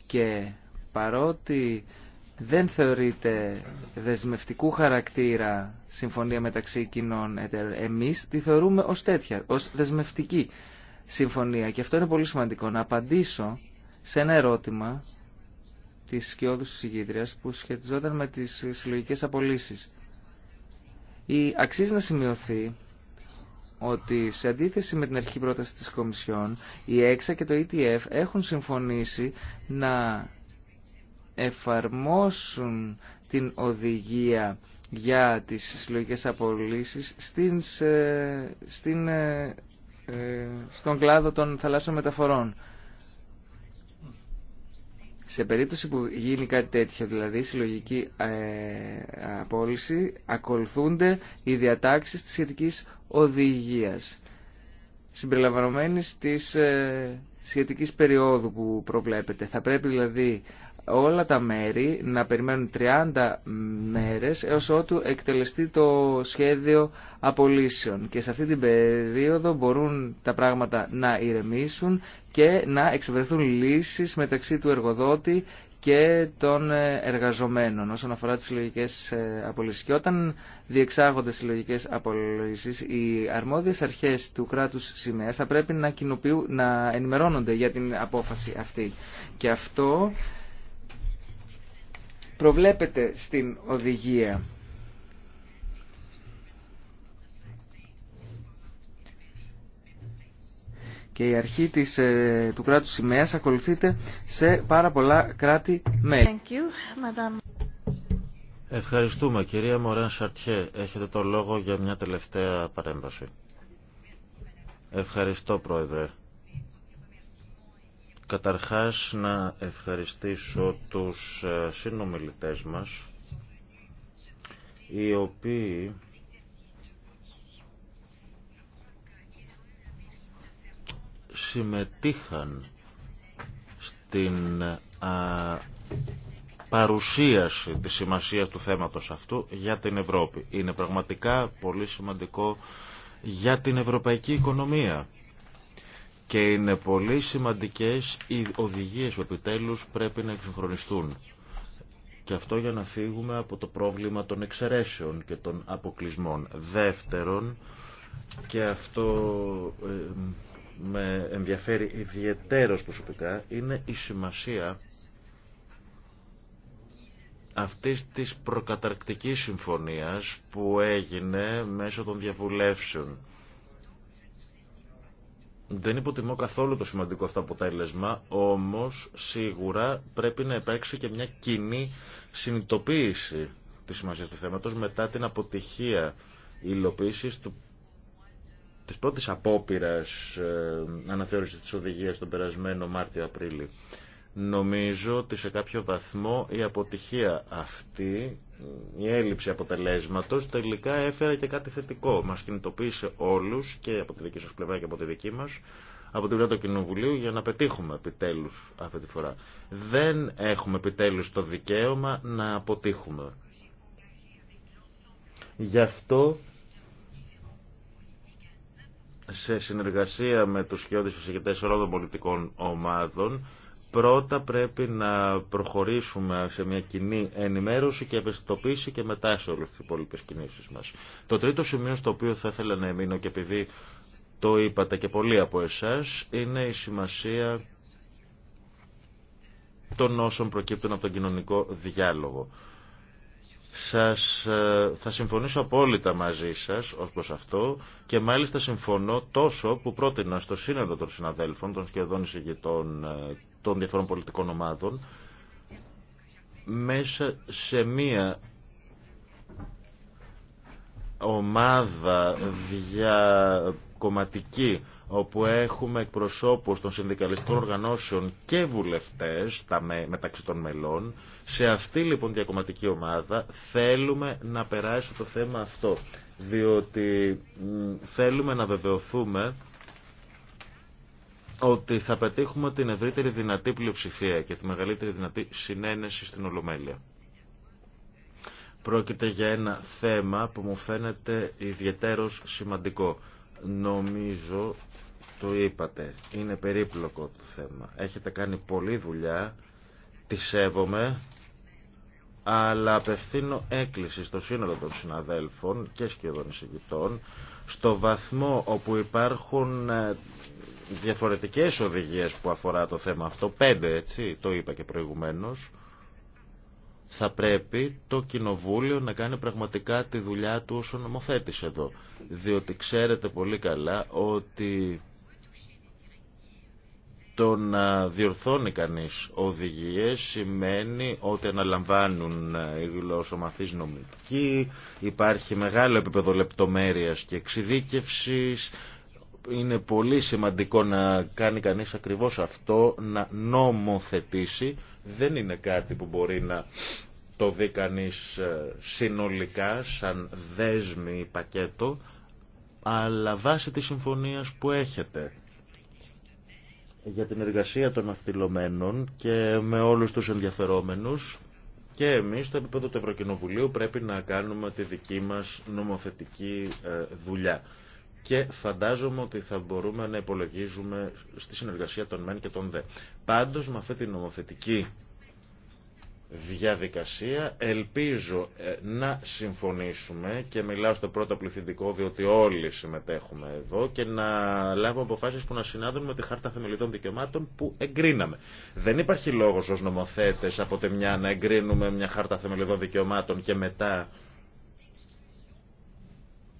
Και παρότι δεν θεωρείται δεσμευτικού χαρακτήρα συμφωνία μεταξύ κοινών εταιρεών. Εμείς τη θεωρούμε ως τέτοια, ως δεσμευτική συμφωνία. Και αυτό είναι πολύ σημαντικό. Να απαντήσω σε ένα ερώτημα της σκιώδους Συγκίδριας που σχετιζόταν με τις συλλογικές απολύσεις. Η αξίζει να σημειωθεί ότι σε αντίθεση με την αρχική πρόταση της Κομισιόν, η ΕΞΑ και το ETF έχουν συμφωνήσει να εφαρμόσουν την οδηγία για τις συλλογικές απολύσεις στην, ε, ε, στον κλάδο των θαλάσσιων μεταφορών. Σε περίπτωση που γίνει κάτι τέτοιο, δηλαδή συλλογική ε, απόλυση, ακολουθούνται οι διατάξεις της σχετικής οδηγίας, συμπεριλαμβανομένης της σχετικής περίοδου που προβλέπεται. Θα πρέπει δηλαδή όλα τα μέρη να περιμένουν 30 μέρες έως ότου εκτελεστεί το σχέδιο απολύσεων. Και σε αυτή την περίοδο μπορούν τα πράγματα να ηρεμήσουν και να εξευρεθούν λύσεις μεταξύ του εργοδότη και των ε, εργαζομένων όσον αφορά τις συλλογικέ ε, απολύσεις. Και όταν διεξάγονται συλλογικές απολύσεις, οι αρμόδιες αρχές του κράτους σημαίας θα πρέπει να, να ενημερώνονται για την απόφαση αυτή. Και αυτό προβλέπεται στην οδηγία. Και η αρχή της, ε, του κράτους σημαίας ακολουθείται σε πάρα πολλά κράτη-μέλη. Ευχαριστούμε. Κυρία Μωρέν Σαρτιέ, έχετε το λόγο για μια τελευταία παρέμβαση. Ευχαριστώ, Πρόεδρε. Καταρχάς να ευχαριστήσω τους ε, συνομιλητές μας οι οποίοι συμμετείχαν στην ε, παρουσίαση της σημασία του θέματος αυτού για την Ευρώπη. Είναι πραγματικά πολύ σημαντικό για την ευρωπαϊκή οικονομία και είναι πολύ σημαντικές οι οδηγίες που επιτέλους πρέπει να εξυγχρονιστούν. Και αυτό για να φύγουμε από το πρόβλημα των εξαιρέσεων και των αποκλεισμών. Δεύτερον, και αυτό ε, με ενδιαφέρει ιδιαίτερος προσωπικά, είναι η σημασία αυτής της προκαταρκτικής συμφωνίας που έγινε μέσω των διαβουλεύσεων δεν υποτιμώ καθόλου το σημαντικό αυτό αποτέλεσμα, όμως σίγουρα πρέπει να υπάρξει και μια κοινή συνειδητοποίηση της σημασία του θέματος μετά την αποτυχία υλοποίησης του της πρώτης απόπειρας ε, αναθεώρησης της οδηγίας τον περασμένο Μάρτιο-Απρίλιο. Νομίζω ότι σε κάποιο βαθμό η αποτυχία αυτή, η έλλειψη αποτελέσματος, τελικά έφερε και κάτι θετικό. Μας κινητοποίησε όλους και από τη δική σας πλευρά και από τη δική μας, από την πλευρά του Κοινοβουλίου για να πετύχουμε επιτέλους αυτή τη φορά. Δεν έχουμε επιτέλους το δικαίωμα να αποτύχουμε. Γι' αυτό σε συνεργασία με τους σχεώδεις φυσικητές όλων των πολιτικών ομάδων Πρώτα πρέπει να προχωρήσουμε σε μια κοινή ενημέρωση και ευαισθητοποίηση και μετά σε όλες τις υπόλοιπες κινήσεις μας. Το τρίτο σημείο στο οποίο θα ήθελα να εμείνω και επειδή το είπατε και πολλοί από εσάς είναι η σημασία των όσων προκύπτουν από τον κοινωνικό διάλογο. Σας, ε, θα συμφωνήσω απόλυτα μαζί σας ως προς αυτό και μάλιστα συμφωνώ τόσο που πρότεινα στο σύνολο των συναδέλφων, των σχεδόν εισηγητών ε, των διαφορών πολιτικών ομάδων μέσα σε μία ομάδα διακομματική όπου έχουμε εκπροσώπους των συνδικαλιστικών οργανώσεων και βουλευτές τα με, μεταξύ των μελών. Σε αυτή λοιπόν διακομματική ομάδα θέλουμε να περάσει το θέμα αυτό, διότι θέλουμε να βεβαιωθούμε ότι θα πετύχουμε την ευρύτερη δυνατή πλειοψηφία και τη μεγαλύτερη δυνατή συνένεση στην Ολομέλεια. Πρόκειται για ένα θέμα που μου φαίνεται ιδιαίτερος σημαντικό. Νομίζω το είπατε. Είναι περίπλοκο το θέμα. Έχετε κάνει πολλή δουλειά. Τη σέβομαι. Αλλά απευθύνω έκκληση στο σύνολο των συναδέλφων και σχεδόν εισηγητών στο βαθμό όπου υπάρχουν ε, διαφορετικές οδηγίες που αφορά το θέμα αυτό, πέντε έτσι, το είπα και προηγουμένως, θα πρέπει το Κοινοβούλιο να κάνει πραγματικά τη δουλειά του ως νομοθέτης εδώ. Διότι ξέρετε πολύ καλά ότι το να διορθώνει κανείς οδηγίες σημαίνει ότι αναλαμβάνουν ε, οι γλωσσομαθείς νομική, υπάρχει μεγάλο επίπεδο λεπτομέρειας και εξειδίκευσης, είναι πολύ σημαντικό να κάνει κανείς ακριβώς αυτό, να νομοθετήσει. Δεν είναι κάτι που μπορεί να το δει κανεί ε, συνολικά, σαν δέσμη πακέτο, αλλά βάσει τη συμφωνίας που έχετε για την εργασία των αυτιλωμένων και με όλους τους ενδιαφερόμενους και εμείς στο επίπεδο του Ευρωκοινοβουλίου πρέπει να κάνουμε τη δική μας νομοθετική ε, δουλειά και φαντάζομαι ότι θα μπορούμε να υπολογίζουμε στη συνεργασία των ΜΕΝ και των ΔΕ. Πάντως με αυτή την νομοθετική διαδικασία ελπίζω ε, να συμφωνήσουμε και μιλάω στο πρώτο πληθυντικό διότι όλοι συμμετέχουμε εδώ και να λάβουμε αποφάσεις που να συνάδουν με τη Χάρτα Θεμελιδών Δικαιωμάτων που εγκρίναμε. Δεν υπάρχει λόγος ως νομοθέτες από τη μια να εγκρίνουμε μια Χάρτα Θεμελιδών Δικαιωμάτων και μετά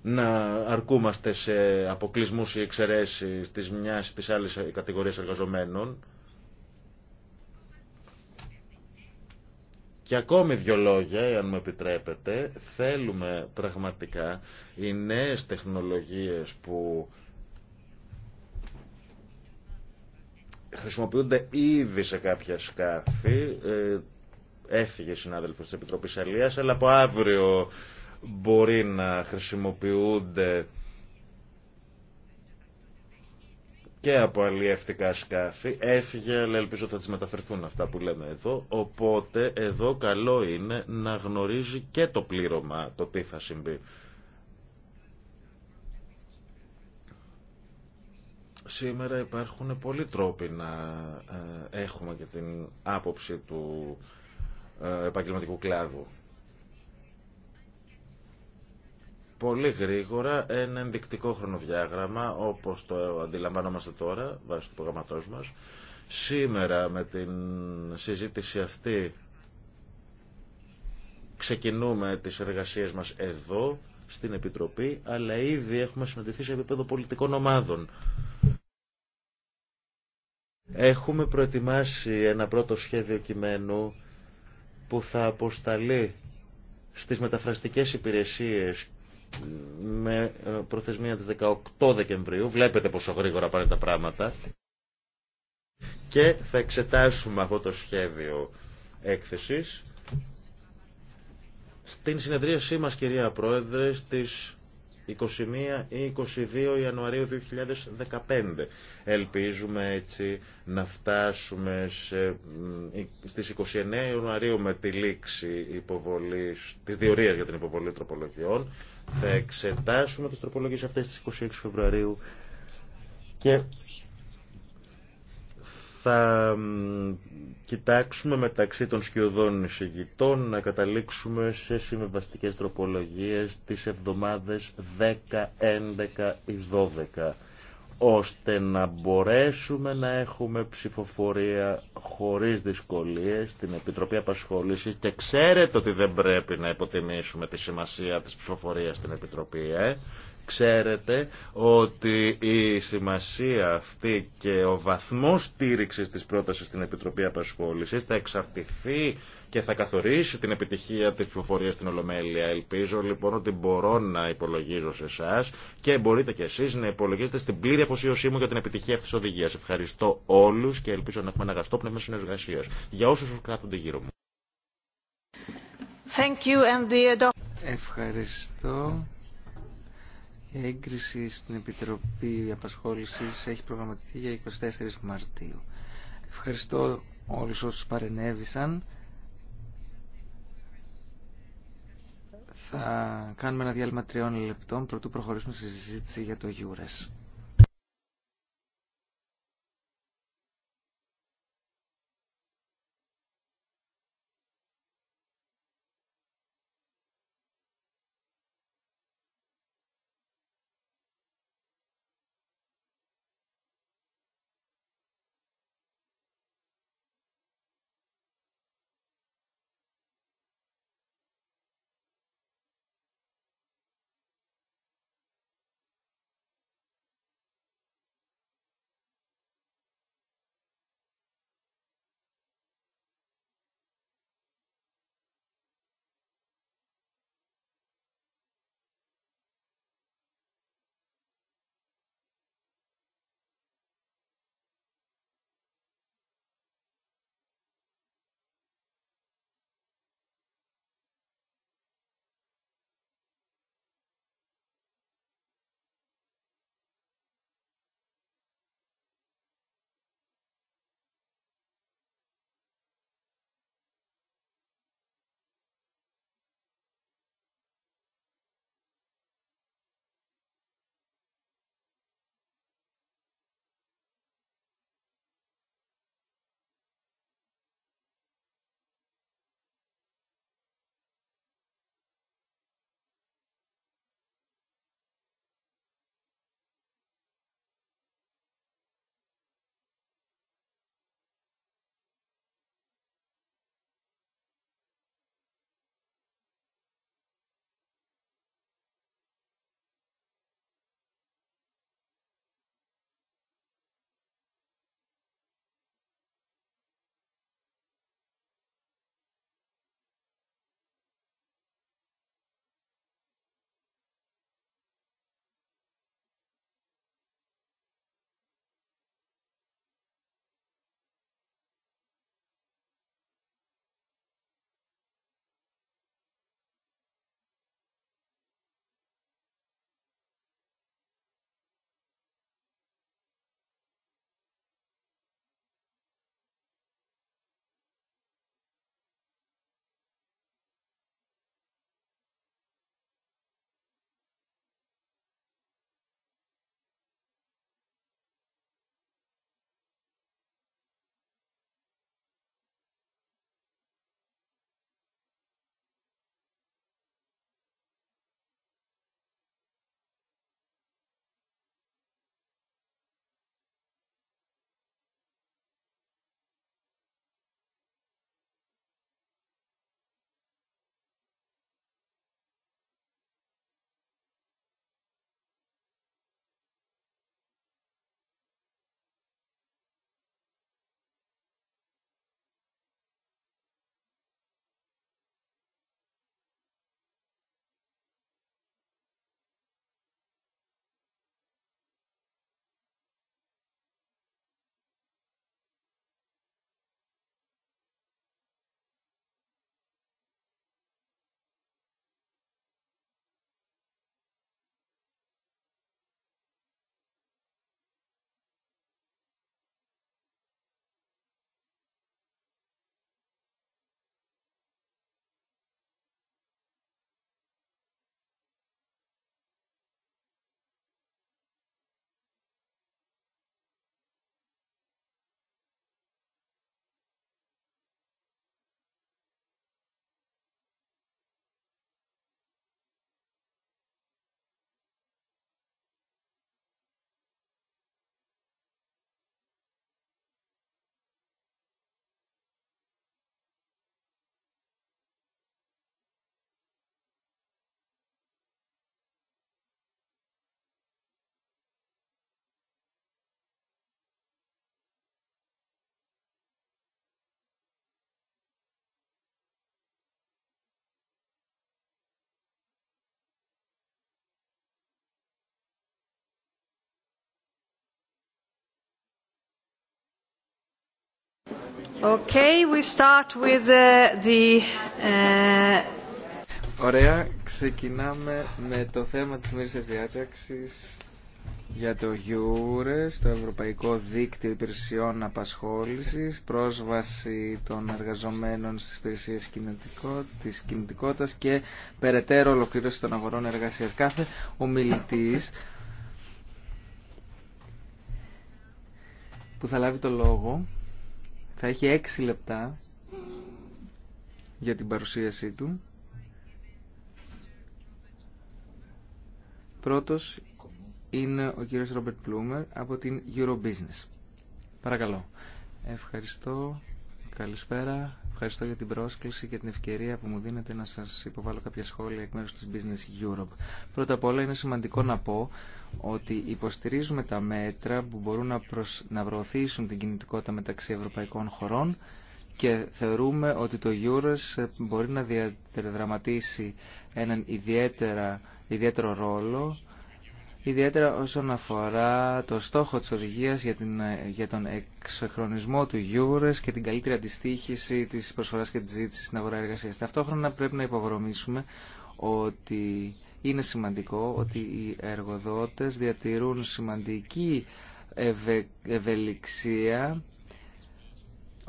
να αρκούμαστε σε αποκλεισμούς ή εξαιρέσεις της μιας της άλλης κατηγορίας εργαζομένων. Και ακόμη δύο λόγια, αν μου επιτρέπετε, θέλουμε πραγματικά οι νέες τεχνολογίες που χρησιμοποιούνται ήδη σε κάποια σκάφη, ε, έφυγε συνάδελφος της Επιτροπής Αλίας, αλλά από αύριο μπορεί να χρησιμοποιούνται και από αλλιευτικά σκάφη. Έφυγε, αλλά ελπίζω θα τις μεταφερθούν αυτά που λέμε εδώ. Οπότε εδώ καλό είναι να γνωρίζει και το πλήρωμα το τι θα συμβεί. Σήμερα υπάρχουν πολλοί τρόποι να ε, έχουμε και την άποψη του ε, επαγγελματικού κλάδου. πολύ γρήγορα ένα ενδεικτικό χρονοδιάγραμμα όπως το αντιλαμβανόμαστε τώρα βάσει του προγραμματός μας. Σήμερα με την συζήτηση αυτή ξεκινούμε τις εργασίες μας εδώ στην Επιτροπή αλλά ήδη έχουμε συναντηθεί σε επίπεδο πολιτικών ομάδων. Έχουμε προετοιμάσει ένα πρώτο σχέδιο κειμένου που θα αποσταλεί στις μεταφραστικές υπηρεσίες με ε, προθεσμία της 18 Δεκεμβρίου. Βλέπετε πόσο γρήγορα πάνε τα πράγματα. Και θα εξετάσουμε αυτό το σχέδιο έκθεσης στην συνεδρίασή μας, κυρία Πρόεδρε, στις 21 ή 22 Ιανουαρίου 2015. Ελπίζουμε έτσι να φτάσουμε σε, στις 29 Ιανουαρίου με τη λήξη υποβολής, της διορίας για την υποβολή τροπολογιών θα εξετάσουμε τις τροπολογίες αυτές στις 26 Φεβρουαρίου και θα κοιτάξουμε μεταξύ των σκιωδών εισηγητών να καταλήξουμε σε συμβαστικές τροπολογίες τις εβδομάδες 10, 11 ή 12 ώστε να μπορέσουμε να έχουμε ψηφοφορία χωρίς δυσκολίες στην Επιτροπή Απασχόλησης και ξέρετε ότι δεν πρέπει να υποτιμήσουμε τη σημασία της ψηφοφορίας στην Επιτροπή. Ε. Ξέρετε ότι η σημασία αυτή και ο βαθμός στήριξης της πρότασης στην Επιτροπή Απασχόλησης θα εξαρτηθεί και θα καθορίσει την επιτυχία της ψηφοφορίας στην Ολομέλεια. Ελπίζω λοιπόν ότι μπορώ να υπολογίζω σε εσά και μπορείτε κι εσείς να υπολογίζετε στην πλήρη αφοσίωσή μου για την επιτυχία αυτής της οδηγίας. Ευχαριστώ όλους και ελπίζω να έχουμε ένα αγαστό πνεύμα συνεργασίας για όσους κάθονται γύρω μου. Thank you and the... Ευχαριστώ έγκριση στην Επιτροπή Απασχόλησης έχει προγραμματιστεί για 24 Μαρτίου. Ευχαριστώ όλους όσους παρενέβησαν. Θα κάνουμε ένα διάλειμμα τριών λεπτών προτού προχωρήσουμε στη συζήτηση για το Γιούρες. Uh, uh, Ωραία, ξεκινάμε με το θέμα της μίλησης διάταξης για το EURES, το Ευρωπαϊκό Δίκτυο Υπηρεσιών Απασχόλησης, πρόσβαση των εργαζομένων στις υπηρεσίες της κινητικότητας και περαιτέρω ολοκλήρωση των αγορών εργασίας. Κάθε ομιλητής που θα λάβει το λόγο θα έχει έξι λεπτά για την παρουσίασή του. Πρώτος είναι ο κύριος Ρόμπερτ Πλούμερ από την Eurobusiness. Παρακαλώ. Ευχαριστώ Καλησπέρα. Ευχαριστώ για την πρόσκληση και την ευκαιρία που μου δίνετε να σας υποβάλω κάποια σχόλια εκ μέρους της Business Europe. Πρώτα απ' όλα είναι σημαντικό να πω ότι υποστηρίζουμε τα μέτρα που μπορούν να, προσ... προωθήσουν την κινητικότητα μεταξύ ευρωπαϊκών χωρών και θεωρούμε ότι το Euros μπορεί να διαδραματίσει έναν ιδιαίτερα, ιδιαίτερο ρόλο ιδιαίτερα όσον αφορά το στόχο της οδηγίας για, την, για τον εξοχρονισμό του γιούρες και την καλύτερη αντιστοίχηση της προσφοράς και της ζήτησης στην αγορά εργασίας. Ταυτόχρονα πρέπει να υπογρομίσουμε ότι είναι σημαντικό ότι οι εργοδότες διατηρούν σημαντική ευελιξία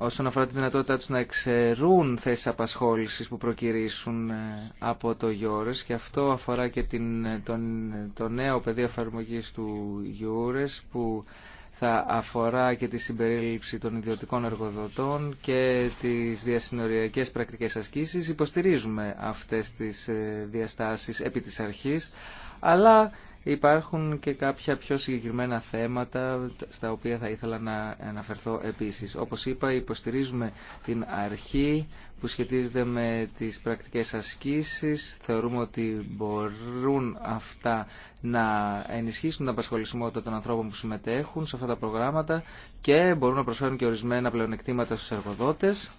όσον αφορά τη δυνατότητά τους να εξαιρούν θέσεις απασχόλησης που προκυρήσουν ε, από το Γιώρες και αυτό αφορά και την, τον, το νέο πεδίο εφαρμογή του Γιώρες που θα αφορά και τη συμπερίληψη των ιδιωτικών εργοδοτών και τις διασυνοριακές πρακτικές ασκήσεις. Υποστηρίζουμε αυτές τις ε, διαστάσεις επί της αρχής, αλλά υπάρχουν και κάποια πιο συγκεκριμένα θέματα στα οποία θα ήθελα να αναφερθώ επίσης. Όπως είπα, υποστηρίζουμε την αρχή που σχετίζεται με τις πρακτικές ασκήσεις. Θεωρούμε ότι μπορούν αυτά να ενισχύσουν την απασχολησιμότητα των ανθρώπων που συμμετέχουν σε αυτά τα προγράμματα και μπορούν να προσφέρουν και ορισμένα πλεονεκτήματα στους εργοδότες.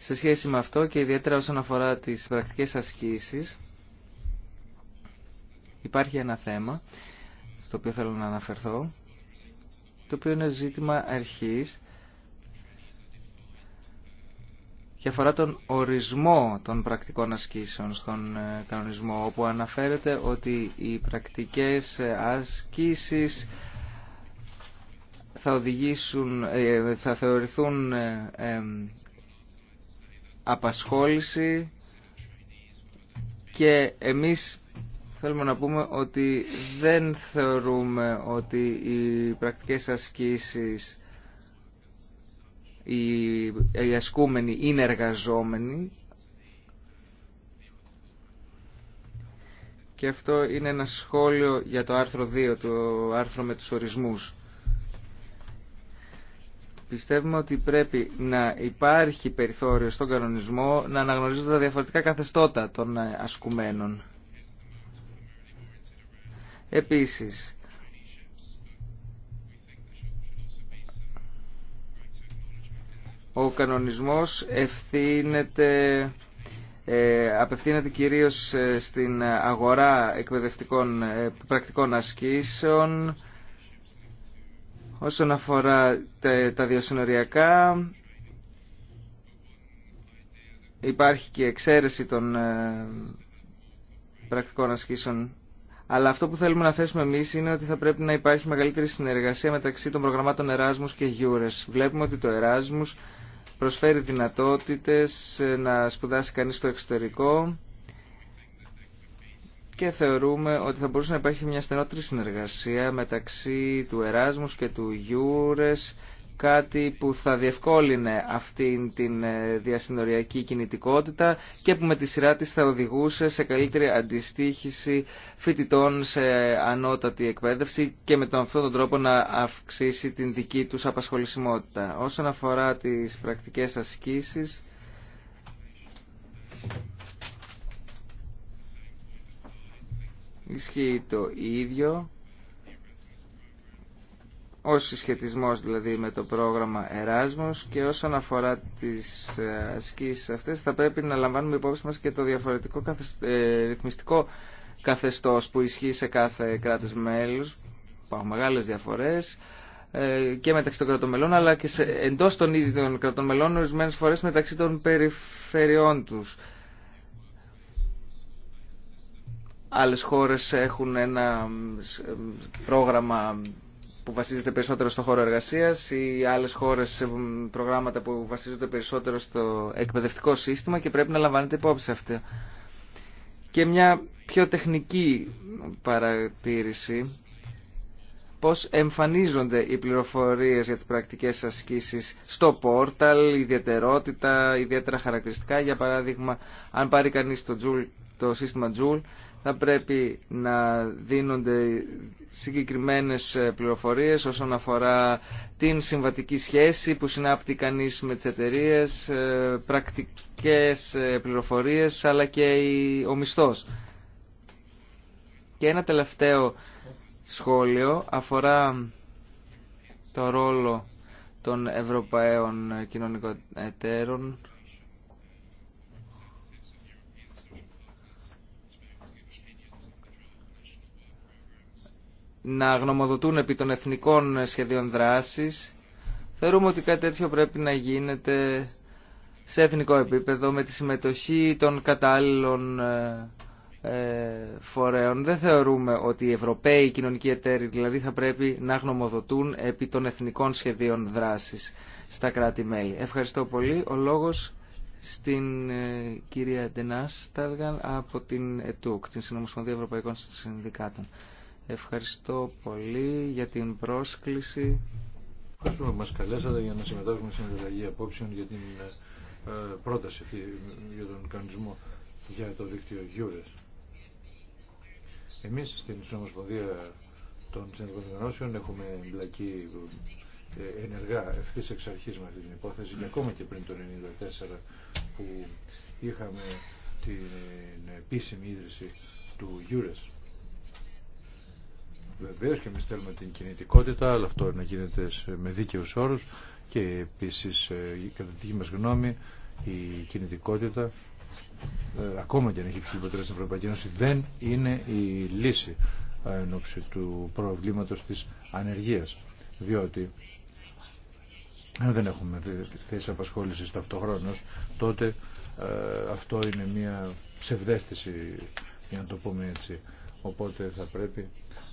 Σε σχέση με αυτό και ιδιαίτερα όσον αφορά τις πρακτικές ασκήσεις, Υπάρχει ένα θέμα στο οποίο θέλω να αναφερθώ, το οποίο είναι ζήτημα αρχής και αφορά τον ορισμό των πρακτικών ασκήσεων στον ε, κανονισμό, όπου αναφέρεται ότι οι πρακτικές ασκήσεις θα, οδηγήσουν, ε, θα θεωρηθούν ε, απασχόληση και εμείς Θέλουμε να πούμε ότι δεν θεωρούμε ότι οι πρακτικές ασκήσεις οι ασκούμενοι είναι εργαζόμενοι και αυτό είναι ένα σχόλιο για το άρθρο 2, το άρθρο με τους ορισμούς. Πιστεύουμε ότι πρέπει να υπάρχει περιθώριο στον κανονισμό να αναγνωρίζονται τα διαφορετικά καθεστώτα των ασκουμένων. Επίσης, ο κανονισμός ευθύνεται, ε, απευθύνεται κυρίως ε, στην αγορά εκπαιδευτικών ε, πρακτικών ασκήσεων όσον αφορά τα, τα διασυνοριακά υπάρχει και εξαίρεση των ε, πρακτικών ασκήσεων αλλά αυτό που θέλουμε να θέσουμε εμεί είναι ότι θα πρέπει να υπάρχει μεγαλύτερη συνεργασία μεταξύ των προγραμμάτων Erasmus και Eures. Βλέπουμε ότι το Erasmus προσφέρει δυνατότητες ε, να σπουδάσει κανείς στο εξωτερικό και θεωρούμε ότι θα μπορούσε να υπάρχει μια στενότερη συνεργασία μεταξύ του Εράσμου και του Γιούρες κάτι που θα διευκόλυνε αυτήν την ε, διασυνοριακή κινητικότητα και που με τη σειρά της θα οδηγούσε σε καλύτερη αντιστοίχηση φοιτητών σε ανώτατη εκπαίδευση και με τον αυτόν τον τρόπο να αυξήσει την δική τους απασχολησιμότητα. Όσον αφορά τις πρακτικές ασκήσεις, ισχύει το ίδιο ο συσχετισμός δηλαδή με το πρόγραμμα Εράσμος και όσον αφορά τις ε, ασκήσεις αυτές θα πρέπει να λαμβάνουμε υπόψη μας και το διαφορετικό ε, ρυθμιστικό καθεστώς που ισχύει σε κάθε κράτος μέλους. Υπάρχουν μεγάλες διαφορές ε, και μεταξύ των κρατομελών αλλά και σε, εντός των ίδιων κρατών μελών ορισμένες φορές μεταξύ των περιφερειών τους. Άλλες χώρες έχουν ένα πρόγραμμα που βασίζεται περισσότερο στο χώρο εργασία ή άλλες σε προγράμματα που βασίζονται περισσότερο στο εκπαιδευτικό σύστημα και πρέπει να λαμβάνετε υπόψη αυτό. Και μια πιο τεχνική παρατήρηση πώς εμφανίζονται οι πληροφορίες για τις πρακτικές ασκήσεις στο πόρταλ, ιδιαιτερότητα, ιδιαίτερα χαρακτηριστικά. Για παράδειγμα, αν πάρει κανείς το, το σύστημα Joule, θα πρέπει να δίνονται συγκεκριμένες πληροφορίες όσον αφορά την συμβατική σχέση που συνάπτει κανείς με τις εταιρείε, ε, πρακτικές ε, πληροφορίες αλλά και ο μισθός. Και ένα τελευταίο σχόλιο αφορά το ρόλο των Ευρωπαίων κοινωνικών εταίρων να γνωμοδοτούν επί των εθνικών σχεδίων δράσης. Θεωρούμε ότι κάτι τέτοιο πρέπει να γίνεται σε εθνικό επίπεδο με τη συμμετοχή των κατάλληλων ε, φορέων. Δεν θεωρούμε ότι οι Ευρωπαίοι κοινωνικοί εταίροι δηλαδή θα πρέπει να γνωμοδοτούν επί των εθνικών σχεδίων δράσης στα κράτη-μέλη. Ευχαριστώ πολύ. Ο λόγος στην ε, κυρία Ντενάς από την ΕΤΟΚ, την Συνομοσπονδία Ευρωπαϊκών Συνδικάτων. Ευχαριστώ πολύ για την πρόσκληση. Ευχαριστούμε που μας καλέσατε για να συμμετάσχουμε στην ανταλλαγή απόψεων για την ε, πρόταση για τον κανονισμό για το δίκτυο Γιούρες. Εμείς στην Συνομοσπονδία των Συνεργοδημιουργών έχουμε εμπλακεί ε, ενεργά ευθύ εξ αρχή με αυτή την υπόθεση και ακόμα και πριν το 1994 που είχαμε την ε, επίσημη ίδρυση του Γιούρες. Βεβαίω και εμεί θέλουμε την κινητικότητα, αλλά αυτό να γίνεται με δίκαιου όρου και επίση ε, κατά τη δική μα γνώμη η κινητικότητα ε, ακόμα και αν έχει ψηλή στην Ευρωπαϊκή Ένωση δεν είναι η λύση ε, εν του προβλήματος της ανεργία. διότι αν δεν έχουμε θέση απασχόληση ταυτοχρόνω, τότε αυτό είναι μια ψευδέστηση για να το πούμε έτσι οπότε θα πρέπει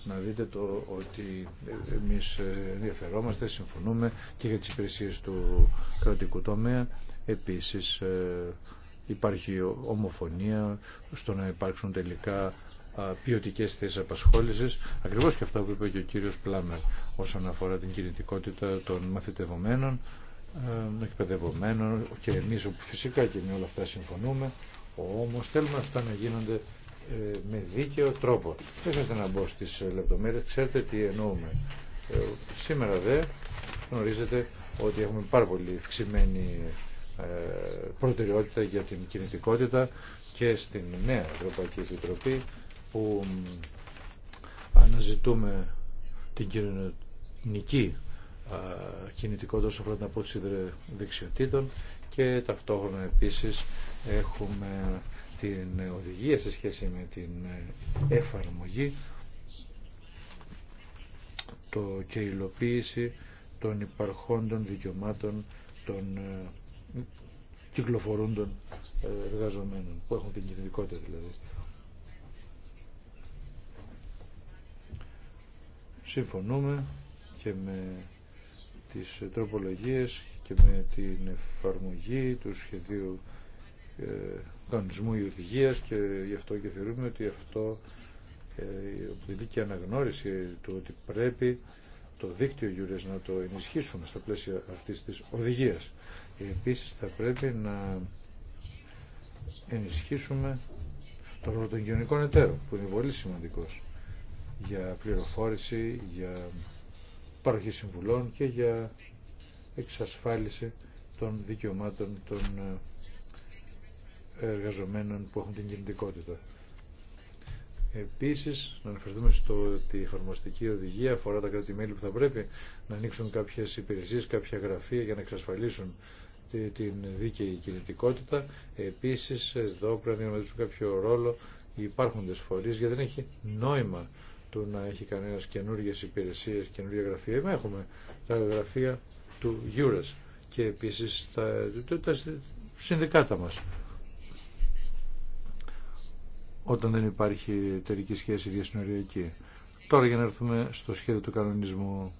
να δείτε το ότι εμείς ενδιαφερόμαστε, συμφωνούμε και για τις υπηρεσίε του κρατικού τομέα. Επίσης ε, υπάρχει ομοφωνία στο να υπάρξουν τελικά ποιοτικέ θέσει απασχόληση, ακριβώ και αυτά που είπε και ο κύριο Πλάμερ όσον αφορά την κινητικότητα των μαθητευομένων, ε, εκπαιδευομένων και εμεί φυσικά και με όλα αυτά συμφωνούμε, όμω θέλουμε αυτά να γίνονται ε, με δίκαιο τρόπο. Δεν χρειάζεται να μπω στις ε, λεπτομέρειες, ξέρετε τι εννοούμε. Ε, σήμερα δε γνωρίζετε ότι έχουμε πάρα πολύ ευξημένη προτεραιότητα για την κινητικότητα και στην νέα Ευρωπαϊκή Επιτροπή που αναζητούμε την κοινωνική κινητικότητα όσο να από τις δεξιοτήτων και ταυτόχρονα επίσης έχουμε την οδηγία σε σχέση με την εφαρμογή το και υλοποίηση των υπαρχόντων δικαιωμάτων των ε, κυκλοφορούντων ε, εργαζομένων που έχουν την κινητικότητα δηλαδή. Συμφωνούμε και με τις τροπολογίες και με την εφαρμογή του σχεδίου ε, κανονισμού ή και γι' αυτό και θεωρούμε ότι αυτό ε, η δίκαιη αναγνώριση του ότι πρέπει το δίκτυο Γιούρες να το ενισχύσουμε στα πλαίσια αυτής της οδηγίας. Επίσης θα πρέπει να ενισχύσουμε το ρόλο των κοινωνικών εταίρων που είναι πολύ σημαντικός για πληροφόρηση, για παροχή συμβουλών και για εξασφάλιση των δικαιωμάτων των ε, εργαζομένων που έχουν την κινητικότητα. Επίσης, να αναφερθούμε στο ότι η εφαρμοστική οδηγία αφορά τα κράτη-μέλη που θα πρέπει να ανοίξουν κάποιες υπηρεσίες, κάποια γραφεία για να εξασφαλίσουν την δίκαιη κινητικότητα. Επίσης, εδώ πρέπει να διανοηθούν κάποιο ρόλο οι υπάρχοντες φορείς, γιατί δεν έχει νόημα του να έχει κανένας καινούργιες υπηρεσίες, καινούργια γραφεία. Εμείς έχουμε τα γραφεία του Eures και επίσης τα, τα συνδικάτα μας όταν δεν υπάρχει εταιρική σχέση διασυνοριακή. Τώρα για να έρθουμε στο σχέδιο του κανονισμού.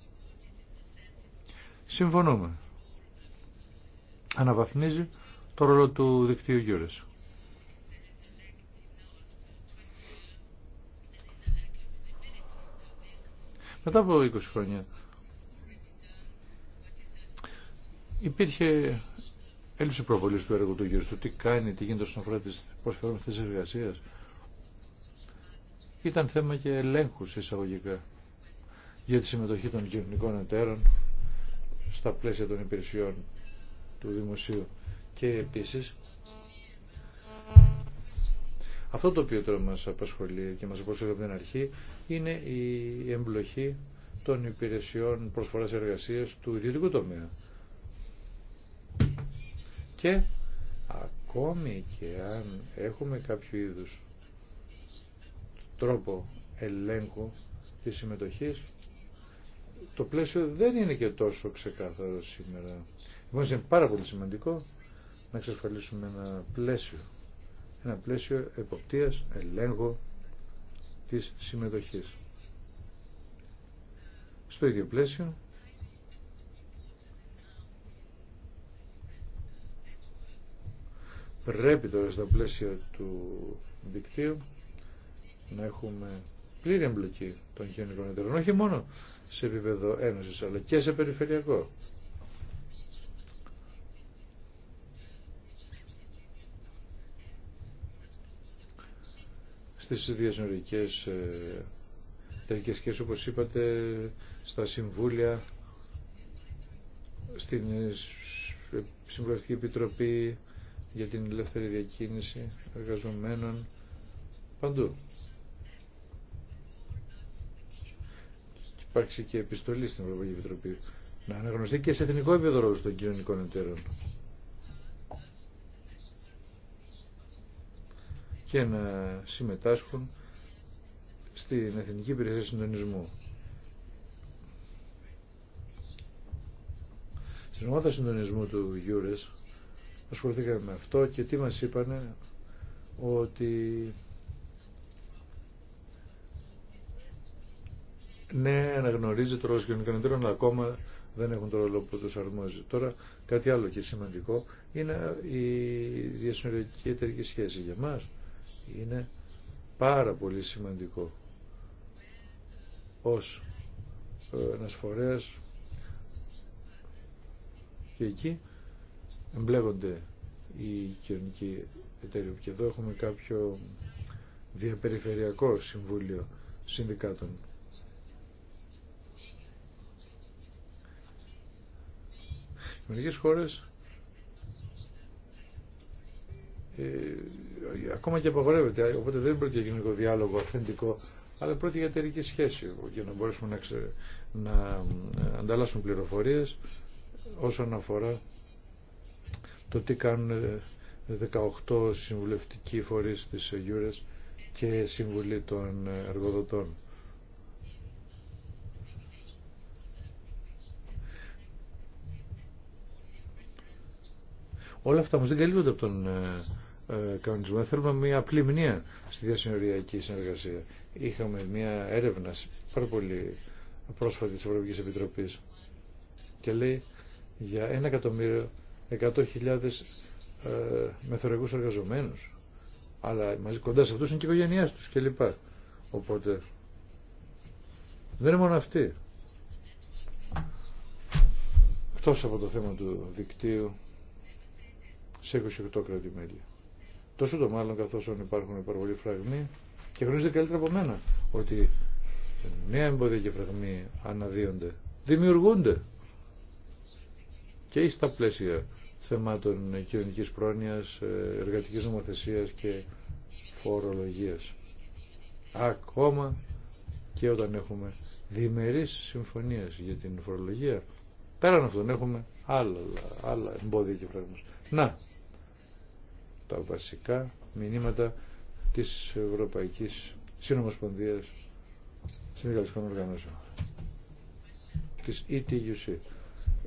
Συμφωνούμε. Αναβαθμίζει το ρόλο του δικτύου Γιούρες. Μετά από 20 χρόνια υπήρχε έλλειψη προβολής του έργου του Γιούρες, τι κάνει, τι γίνεται όσον αφορά τις προσφερόμενες εργασίες. Ήταν θέμα και ελέγχου εισαγωγικά για τη συμμετοχή των κοινωνικών εταίρων στα πλαίσια των υπηρεσιών του δημοσίου. Και επίσης, αυτό το οποίο τώρα μας απασχολεί και μας απασχολεί από την αρχή είναι η εμπλοχή των υπηρεσιών προσφοράς εργασίας του ιδιωτικού τομέα. Και ακόμη και αν έχουμε κάποιο είδους τρόπο ελέγχου της συμμετοχή το πλαίσιο δεν είναι και τόσο ξεκάθαρο σήμερα. Λοιπόν, είναι πάρα πολύ σημαντικό να εξασφαλίσουμε ένα πλαίσιο, ένα πλαίσιο εποπτείας, ελέγχου της συμμετοχής. Στο ίδιο πλαίσιο πρέπει τώρα στα πλαίσια του δικτύου να έχουμε πλήρη εμπλοκή των κοινωνικών εταιρών, όχι μόνο σε επίπεδο ένωσης, αλλά και σε περιφερειακό. Στις διασυνορικές ε, τελικές σχέσεις, όπως είπατε, στα συμβούλια, στην ε, ε, Συμβουλευτική Επιτροπή για την Ελεύθερη Διακίνηση Εργαζομένων, παντού. υπάρξει και επιστολή στην Ευρωπαϊκή Επιτροπή να αναγνωστεί και σε εθνικό επίπεδο των κοινωνικών εταίρων. και να συμμετάσχουν στην Εθνική Υπηρεσία Συντονισμού. Στην ομάδα συντονισμού του Γιούρες ασχοληθήκαμε με αυτό και τι μας είπανε ότι ναι, αναγνωρίζεται το ρόλο των κοινωνικών εταίρων, αλλά ακόμα δεν έχουν το ρόλο που του αρμόζει. Τώρα, κάτι άλλο και σημαντικό είναι η διασυνοριακή εταιρική σχέση. Για μα είναι πάρα πολύ σημαντικό ω ε, ένα φορέα και εκεί εμπλέγονται οι κοινωνικοί εταιρείοι. και εδώ έχουμε κάποιο διαπεριφερειακό συμβούλιο συνδικάτων Μερικές χώρες ε, ακόμα και απαγορεύεται, οπότε δεν πρόκειται για γενικό διάλογο αυθεντικό, αλλά πρόκειται για εταιρική σχέση, για να μπορέσουμε να, ξε, να ε, ανταλλάσσουμε πληροφορίες όσον αφορά το τι κάνουν 18 ε, συμβουλευτικοί φορείς της Eures και Συμβουλή των Εργοδοτών. Όλα αυτά όμω δεν καλύπτονται από τον ε, ε, κανονισμό. Θέλουμε μια απλή μνήμα στη διασυνοριακή συνεργασία. Είχαμε μια έρευνα πάρα πολύ πρόσφατη τη Ευρωπαϊκή Επιτροπή και λέει για ένα εκατομμύριο εκατό χιλιάδες ε, αλλά μαζί κοντά σε αυτούς είναι και η οικογένειά του κλπ. Οπότε δεν είναι μόνο αυτοί. Εκτό από το θέμα του δικτύου σε 28 κρατη Τόσο το μάλλον καθώ υπάρχουν πολλοί φραγμοί και γνωρίζετε καλύτερα από μένα ότι νέα εμπόδια και φραγμοί αναδύονται, δημιουργούνται και στα πλαίσια θεμάτων κοινωνική πρόνοια, ε, εργατική νομοθεσία και φορολογία. Ακόμα και όταν έχουμε διμερείς συμφωνίες για την φορολογία, πέραν αυτών έχουμε άλλα, άλλα εμπόδια και φραγμούς. Να, τα βασικά μηνύματα της Ευρωπαϊκής Συνομοσπονδίας Συνδικαλιστικών Οργανώσεων της ETUC.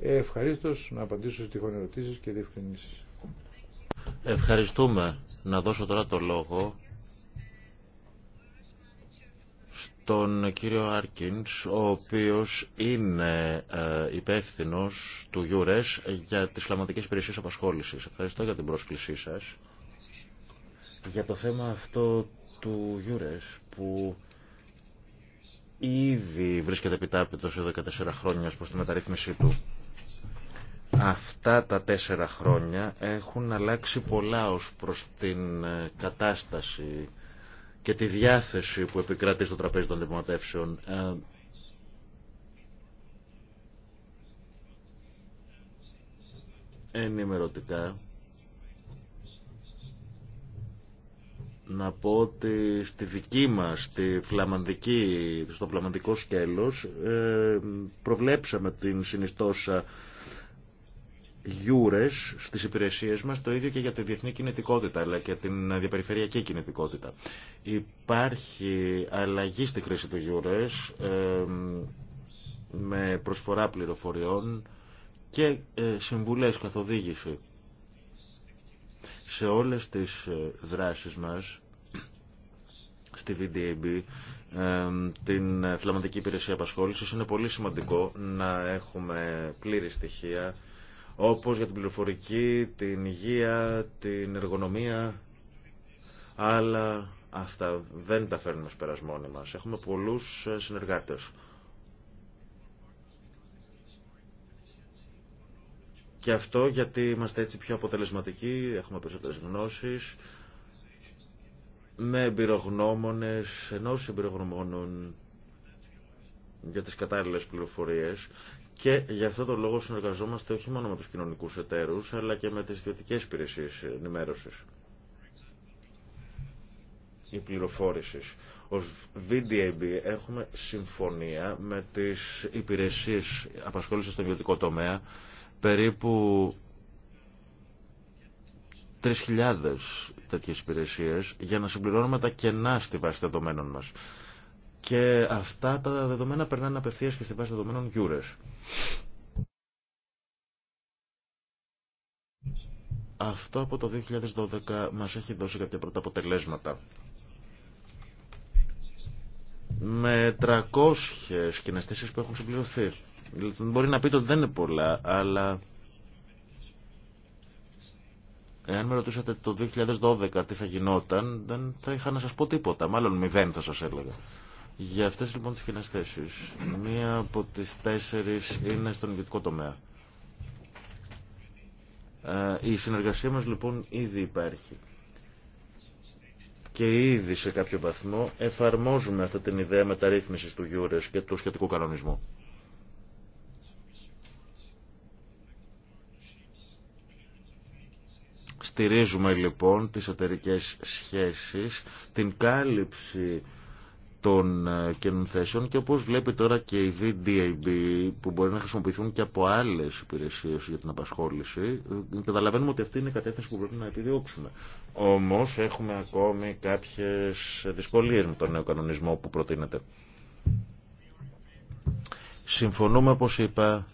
Ε, Ευχαρίστω να απαντήσω στις τυχόν ερωτήσεις και διευκρινήσεις. Ευχαριστούμε. Να δώσω τώρα το λόγο στον κύριο Άρκινς, ο οποίος είναι ε, υπεύθυνος του Γιούρες για τις κλαματικές υπηρεσίες απασχόλησης. Ευχαριστώ για την πρόσκλησή σας για το θέμα αυτό του Γιούρες που ήδη βρίσκεται επιτάπητος εδώ 14 χρόνια προς τη μεταρρύθμιση του. Αυτά τα τέσσερα χρόνια έχουν αλλάξει πολλά ως προς την ε, κατάσταση και τη διάθεση που επικρατεί στο τραπέζι των δημοτεύσεων. Ε, ενημερωτικά να πω ότι στη δική μας, στη φλαμανδική, στο φλαμανδικό σκέλος, ε, προβλέψαμε την συνιστόσα γιούρες στις υπηρεσίες μας, το ίδιο και για τη διεθνή κινητικότητα, αλλά και την διαπεριφερειακή κινητικότητα. Υπάρχει αλλαγή στη χρήση του γιούρες, ε, με προσφορά πληροφοριών και ε, συμβουλές καθοδήγηση σε όλες τις ε, δράσεις μας στη VDAB, ε, την Φλαμαντική Υπηρεσία Απασχόλησης, είναι πολύ σημαντικό να έχουμε πλήρη στοιχεία, όπως για την πληροφορική, την υγεία, την εργονομία, αλλά αυτά δεν τα φέρνουμε σπερασμόνοι μας. Έχουμε πολλούς ε, συνεργάτες Και αυτό γιατί είμαστε έτσι πιο αποτελεσματικοί, έχουμε περισσότερες γνώσεις, με εμπειρογνώμονες, ενός εμπειρογνωμόνων για τις κατάλληλες πληροφορίες και γι' αυτό το λόγο συνεργαζόμαστε όχι μόνο με τους κοινωνικούς εταίρους αλλά και με τις ιδιωτικές υπηρεσίες ενημέρωσης ή πληροφόρησης. Ως VDAB έχουμε συμφωνία με τις υπηρεσίες απασχόλησης στον ιδιωτικό τομέα περίπου 3.000 τέτοιες υπηρεσίες για να συμπληρώνουμε τα κενά στη βάση δεδομένων μας. Και αυτά τα δεδομένα περνάνε απευθείας και στη βάση δεδομένων γιούρες. Αυτό από το 2012 μας έχει δώσει κάποια πρώτα αποτελέσματα. Με 300 κοινές που έχουν συμπληρωθεί. Μπορεί να πείτε ότι δεν είναι πολλά, αλλά Εάν με ρωτούσατε το 2012 τι θα γινόταν, δεν θα είχα να σας πω τίποτα. Μάλλον μηδέν θα σας έλεγα. Για αυτές λοιπόν τις κοινές θέσεις, μία από τις τέσσερις είναι στον ιδιωτικό τομέα. Ε, η συνεργασία μας λοιπόν ήδη υπάρχει. Και ήδη σε κάποιο βαθμό εφαρμόζουμε αυτή την ιδέα μεταρρύθμισης του Γιούρες και του σχετικού κανονισμού. Στηρίζουμε λοιπόν τις εταιρικές σχέσεις, την κάλυψη των ε, καινούν θέσεων και όπως βλέπει τώρα και η VDAB που μπορεί να χρησιμοποιηθούν και από άλλες υπηρεσίες για την απασχόληση ε, καταλαβαίνουμε ότι αυτή είναι η κατεύθυνση που πρέπει να επιδιώξουμε. Όμως έχουμε ακόμη κάποιες δυσκολίες με τον νέο κανονισμό που προτείνεται. Συμφωνούμε όπως είπα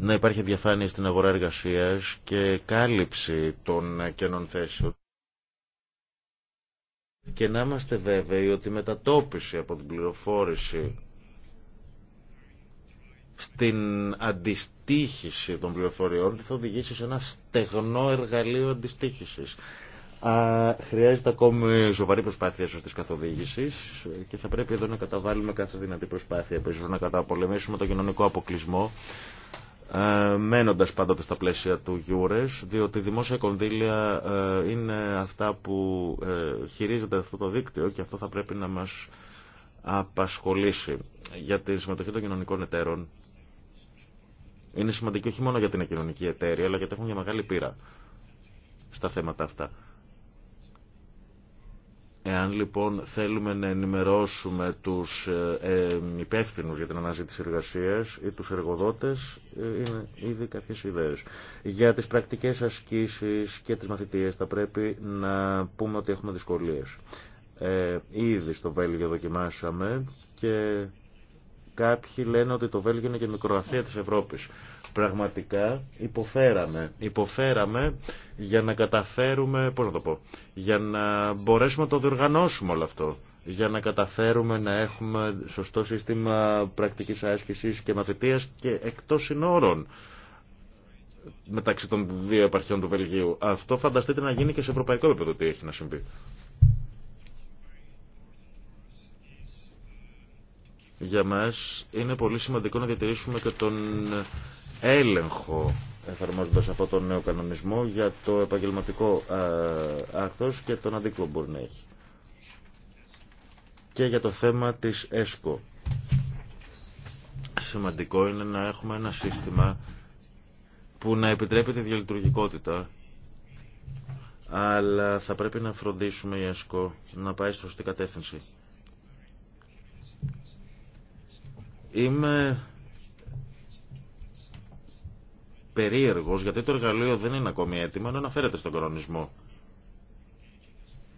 να υπάρχει διαφάνεια στην αγορά εργασίας και κάλυψη των κενών θέσεων. Και να είμαστε βέβαιοι ότι η μετατόπιση από την πληροφόρηση στην αντιστήχηση των πληροφοριών θα οδηγήσει σε ένα στεγνό εργαλείο αντιστήχησης. χρειάζεται ακόμη σοβαρή προσπάθεια σωστή καθοδήγηση και θα πρέπει εδώ να καταβάλουμε κάθε δυνατή προσπάθεια. επίση να καταπολεμήσουμε το κοινωνικό αποκλεισμό ε, μένοντας πάντοτε στα πλαίσια του Γιούρες, διότι δημόσια κονδύλια ε, είναι αυτά που ε, χειρίζεται αυτό το δίκτυο και αυτό θα πρέπει να μας απασχολήσει. Για τη συμμετοχή των κοινωνικών εταίρων είναι σημαντική όχι μόνο για την κοινωνική εταίρεια, αλλά γιατί έχουν μια μεγάλη πείρα στα θέματα αυτά. Εάν λοιπόν θέλουμε να ενημερώσουμε τους ε, ε υπεύθυνου για την αναζήτηση εργασίας ή τους εργοδότες, ε, είναι ήδη κάποιες ιδέες. Για τις πρακτικές ασκήσεις και τις μαθητείες θα πρέπει να πούμε ότι έχουμε δυσκολίες. Ε, ήδη στο Βέλγιο δοκιμάσαμε και κάποιοι λένε ότι το Βέλγιο είναι και μικροαθία της Ευρώπης. Πραγματικά υποφέραμε. Υποφέραμε για να καταφέρουμε, πώς να το πω, για να μπορέσουμε να το διοργανώσουμε όλο αυτό. Για να καταφέρουμε να έχουμε σωστό σύστημα πρακτικής άσκησης και μαθητείας και εκτός συνόρων μεταξύ των δύο επαρχιών του Βελγίου. Αυτό φανταστείτε να γίνει και σε ευρωπαϊκό επίπεδο τι έχει να συμβεί. Για μας είναι πολύ σημαντικό να διατηρήσουμε και τον έλεγχο εφαρμοζοντα αυτό τον νέο κανονισμό για το επαγγελματικό ε, άκθος και τον αντίκτυπο μπορεί να έχει. Και για το θέμα της ΕΣΚΟ. Σημαντικό είναι να έχουμε ένα σύστημα που να επιτρέπει τη διαλειτουργικότητα αλλά θα πρέπει να φροντίσουμε η ΕΣΚΟ να πάει στη σωστή κατεύθυνση. Είμαι περίεργος γιατί το εργαλείο δεν είναι ακόμη έτοιμο να αναφέρεται στον κανονισμό.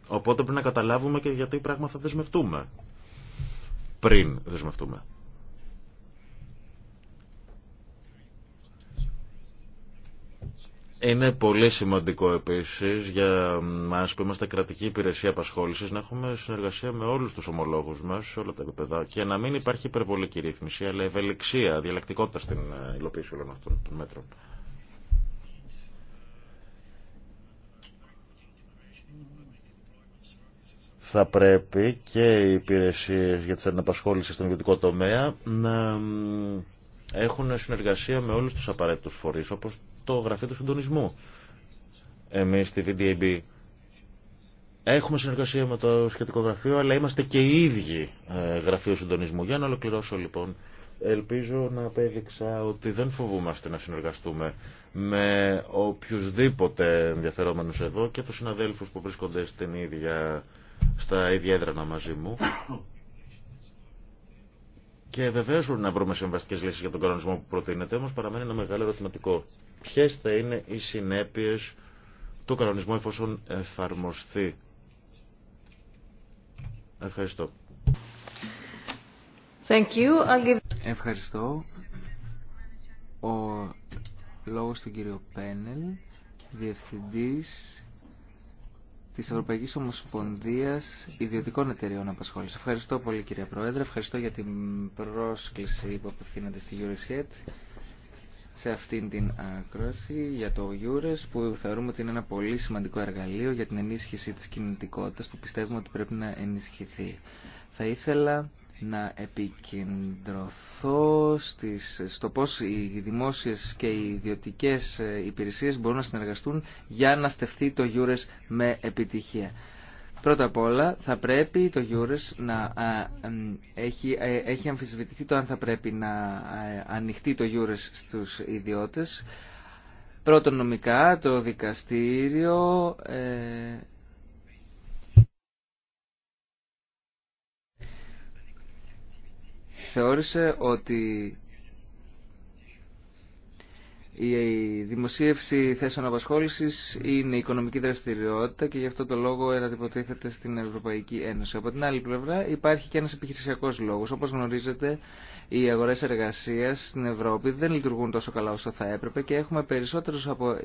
Οπότε πρέπει να καταλάβουμε και γιατί πράγμα θα δεσμευτούμε. Πριν δεσμευτούμε. Είναι πολύ σημαντικό επίση για μας που είμαστε κρατική υπηρεσία απασχόληση να έχουμε συνεργασία με όλου του ομολόγου μα σε όλα τα επίπεδα και να μην υπάρχει υπερβολική ρύθμιση αλλά ευελιξία, διαλεκτικότητα στην υλοποίηση όλων αυτών των μέτρων. θα πρέπει και οι υπηρεσίες για τι αναπασχόλησει στον ιδιωτικό τομέα να έχουν συνεργασία με όλους τους απαραίτητους φορείς, όπως το Γραφείο του Συντονισμού. Εμείς στη VDAB έχουμε συνεργασία με το σχετικό γραφείο, αλλά είμαστε και οι ίδιοι ε, γραφείο συντονισμού. Για να ολοκληρώσω λοιπόν. Ελπίζω να απέδειξα ότι δεν φοβούμαστε να συνεργαστούμε με οποιουσδήποτε ενδιαφερόμενους εδώ και τους συναδέλφους που βρίσκονται στην ίδια στα ίδια έδρανα μαζί μου. Και βεβαίω μπορούμε να βρούμε συμβαστικέ λύσει για τον κανονισμό που προτείνεται, όμω παραμένει ένα μεγάλο ερωτηματικό. Ποιε θα είναι οι συνέπειε του κανονισμού εφόσον εφαρμοστεί. Ευχαριστώ. Thank you. Ευχαριστώ. Ο λόγος του κύριο Πένελ, διευθυντής της Ευρωπαϊκής Ομοσπονδίας Ιδιωτικών Εταιρεών Απασχόλησης. Ευχαριστώ πολύ κύριε Πρόεδρε, ευχαριστώ για την πρόσκληση που απευθύνεται στη EuroSet σε αυτήν την άκροση για το EURES που θεωρούμε ότι είναι ένα πολύ σημαντικό εργαλείο για την ενίσχυση της κινητικότητας που πιστεύουμε ότι πρέπει να ενισχυθεί. Θα ήθελα να επικεντρωθώ στο πώς οι δημόσιες και οι ιδιωτικές ε, υπηρεσίες μπορούν να συνεργαστούν για να στεφθεί το Γιούρες με επιτυχία. Πρώτα απ' όλα θα πρέπει το Γιούρες να έχει, ε, έχει αμφισβητηθεί το αν θα πρέπει να ε, ανοιχτεί το Γιούρες στους ιδιώτες. Πρώτον νομικά το δικαστήριο θεώρησε ότι η δημοσίευση θέσεων απασχόλησης είναι οικονομική δραστηριότητα και γι' αυτό το λόγο εναντιποτίθεται στην Ευρωπαϊκή Ένωση. Από την άλλη πλευρά υπάρχει και ένας επιχειρησιακός λόγος. Όπως γνωρίζετε, οι αγορές εργασίας στην Ευρώπη δεν λειτουργούν τόσο καλά όσο θα έπρεπε και έχουμε περισσότερους από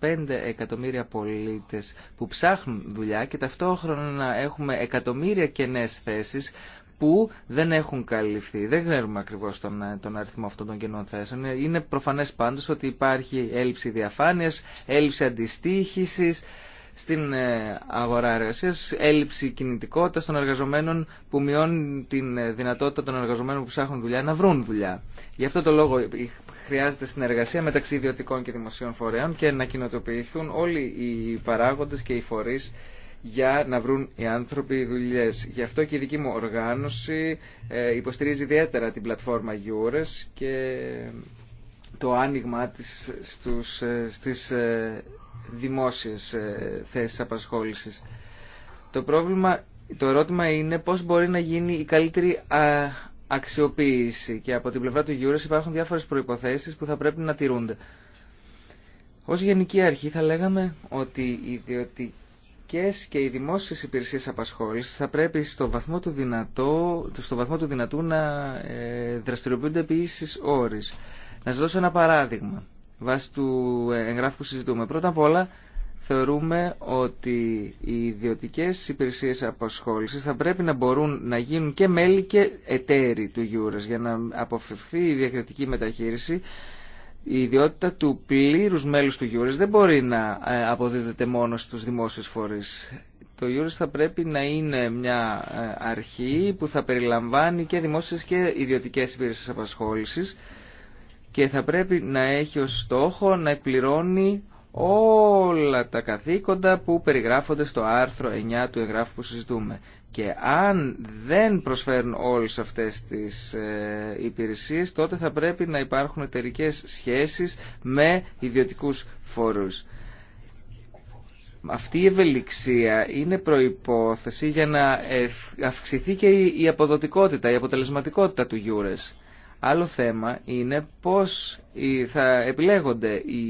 25 εκατομμύρια πολίτες που ψάχνουν δουλειά και ταυτόχρονα έχουμε εκατομμύρια κενές θέσεις που δεν έχουν καλυφθεί. Δεν ξέρουμε ακριβώ τον, ε, τον αριθμό αυτών των κοινών θέσεων. Ε, είναι προφανέ πάντω ότι υπάρχει έλλειψη διαφάνεια, έλλειψη αντιστοίχηση στην ε, αγορά εργασία, έλλειψη κινητικότητα των εργαζομένων που μειώνει την δυνατότητα των εργαζομένων που ψάχνουν δουλειά να βρουν δουλειά. Γι' αυτό το λόγο χρειάζεται συνεργασία μεταξύ ιδιωτικών και δημοσίων φορέων και να κοινοτοποιηθούν όλοι οι παράγοντε και οι φορεί για να βρουν οι άνθρωποι δουλειές. Γι' αυτό και η δική μου οργάνωση ε, υποστηρίζει ιδιαίτερα την πλατφόρμα Γιούρες και το άνοιγμα της στους, ε, στις ε, δημόσιες θέσεις απασχόλησης. Το πρόβλημα, το ερώτημα είναι πώς μπορεί να γίνει η καλύτερη αξιοποίηση και από την πλευρά του Γιούρες υπάρχουν διάφορες προϋποθέσεις που θα πρέπει να τηρούνται. Ως γενική αρχή θα λέγαμε ότι η ιδιωτική ιδιωτικές και οι δημόσιες υπηρεσίες απασχόλησης θα πρέπει στο βαθμό του, δυνατό, στο βαθμό του δυνατού να ε, δραστηριοποιούνται επίσης όρις. Να σας δώσω ένα παράδειγμα βάσει του εγγράφου που συζητούμε. Πρώτα απ' όλα θεωρούμε ότι οι ιδιωτικές υπηρεσίες απασχόλησης θα πρέπει να μπορούν να γίνουν και μέλη και εταίροι του γιούρας για να αποφευθεί η διακριτική μεταχείριση η ιδιότητα του πλήρους μέλους του Γιούρις δεν μπορεί να ε, αποδίδεται μόνο στους δημόσιους φορείς. Το Γιούρις θα πρέπει να είναι μια ε, αρχή που θα περιλαμβάνει και δημόσιες και ιδιωτικές υπηρεσίες απασχόλησης και θα πρέπει να έχει ως στόχο να εκπληρώνει όλα τα καθήκοντα που περιγράφονται στο άρθρο 9 του εγγράφου που συζητούμε. Και αν δεν προσφέρουν όλες αυτές τις ε, υπηρεσίες, τότε θα πρέπει να υπάρχουν εταιρικέ σχέσεις με ιδιωτικούς φόρους. Αυτή η ευελιξία είναι προϋπόθεση για να αυξηθεί και η αποδοτικότητα, η αποτελεσματικότητα του Γιούρες. Άλλο θέμα είναι πώς θα επιλέγονται οι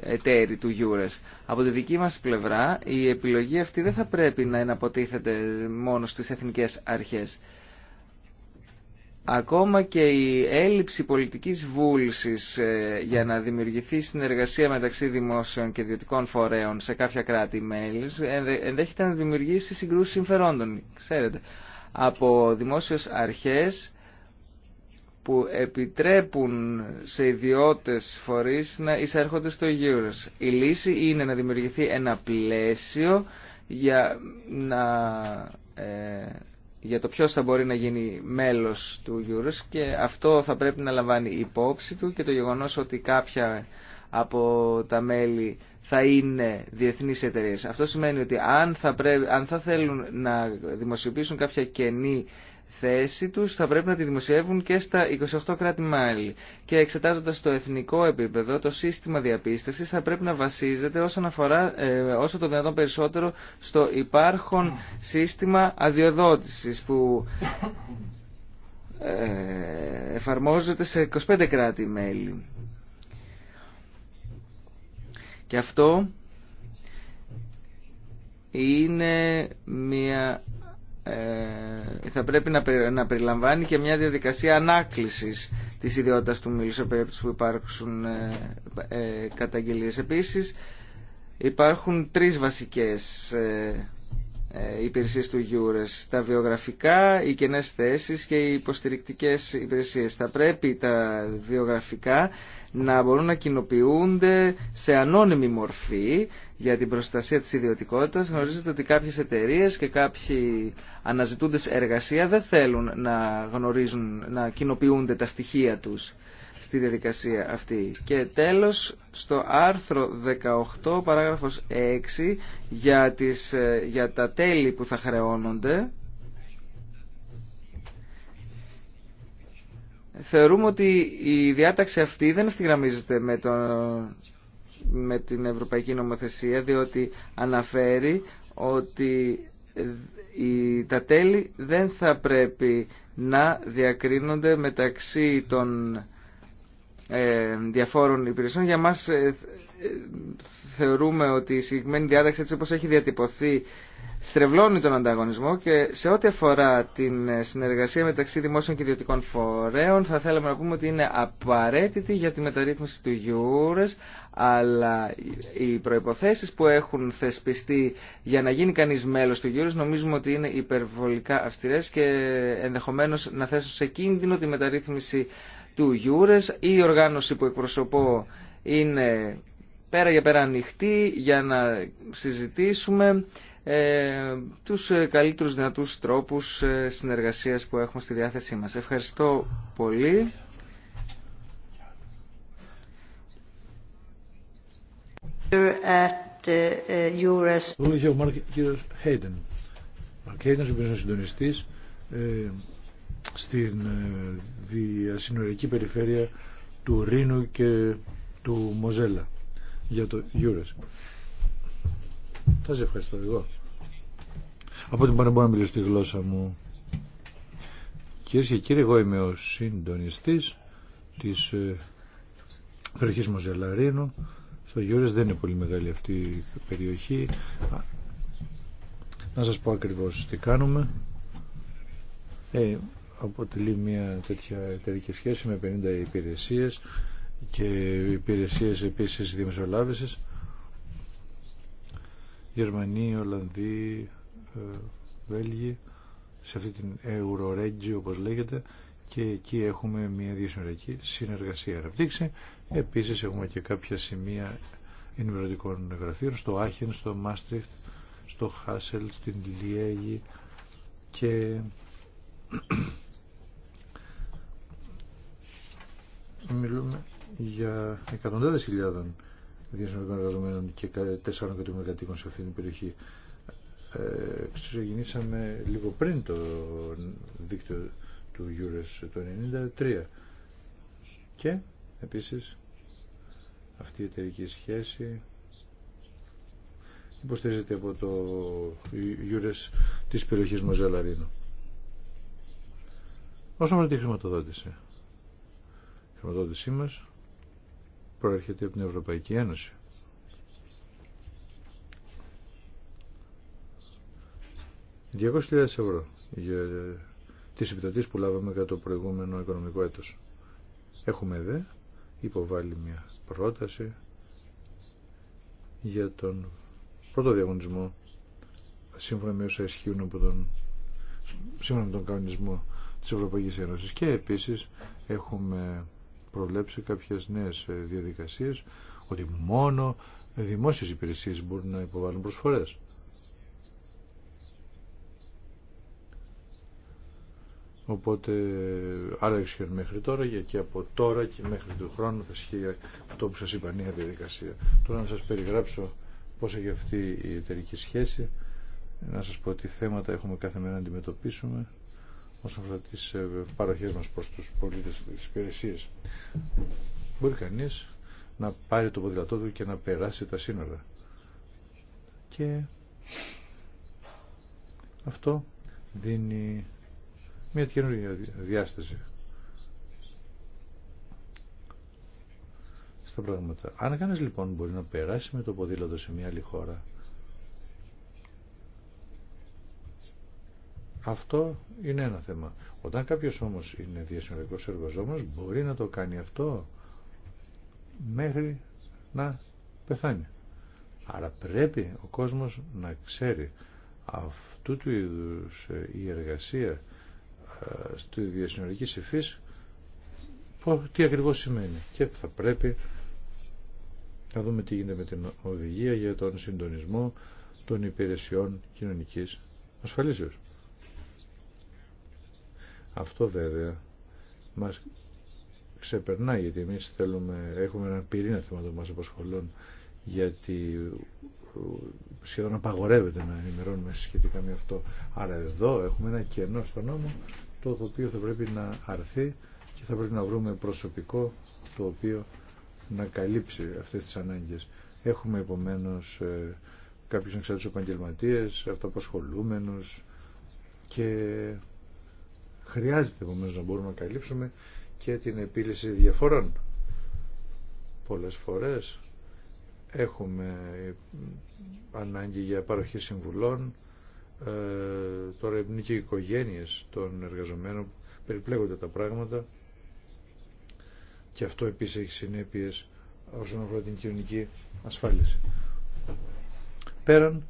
εταίροι του Eures. Από τη δική μας πλευρά η επιλογή αυτή δεν θα πρέπει να εναποτίθεται μόνο στις εθνικές αρχές. Ακόμα και η έλλειψη πολιτικής βούλησης ε, για να δημιουργηθεί συνεργασία μεταξύ δημόσιων και ιδιωτικών φορέων σε κάποια κράτη-μέλη ενδέχεται να δημιουργήσει συγκρούσεις συμφερόντων. Ξέρετε, από δημόσιες αρχές που επιτρέπουν σε ιδιώτες φορείς να εισέρχονται στο γύρος. Η λύση είναι να δημιουργηθεί ένα πλαίσιο για, να, ε, για το ποιος θα μπορεί να γίνει μέλος του EURUS και αυτό θα πρέπει να λαμβάνει υπόψη του και το γεγονός ότι κάποια από τα μέλη θα είναι διεθνείς εταιρείες. Αυτό σημαίνει ότι αν θα, αν θα θέλουν να δημοσιοποιήσουν κάποια κενή θέση τους θα πρέπει να τη δημοσιεύουν και στα 28 κράτη-μέλη και εξετάζοντας το εθνικό επίπεδο το σύστημα διαπίστευσης θα πρέπει να βασίζεται όσον αφορά, ε, όσο το δυνατόν περισσότερο στο υπάρχον σύστημα αδειοδότησης που ε, εφαρμόζεται σε 25 κράτη-μέλη. Και αυτό είναι μια ε, θα πρέπει να, περιλαμβάνει και μια διαδικασία ανάκλησης της ιδιότητας του μήλου σε περίπτωση που υπάρχουν ε, ε, καταγγελίες. Επίσης υπάρχουν τρεις βασικές υπηρεσίες του Γιούρες. Τα βιογραφικά, οι κενές θέσεις και οι υποστηρικτικές υπηρεσίες. Θα πρέπει τα βιογραφικά να μπορούν να κοινοποιούνται σε ανώνυμη μορφή για την προστασία της ιδιωτικότητας. Γνωρίζετε ότι κάποιες εταιρείες και κάποιοι αναζητούντες εργασία δεν θέλουν να γνωρίζουν, να κοινοποιούνται τα στοιχεία τους στη διαδικασία αυτή. Και τέλος, στο άρθρο 18, παράγραφος 6, για, τις, ε, για τα τέλη που θα χρεώνονται, Θεωρούμε ότι η διάταξη αυτή δεν ευθυγραμμίζεται με, το, με την Ευρωπαϊκή Νομοθεσία διότι αναφέρει ότι τα τέλη δεν θα πρέπει να διακρίνονται μεταξύ των ε, διαφόρων υπηρεσιών. Για μας ε, θεωρούμε ότι η συγκεκριμένη διάταξη έτσι όπως έχει διατυπωθεί στρεβλώνει τον ανταγωνισμό και σε ό,τι αφορά την συνεργασία μεταξύ δημόσιων και ιδιωτικών φορέων θα θέλαμε να πούμε ότι είναι απαραίτητη για τη μεταρρύθμιση του γιούρες αλλά οι προϋποθέσεις που έχουν θεσπιστεί για να γίνει κανείς μέλος του γιούρες νομίζουμε ότι είναι υπερβολικά αυστηρές και ενδεχομένως να θέσουν σε κίνδυνο τη μεταρρύθμιση του γιούρες. Η οργάνωση που εκπροσωπώ είναι πέρα για πέρα ανοιχτή για να συζητήσουμε ε, τους καλύτερους δυνατούς τρόπους ε, συνεργασίας που έχουμε στη διάθεσή μας. Ευχαριστώ πολύ. At, ε, ο Μάρκ, κύριος Χέιντεν. Μαρκ κυριος ο οποίος είναι συντονιστής ε, στην ε, διασυνορική περιφέρεια του Ρήνου και του Μοζέλα για το Euros. Θα σε ευχαριστώ εγώ. Από την πάνω μπορώ να μιλήσω τη γλώσσα μου. Κυρίε και κύριοι, εγώ είμαι ο συντονιστή τη ε, περιοχή Μοζελαρίνου. Στο Γιούρε δεν είναι πολύ μεγάλη αυτή η περιοχή. Να σας πω ακριβώς τι κάνουμε. Ε, αποτελεί μια τέτοια εταιρική σχέση με 50 υπηρεσίες και υπηρεσίες επίσης δημοσιολάβησης Γερμανοί, Ολλανδοί, ε, Βέλγοι σε αυτή την Euroregio όπως λέγεται και εκεί έχουμε μια διεσυνορική συνεργασία αναπτύξη. Επίσης έχουμε και κάποια σημεία ενημερωτικών γραφείων στο Άχεν, στο Μάστριχτ, στο Χάσελ, στην Λιέγη και μιλούμε για εκατοντάδες χιλιάδων διασυνορικών εργαζομένων και 4 εκατομμύρια κατοίκων σε αυτήν την περιοχή. Ε, ξεκινήσαμε λίγο πριν το δίκτυο του Eures το 1993 και επίσης αυτή η εταιρική σχέση υποστηρίζεται από το Eures της περιοχής Μοζελαρίνου. Όσο με τη χρηματοδότηση, η χρηματοδότησή μας προέρχεται από την Ευρωπαϊκή Ένωση. ...200.000 ευρώ για τις επιδοτήσεις που λάβαμε κατά το προηγούμενο οικονομικό έτος. Έχουμε δε υποβάλει μια πρόταση για τον πρώτο διαγωνισμό σύμφωνα με όσα ισχύουν από τον, σύμφωνα με τον κανονισμό της Ευρωπαϊκής Ένωσης και επίσης έχουμε προβλέψει κάποιες νέες ε, διαδικασίες ότι μόνο δημόσιες υπηρεσίες μπορούν να υποβάλουν προσφορές. Οπότε άλλα μέχρι τώρα γιατί από τώρα και μέχρι του χρόνου θα ισχύει αυτό που σας είπα νέα διαδικασία. Τώρα να σας περιγράψω πώς έχει αυτή η εταιρική σχέση, να σας πω τι θέματα έχουμε κάθε μέρα να αντιμετωπίσουμε όσον αφορά τις ε, παροχέ μας προς τους πολίτες τις υπηρεσίες. Μπορεί κανεί να πάρει το ποδηλατό του και να περάσει τα σύνορα. Και αυτό δίνει μια καινούργια διάσταση στα πράγματα. Αν κανείς λοιπόν μπορεί να περάσει με το ποδήλατο σε μια άλλη χώρα Αυτό είναι ένα θέμα. Όταν κάποιος όμως είναι διασυνορικός εργαζόμενος μπορεί να το κάνει αυτό μέχρι να πεθάνει. Άρα πρέπει ο κόσμος να ξέρει αυτού του είδους ε, η εργασία ε, στη διασυνορική υφής τι ακριβώς σημαίνει και θα πρέπει να δούμε τι γίνεται με την οδηγία για τον συντονισμό των υπηρεσιών κοινωνικής ασφαλίσεως. Αυτό βέβαια μας ξεπερνά γιατί εμείς θέλουμε, έχουμε έναν πυρήνα θέματα που μας απασχολούν γιατί σχεδόν απαγορεύεται να ενημερώνουμε σχετικά με αυτό. Άρα εδώ έχουμε ένα κενό στο νόμο το οποίο θα πρέπει να αρθεί και θα πρέπει να βρούμε προσωπικό το οποίο να καλύψει αυτές τις ανάγκες. Έχουμε επομένως ε, κάποιους επαγγελματίε, επαγγελματίες, και Χρειάζεται επομένω να μπορούμε να καλύψουμε και την επίλυση διαφορών. Πολλές φορές έχουμε ε, ανάγκη για παροχή συμβουλών, ε, τώρα είναι και οι οικογένειες των εργαζομένων, περιπλέγονται τα πράγματα και αυτό επίσης έχει συνέπειες όσον αφορά την κοινωνική ασφάλιση. Πέραν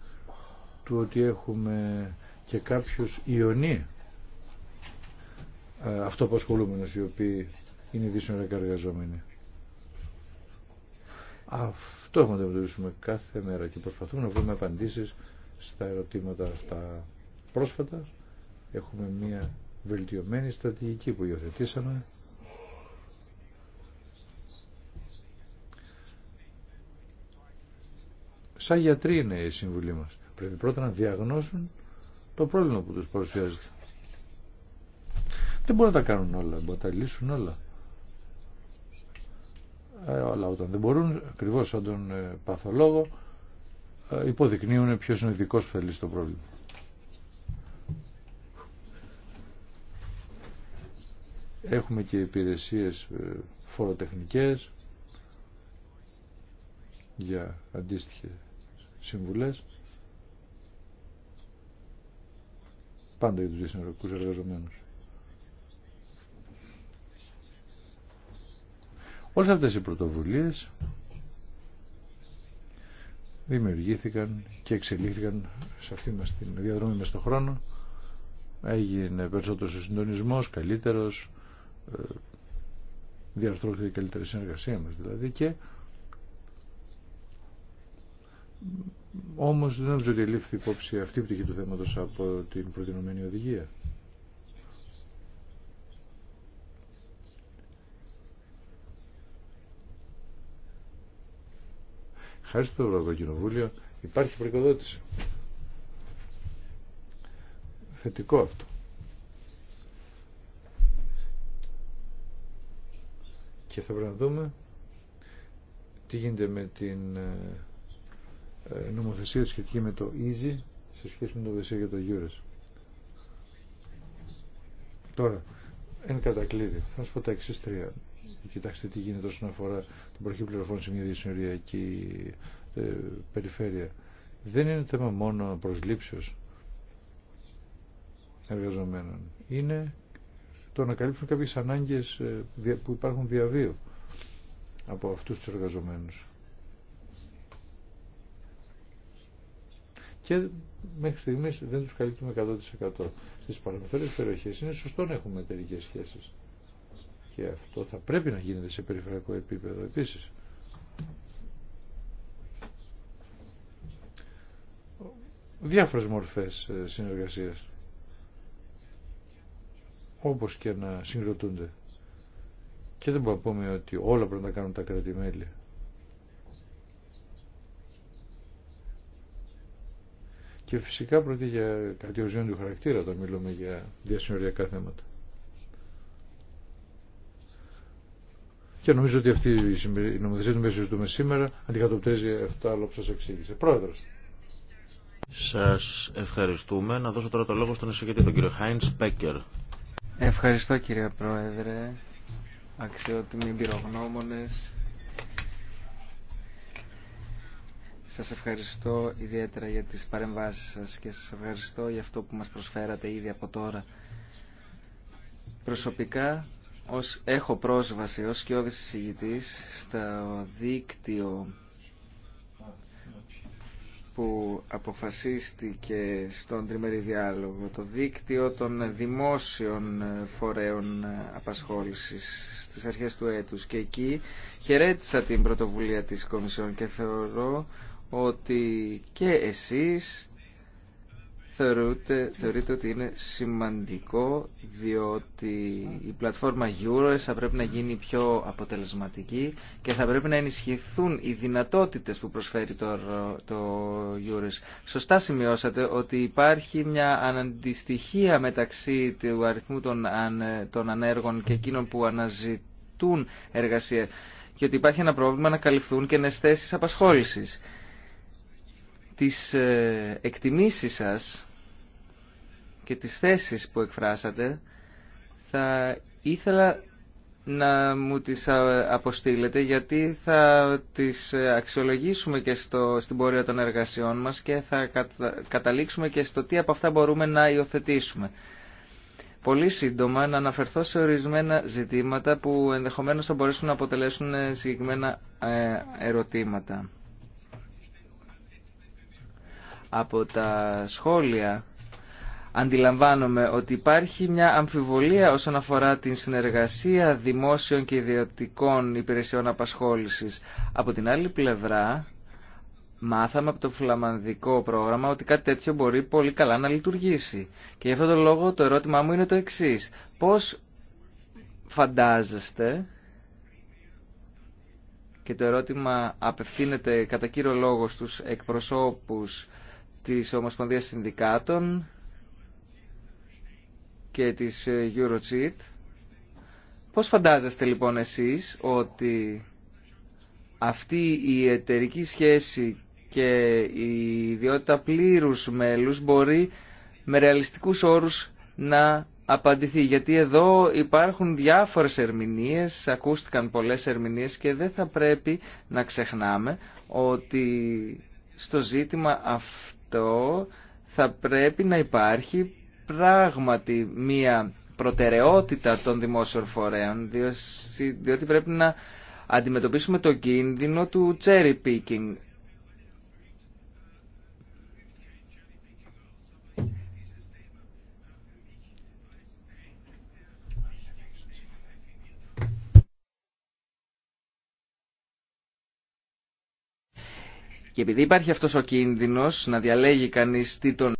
του ότι έχουμε και κάποιους ιονίες ε, αυτό αυτοαπασχολούμενους οι οποίοι είναι δύσκολα εργαζόμενοι. Αυτό έχουμε να αντιμετωπίσουμε κάθε μέρα και προσπαθούμε να βρούμε απαντήσεις στα ερωτήματα αυτά. Πρόσφατα έχουμε μία βελτιωμένη στρατηγική που υιοθετήσαμε Σαν γιατροί είναι οι σύμβουλοι μας. Πρέπει πρώτα να διαγνώσουν το πρόβλημα που τους παρουσιάζεται. Δεν μπορούν να τα κάνουν όλα, μπορούν να τα λύσουν όλα. Ε, αλλά όταν δεν μπορούν, ακριβώ σαν τον ε, παθολόγο, ε, υποδεικνύουν ποιο είναι ο ειδικό που θα λύσει το πρόβλημα. Έχουμε και υπηρεσίες φοροτεχνικές για αντίστοιχε συμβουλές. Πάντα για τους διασυνορικούς εργαζομένους. Όλες αυτές οι πρωτοβουλίες δημιουργήθηκαν και εξελίχθηκαν σε αυτή μας την διαδρομή μες στον χρόνο. Έγινε περισσότερος ο συντονισμός, καλύτερος, ε, διαρθρώθηκε καλύτερη συνεργασία μας δηλαδή και όμως δεν νομίζω ότι λήφθη υπόψη αυτή η πτυχή του θέματος από την προτινωμένη οδηγία. Χάρη στο Κοινοβούλιο. υπάρχει προϋποδότηση. Θετικό αυτό. Και θα πρέπει να δούμε τι γίνεται με την ε, ε, νομοθεσία σχετική με το EASY σε σχέση με την νομοθεσία για το EURES. Τώρα, εν κατακλείδη, θα σας πω τα εξής τρία. Κοιτάξτε τι γίνεται όσον αφορά την προχή πληροφόρηση σε μια διασυνοριακή ε, περιφέρεια. Δεν είναι θέμα μόνο προσλήψεως εργαζομένων. Είναι το να καλύψουν κάποιες ανάγκες ε, που υπάρχουν διαβίου από αυτούς τους εργαζομένους. Και μέχρι στιγμής δεν τους καλύπτουμε 100%. Στις παραμεθόρες περιοχές είναι σωστό να έχουμε εταιρικέ σχέσεις και αυτό θα πρέπει να γίνεται σε περιφερειακό επίπεδο επίσης. Διάφορες μορφές ε, συνεργασίας όπως και να συγκροτούνται. Και δεν μπορούμε να πούμε ότι όλα πρέπει να κάνουν τα κρατημέλη. Και φυσικά πρόκειται για του χαρακτήρα όταν μιλούμε για διασυνοριακά θέματα. Και νομίζω ότι αυτή η νομοθεσία που συζητούμε σήμερα αντικατοπτρίζει αυτά όλα που σα εξήγησε. Πρόεδρος. Σας ευχαριστούμε. Να δώσω τώρα το λόγο στον εισηγητή, τον κύριο Χάιντς Πέκερ. Ευχαριστώ κύριε Πρόεδρε, αξιότιμοι πυρογνώμονε. Σας ευχαριστώ ιδιαίτερα για τις παρεμβάσεις σας και σας ευχαριστώ για αυτό που μας προσφέρατε ήδη από τώρα. Προσωπικά ως, έχω πρόσβαση ως σκιώδης εισηγητής στο δίκτυο που αποφασίστηκε στον τριμερή διάλογο, το δίκτυο των δημόσιων φορέων απασχόλησης στις αρχές του έτους. Και εκεί χαιρέτησα την πρωτοβουλία της Κομισιόν και θεωρώ ότι και εσείς Θεωρείτε θεωρείτε ότι είναι σημαντικό διότι η πλατφόρμα Euros θα πρέπει να γίνει πιο αποτελεσματική και θα πρέπει να ενισχυθούν οι δυνατότητες που προσφέρει το, το Euros. Σωστά σημειώσατε ότι υπάρχει μια αντιστοιχία μεταξύ του αριθμού των, των ανέργων και εκείνων που αναζητούν εργασία και ότι υπάρχει ένα πρόβλημα να καλυφθούν και απασχόλησης τις ε, εκτιμήσεις σας και τις θέσεις που εκφράσατε θα ήθελα να μου τις ε, αποστείλετε γιατί θα τις ε, αξιολογήσουμε και στο, στην πορεία των εργασιών μας και θα καταλήξουμε και στο τι από αυτά μπορούμε να υιοθετήσουμε. Πολύ σύντομα να αναφερθώ σε ορισμένα ζητήματα που ενδεχομένως θα μπορέσουν να αποτελέσουν ε, συγκεκριμένα ερωτήματα. Από τα σχόλια αντιλαμβάνομαι ότι υπάρχει μια αμφιβολία όσον αφορά την συνεργασία δημόσιων και ιδιωτικών υπηρεσιών απασχόλησης. Από την άλλη πλευρά, μάθαμε από το φλαμανδικό πρόγραμμα ότι κάτι τέτοιο μπορεί πολύ καλά να λειτουργήσει. Και γι' αυτόν τον λόγο το ερώτημά μου είναι το εξής. Πώς φαντάζεστε και το ερώτημα απευθύνεται κατά κύριο λόγο στους εκπροσώπους της Ομοσπονδίας Συνδικάτων και της ε, Eurocheat. Πώς φαντάζεστε λοιπόν εσείς ότι αυτή η εταιρική σχέση και η ιδιότητα πλήρους μέλους μπορεί με ρεαλιστικούς όρους να απαντηθεί. Γιατί εδώ υπάρχουν διάφορες ερμηνείες, ακούστηκαν πολλές ερμηνείες και δεν θα πρέπει να ξεχνάμε ότι στο ζήτημα αυτό θα πρέπει να υπάρχει πράγματι μία προτεραιότητα των δημόσιων φορέων, διότι πρέπει να αντιμετωπίσουμε το κίνδυνο του cherry picking. Και επειδή υπάρχει αυτός ο κίνδυνος να διαλέγει κανείς τι τον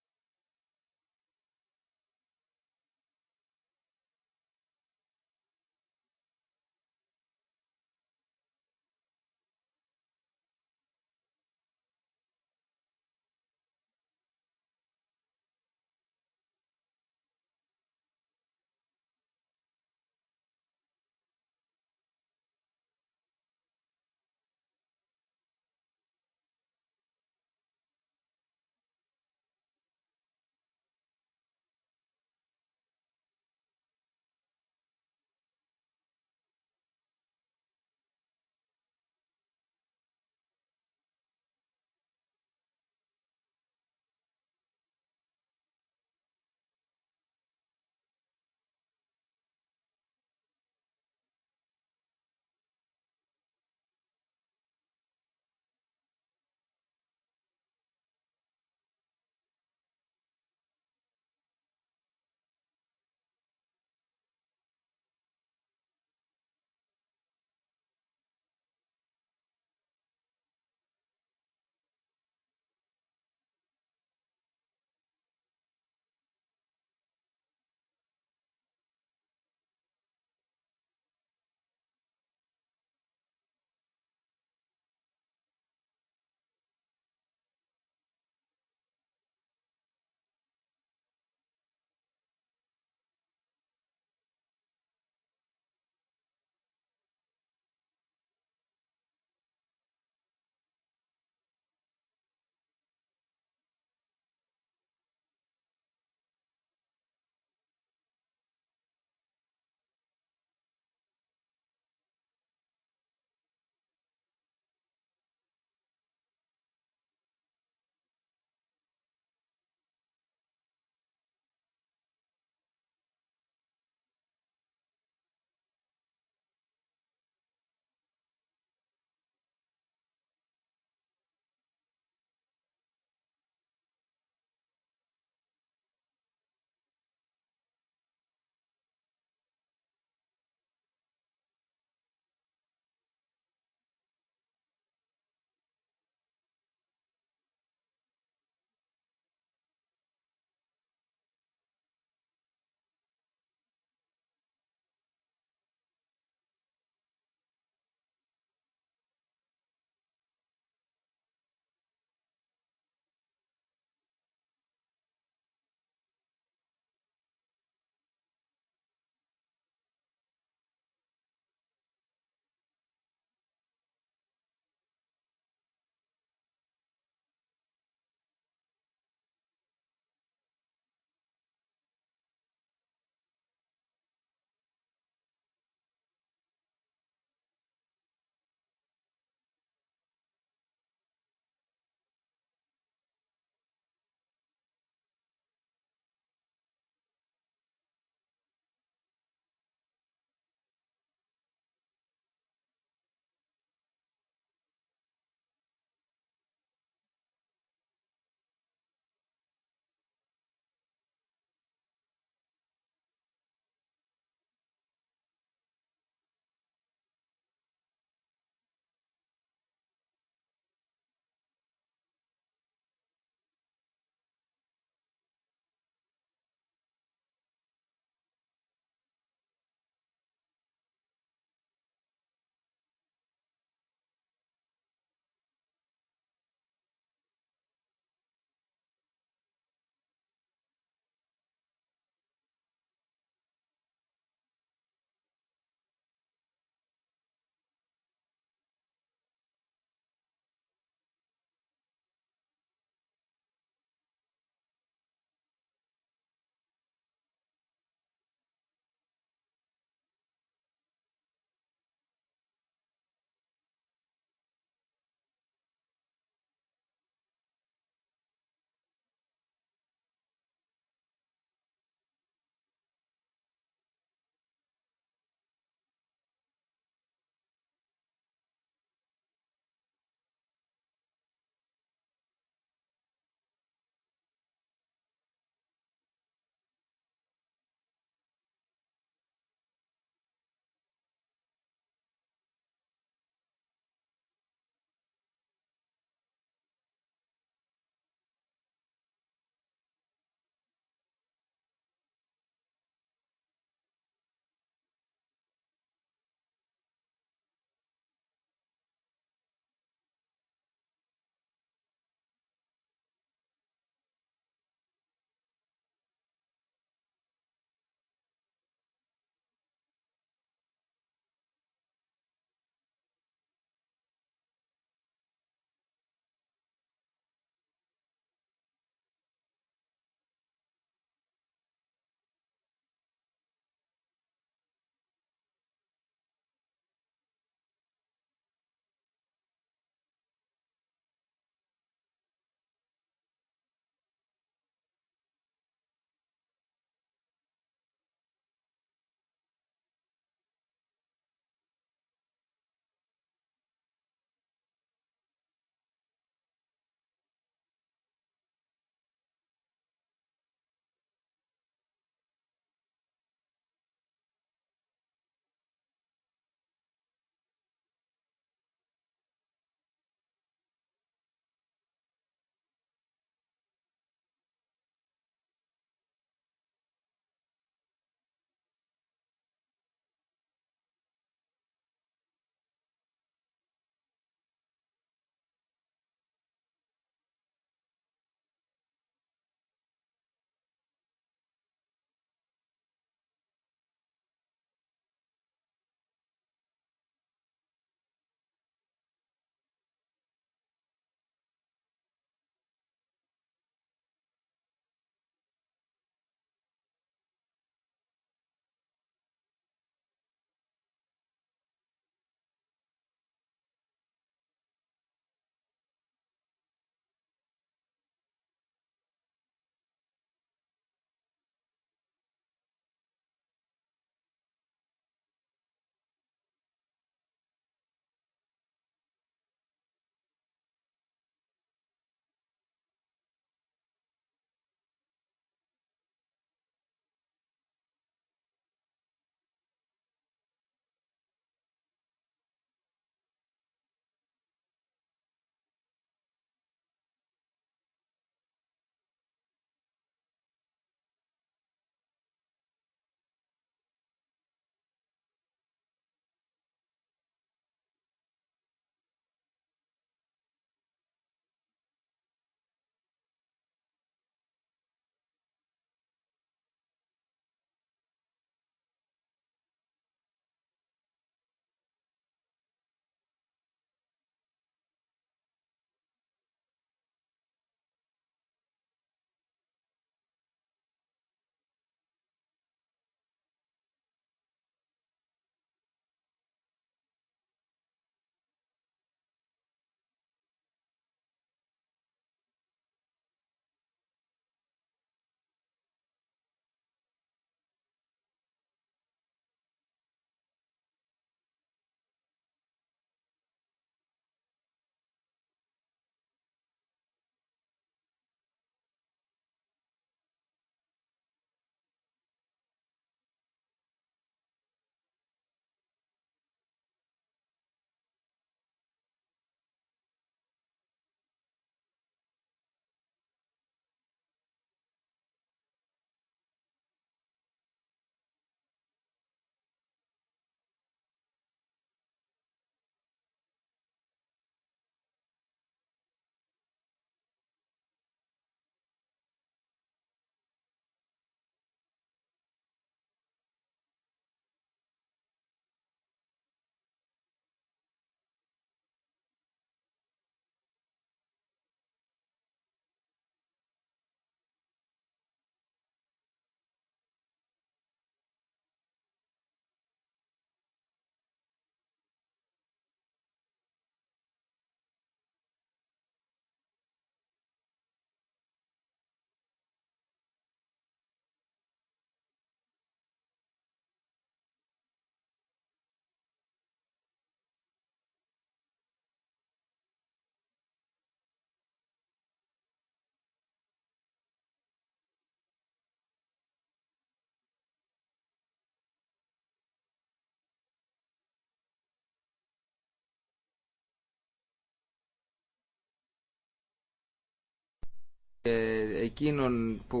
Ε, εκείνων που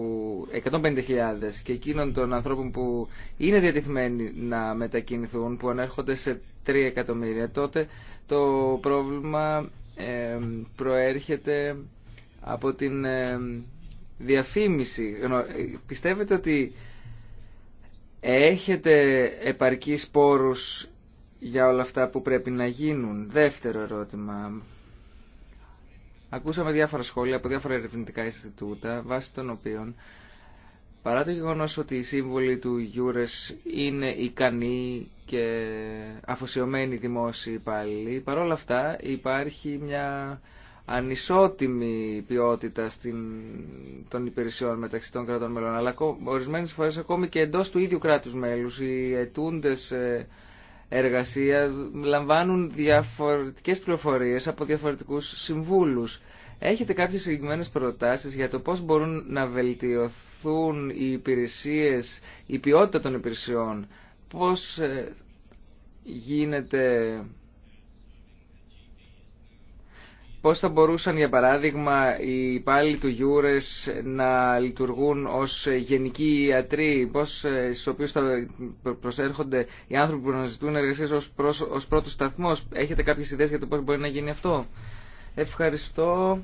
150.000 και εκείνων των ανθρώπων που είναι διατηθμένοι να μετακινηθούν που ανέρχονται σε 3 εκατομμύρια τότε το πρόβλημα ε, προέρχεται από την ε, διαφήμιση πιστεύετε ότι έχετε επαρκείς πόρους για όλα αυτά που πρέπει να γίνουν δεύτερο ερώτημα Ακούσαμε διάφορα σχόλια από διάφορα ερευνητικά Ινστιτούτα, βάσει των οποίων, παρά το γεγονός ότι οι σύμβολοι του Γιούρες είναι ικανοί και αφοσιωμένοι δημόσιοι υπάλληλοι, παρόλα αυτά υπάρχει μια ανισότιμη ποιότητα στην, των υπηρεσιών μεταξύ των κρατών μελών. Αλλά ορισμένες φορές ακόμη και εντός του ίδιου κράτους μέλους οι ετούντες ε, εργασία λαμβάνουν διαφορετικές πληροφορίες από διαφορετικούς συμβούλους. Έχετε κάποιες συγκεκριμένε προτάσεις για το πώς μπορούν να βελτιωθούν οι υπηρεσίες, η ποιότητα των υπηρεσιών, πώς ε, γίνεται Πώς θα μπορούσαν, για παράδειγμα, οι υπάλληλοι του Γιούρες να λειτουργούν ως γενικοί ιατροί, πώς, ε, στους οποίους θα προσέρχονται οι άνθρωποι που να ζητούν εργασίες ως, προς, ως πρώτος σταθμός. Έχετε κάποιες ιδέες για το πώς μπορεί να γίνει αυτό. Ευχαριστώ.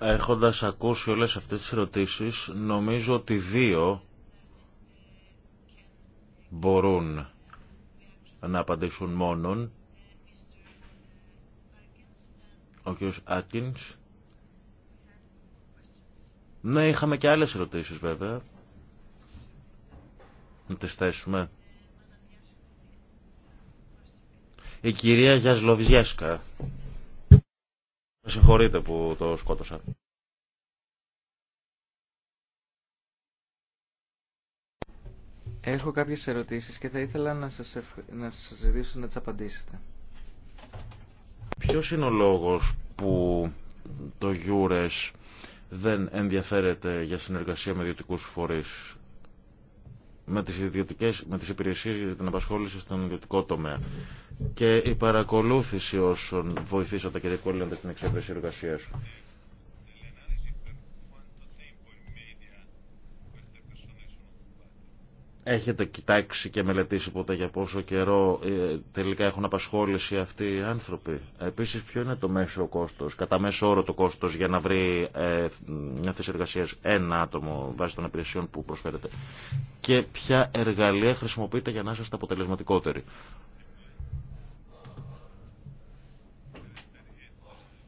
Έχοντας ακούσει όλες αυτές τις ερωτήσεις, νομίζω ότι δύο μπορούν να απαντήσουν μόνον ο κ. Άτκινς. Ναι, είχαμε και άλλες ερωτήσεις βέβαια. Να τις θέσουμε. Η κυρία Γιασλοβιέσκα. συγχωρείτε που το σκότωσα. Έχω κάποιες ερωτήσεις και θα ήθελα να σας, να σας ζητήσω να τις απαντήσετε. Ποιος είναι ο λόγος που το Γιούρες δεν ενδιαφέρεται για συνεργασία με ιδιωτικού φορείς με τις, ιδιωτικές, με τις υπηρεσίες για την απασχόληση στον ιδιωτικό τομέα και η παρακολούθηση όσων βοηθήσατε και διευκολύνατε την εξέπρεση εργασίας. Έχετε κοιτάξει και μελετήσει ποτέ για πόσο καιρό ε, τελικά έχουν απασχόληση αυτοί οι άνθρωποι. Επίσης ποιο είναι το μέσο κόστος, κατά μέσο όρο το κόστος για να βρει ε, μια θέση εργασίας ένα άτομο βάσει των υπηρεσιών που προσφέρετε. Και ποια εργαλεία χρησιμοποιείτε για να είστε αποτελεσματικότεροι.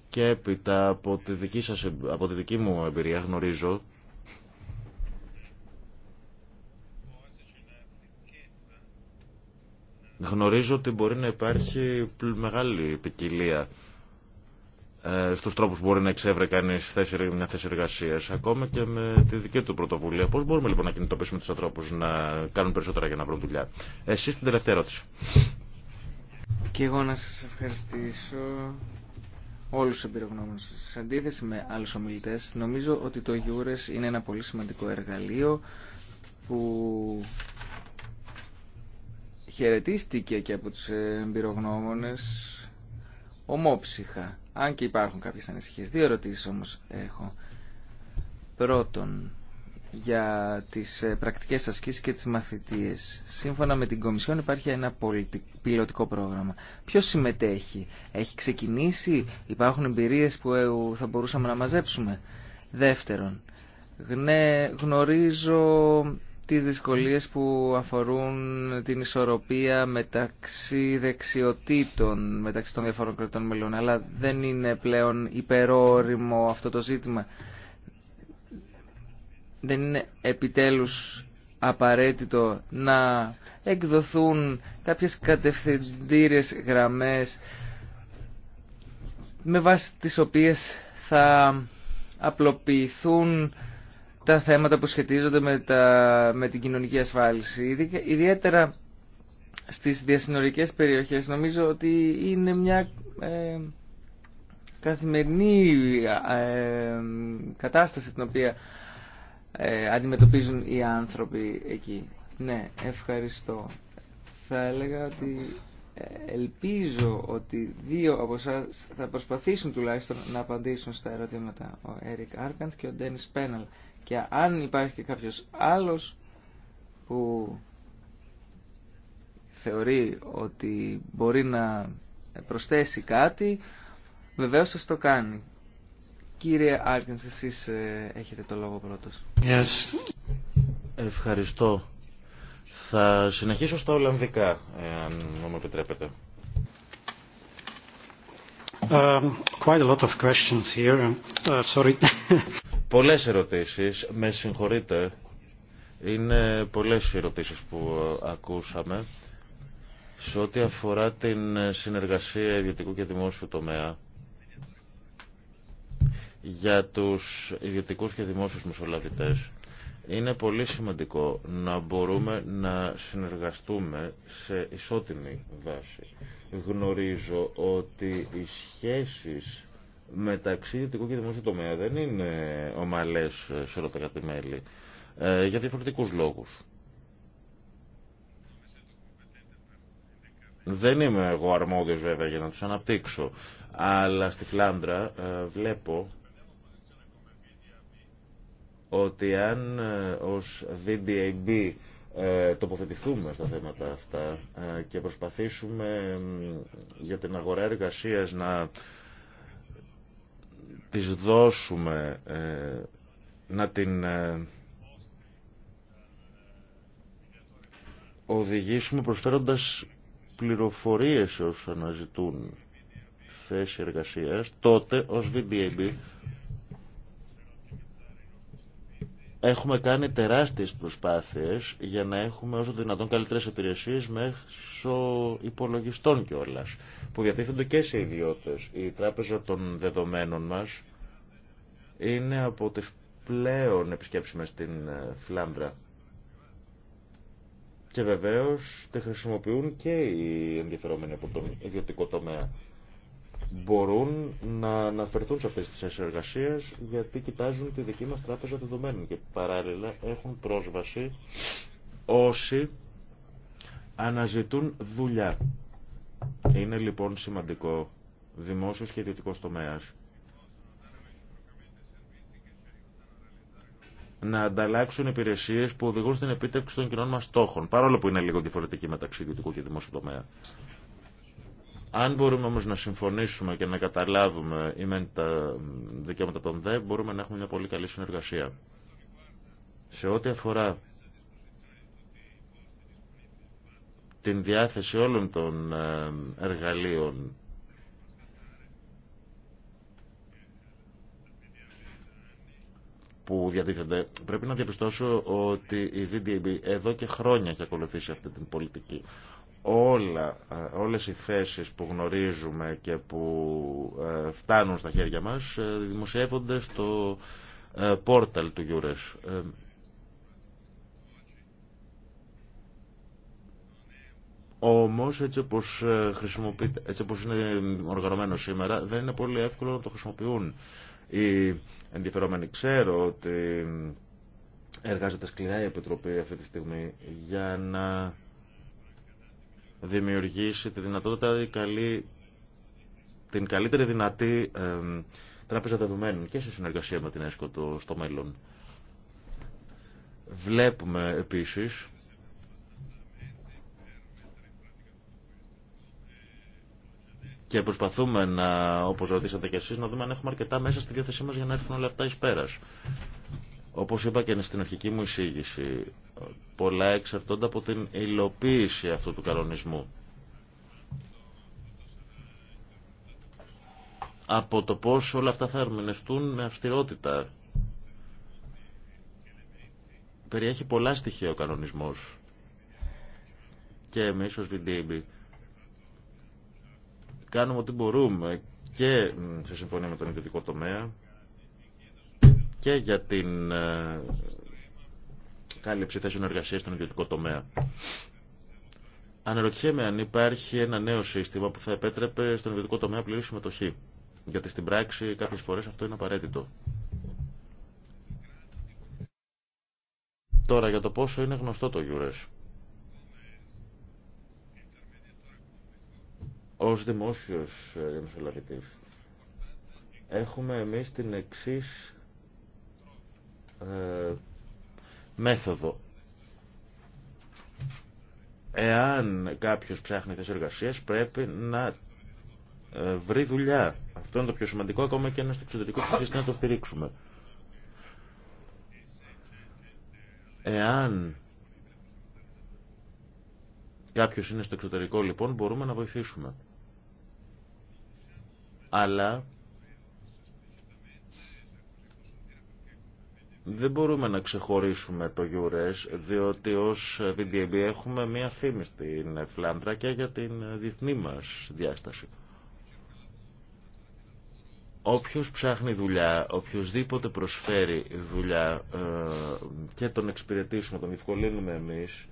Και έπειτα από δική, σας, από τη δική μου εμπειρία γνωρίζω Γνωρίζω ότι μπορεί να υπάρχει μεγάλη ποικιλία ε, στους τρόπους που μπορεί να εξεύρε κανείς μια θέση εργασίας, ακόμα και με τη δική του πρωτοβουλία. Πώς μπορούμε λοιπόν να κινητοποιήσουμε τους ανθρώπους να κάνουν περισσότερα για να βρουν δουλειά. Εσείς την τελευταία ερώτηση. Και εγώ να σας ευχαριστήσω όλους τους εμπειρογνώμους. Σε αντίθεση με άλλους ομιλητές, νομίζω ότι το Eures είναι ένα πολύ σημαντικό εργαλείο που χαιρετίστηκε και από τους εμπειρογνώμονες ομόψυχα, αν και υπάρχουν κάποιες ανησυχίες. Δύο ερωτήσεις όμως έχω. Πρώτον, για τις ε, πρακτικές ασκήσεις και τις μαθητείες. Σύμφωνα με την Κομισιόν υπάρχει ένα πιλωτικό πρόγραμμα. Ποιος συμμετέχει, έχει ξεκινήσει, υπάρχουν εμπειρίες που ε, θα μπορούσαμε να μαζέψουμε. Δεύτερον, γνωρίζω τις δυσκολίες που αφορούν την ισορροπία μεταξύ δεξιοτήτων, μεταξύ των διαφορών κρατών μελών. Αλλά δεν είναι πλέον υπερόριμο αυτό το ζήτημα. Δεν είναι επιτέλους απαραίτητο να εκδοθούν κάποιες κατευθυντήριες γραμμές με βάση τις οποίες θα απλοποιηθούν τα θέματα που σχετίζονται με, τα, με την κοινωνική ασφάλιση. Ιδιαίτερα στις διασυνορικές περιοχές νομίζω ότι είναι μια ε, καθημερινή ε, κατάσταση την οποία ε, αντιμετωπίζουν οι άνθρωποι εκεί. Ναι, ευχαριστώ. Θα έλεγα ότι ε, ελπίζω ότι δύο από εσά θα προσπαθήσουν τουλάχιστον να απαντήσουν στα ερωτήματα. Ο Έρικ Άρκαντ και ο Ντένις Πέναλ και αν υπάρχει και κάποιος άλλος που θεωρεί ότι μπορεί να προσθέσει κάτι, βεβαίως θα το κάνει. Κύριε Άρκενς, εσείς ε, έχετε το λόγο πρώτος. Yes. Ευχαριστώ. Θα συνεχίσω στα Ολλανδικά, αν μου επιτρέπετε. Um, quite a lot of questions here. Uh, sorry. Πολλές ερωτήσεις, με συγχωρείτε. Είναι πολλές ερωτήσεις που ε, ακούσαμε. Σε ό,τι αφορά την ε, συνεργασία ιδιωτικού και δημόσιου τομέα, για τους ιδιωτικούς και δημόσιους μεσολαβητές, είναι πολύ σημαντικό να μπορούμε να συνεργαστούμε σε ισότιμη βάση. Γνωρίζω ότι οι σχέσεις μεταξύ ιδιωτικού και δημοσίου τομέα δεν είναι ομαλές σε όλα τα κατημέλη ε, για διαφορετικούς λόγους. Δεν είμαι εγώ αρμόδιος βέβαια για να τους αναπτύξω, αλλά στη Φλάνδρα ε, βλέπω ότι αν ε, ως VDAB τοποθετηθούμε στα θέματα αυτά και προσπαθήσουμε για την αγορά εργασίας να της δώσουμε, ε, να την ε, οδηγήσουμε προσφέροντας πληροφορίες όσους αναζητούν θέση εργασίας, τότε ως VDAB Έχουμε κάνει τεράστιες προσπάθειες για να έχουμε όσο δυνατόν καλύτερες υπηρεσίες μέσω υπολογιστών κιόλα, που διατίθενται και σε ιδιώτες. Η τράπεζα των δεδομένων μας είναι από τις πλέον επισκέψιμες στην ε, Φλάνδρα. Και βεβαίως τη χρησιμοποιούν και οι ενδιαφερόμενοι από τον ιδιωτικό τομέα μπορούν να αναφερθούν σε αυτές τις θέσεις γιατί κοιτάζουν τη δική μας τράπεζα δεδομένων και παράλληλα έχουν πρόσβαση όσοι αναζητούν δουλειά. Είναι λοιπόν σημαντικό δημόσιος και ιδιωτικός τομέας να ανταλλάξουν υπηρεσίε που οδηγούν στην επίτευξη των κοινών μα στόχων. Παρόλο που είναι λίγο διαφορετική μεταξύ ιδιωτικού και δημόσιου τομέα. Αν μπορούμε όμως να συμφωνήσουμε και να καταλάβουμε ή με τα δικαιώματα των ΔΕ, μπορούμε να έχουμε μια πολύ καλή συνεργασία. Σε ό,τι αφορά την διάθεση όλων των ε, εργαλείων που διατίθενται, πρέπει να διαπιστώσω ότι η DDB εδώ και χρόνια έχει ακολουθήσει αυτή την πολιτική όλα, ε, όλες οι θέσεις που γνωρίζουμε και που ε, φτάνουν στα χέρια μας ε, δημοσιεύονται στο πόρταλ του Γιούρες. Όμως έτσι όπως, έτσι όπως είναι οργανωμένο σήμερα δεν είναι πολύ εύκολο να το χρησιμοποιούν. Οι ενδιαφερόμενοι ξέρω ότι εργάζεται σκληρά η Επιτροπή αυτή τη στιγμή για να δημιουργήσει τη δυνατότητα, την καλύτερη δυνατή ε, τράπεζα δεδομένων και σε συνεργασία με την ΕΣΚΟ στο μέλλον. Βλέπουμε επίσης και προσπαθούμε να, όπως ρωτήσατε και εσείς, να δούμε αν έχουμε αρκετά μέσα στη διάθεσή μας για να έρθουν όλα αυτά εις πέρας. Όπως είπα και στην αρχική μου εισήγηση, πολλά εξαρτώνται από την υλοποίηση αυτού του κανονισμού. Από το πώς όλα αυτά θα ερμηνευτούν με αυστηρότητα. Περιέχει πολλά στοιχεία ο κανονισμός. Και εμείς ως VDB κάνουμε ό,τι μπορούμε και σε συμφωνία με τον ιδιωτικό τομέα και για την ε, κάλυψη θέσεων εργασίας στον ιδιωτικό τομέα. Αναρωτιέμαι αν υπάρχει ένα νέο σύστημα που θα επέτρεπε στον ιδιωτικό τομέα πλήρη συμμετοχή. Γιατί στην πράξη κάποιες φορές αυτό είναι απαραίτητο. Τώρα για το πόσο είναι γνωστό το Γιούρες. Ως δημόσιος ε, δημοσιολογητής. έχουμε εμείς την εξής ε, μέθοδο. Εάν κάποιος ψάχνει θέση εργασία πρέπει να ε, βρει δουλειά. Αυτό είναι το πιο σημαντικό, ακόμα και ένα στο εξωτερικό που να το στηρίξουμε. Εάν κάποιος είναι στο εξωτερικό, λοιπόν, μπορούμε να βοηθήσουμε. Αλλά Δεν μπορούμε να ξεχωρίσουμε το Eures, διότι ως VDB έχουμε μία θύμη στην Φλάνδρα και για την διεθνή μας διάσταση. Όποιος ψάχνει δουλειά, οποιοδήποτε προσφέρει δουλειά ε, και τον εξυπηρετήσουμε, τον ευκολύνουμε εμείς,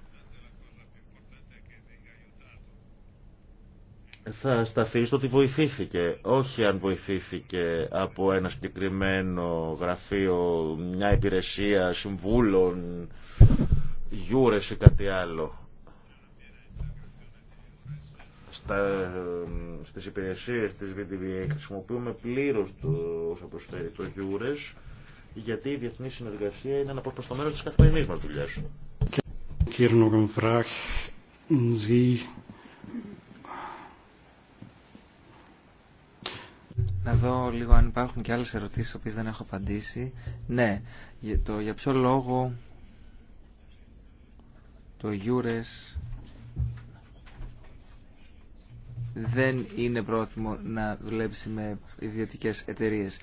θα σταθεί στο ότι βοηθήθηκε, όχι αν βοηθήθηκε από ένα συγκεκριμένο γραφείο, μια υπηρεσία συμβούλων, γιούρες ή κάτι άλλο. Στα, στις υπηρεσίες της VDVA χρησιμοποιούμε πλήρως το όσα προσφέρει το γιούρες, γιατί η διεθνή συνεργασία είναι ένα μέρος της καθημερινής μας δουλειάς. Κύριε να δω λίγο αν υπάρχουν και άλλες ερωτήσεις οποίες δεν έχω απαντήσει. Ναι, για, το, για ποιο λόγο το Γιούρες δεν είναι πρόθυμο να δουλέψει με ιδιωτικές εταιρείες.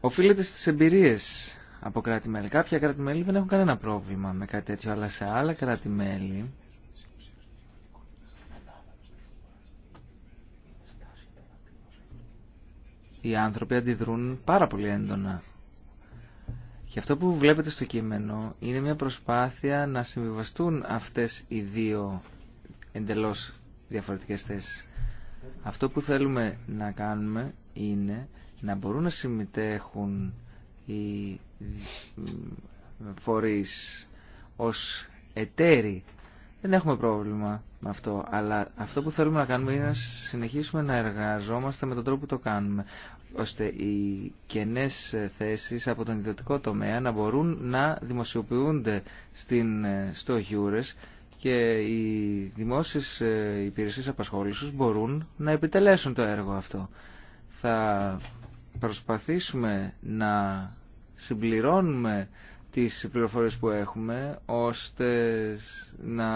Οφείλεται στις εμπειρίες από κράτη-μέλη. Κάποια κράτη-μέλη δεν έχουν κανένα πρόβλημα με κάτι τέτοιο, αλλά σε άλλα κράτη-μέλη οι άνθρωποι αντιδρούν πάρα πολύ έντονα. Και αυτό που βλέπετε στο κείμενο είναι μια προσπάθεια να συμβιβαστούν αυτές οι δύο εντελώς διαφορετικές θέσεις. Αυτό που θέλουμε να κάνουμε είναι να μπορούν να συμμετέχουν οι φορείς ως εταίροι δεν έχουμε πρόβλημα με αυτό, αλλά αυτό που θέλουμε να κάνουμε είναι να συνεχίσουμε να εργαζόμαστε με τον τρόπο που το κάνουμε, ώστε οι κενές θέσεις από τον ιδιωτικό τομέα να μπορούν να δημοσιοποιούνται στην, στο γιούρες και οι δημόσιες ε, υπηρεσίες απασχόλησης μπορούν να επιτελέσουν το έργο αυτό. Θα προσπαθήσουμε να συμπληρώνουμε τις πληροφορίες που έχουμε ώστε να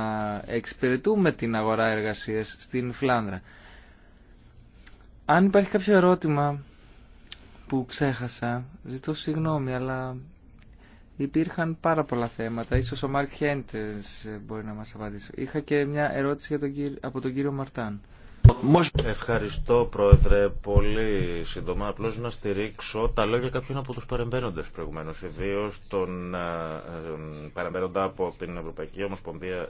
εξυπηρετούμε την αγορά εργασίας στην Φλάνδρα. Αν υπάρχει κάποιο ερώτημα που ξέχασα, ζητώ συγγνώμη, αλλά υπήρχαν πάρα πολλά θέματα. Ίσως ο Μάρκ Χέντες μπορεί να μας απαντήσει. Είχα και μια ερώτηση από τον κύριο Μαρτάν. Ευχαριστώ Πρόεδρε πολύ σύντομα απλώς να στηρίξω τα λόγια κάποιων από τους παρεμβαίνοντες προηγουμένως ιδίως των ε, ε, παρεμβαίνοντα από την Ευρωπαϊκή Ομοσπονδία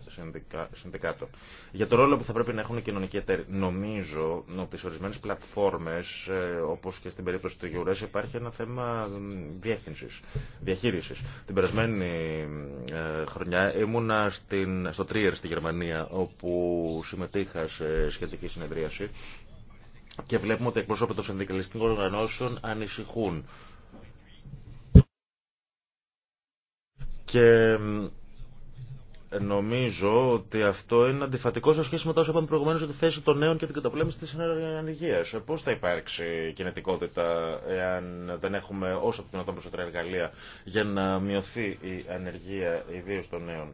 Συνδικάτων για το ρόλο που θα πρέπει να έχουν οι κοινωνικοί εταίροι νομίζω ότι σε ορισμένες πλατφόρμες ε, όπως και στην περίπτωση του Γιουρές υπάρχει ένα θέμα διεύθυνσης, διαχείρισης την περασμένη χρονιά ήμουνα στην, στο Τρίερ στη Γερμανία όπου συμμετείχα σε σχετική συνεδρία συνεδρίαση και βλέπουμε ότι εκπροσώποι των συνδικαλιστικών οργανώσεων ανησυχούν. Και νομίζω ότι αυτό είναι αντιφατικό σε σχέση με τα όσα είπαμε προηγουμένω για τη θέση των νέων και την καταπολέμηση τη ανεργία. Πώ θα υπάρξει κινητικότητα εάν δεν έχουμε όσο το δυνατόν περισσότερα εργαλεία για να μειωθεί η ανεργία, ιδίω των νέων.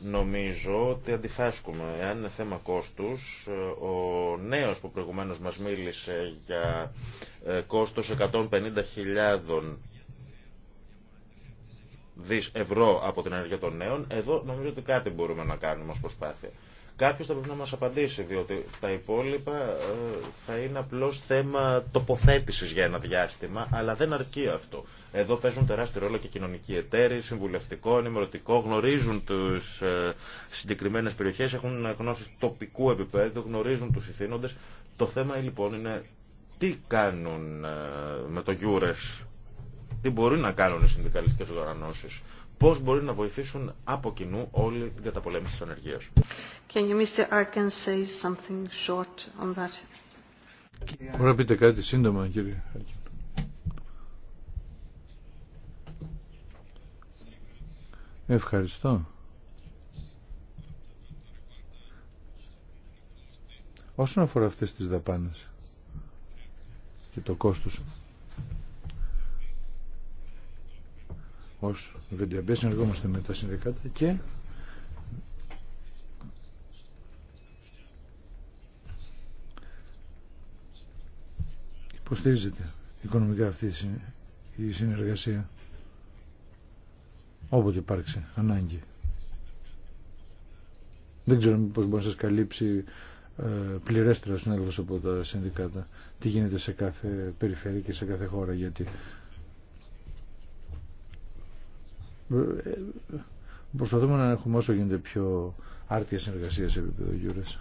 Νομίζω ότι αντιφάσκουμε. Εάν είναι θέμα κόστους, ο νέος που προηγουμένως μας μίλησε για ε, κόστος 150.000 ευρώ από την ενέργεια των νέων, εδώ νομίζω ότι κάτι μπορούμε να κάνουμε ως προσπάθεια. Κάποιο θα πρέπει να μα απαντήσει, διότι τα υπόλοιπα ε, θα είναι απλώ θέμα τοποθέτηση για ένα διάστημα, αλλά δεν αρκεί αυτό. Εδώ παίζουν τεράστιο ρόλο και κοινωνικοί εταίροι, συμβουλευτικό, ενημερωτικό, γνωρίζουν τι ε, συγκεκριμένε περιοχέ, έχουν γνώσει τοπικού επίπεδου, γνωρίζουν του ηθήνοντε. Το θέμα λοιπόν είναι τι κάνουν ε, με το Γιούρε, τι μπορεί να κάνουν οι συνδικαλιστικέ οργανώσει πώ μπορεί να βοηθήσουν από κοινού όλη την καταπολέμηση τη ανεργία. Can you, να πείτε κάτι σύντομα, κύριε Άρκιν. Ευχαριστώ. Όσον αφορά αυτές τις δαπάνες και το κόστος ως VDB συνεργόμαστε με τα συνδικάτα και υποστηρίζεται οικονομικά αυτή η συνεργασία όποτε υπάρξει ανάγκη. Δεν ξέρω πώς μπορεί να σας καλύψει ε, πληρέστερα συνάδελφος από τα συνδικάτα τι γίνεται σε κάθε περιφέρεια και σε κάθε χώρα γιατί Προσπαθούμε να έχουμε όσο γίνεται πιο άρτια συνεργασία σε επίπεδο γιούρες.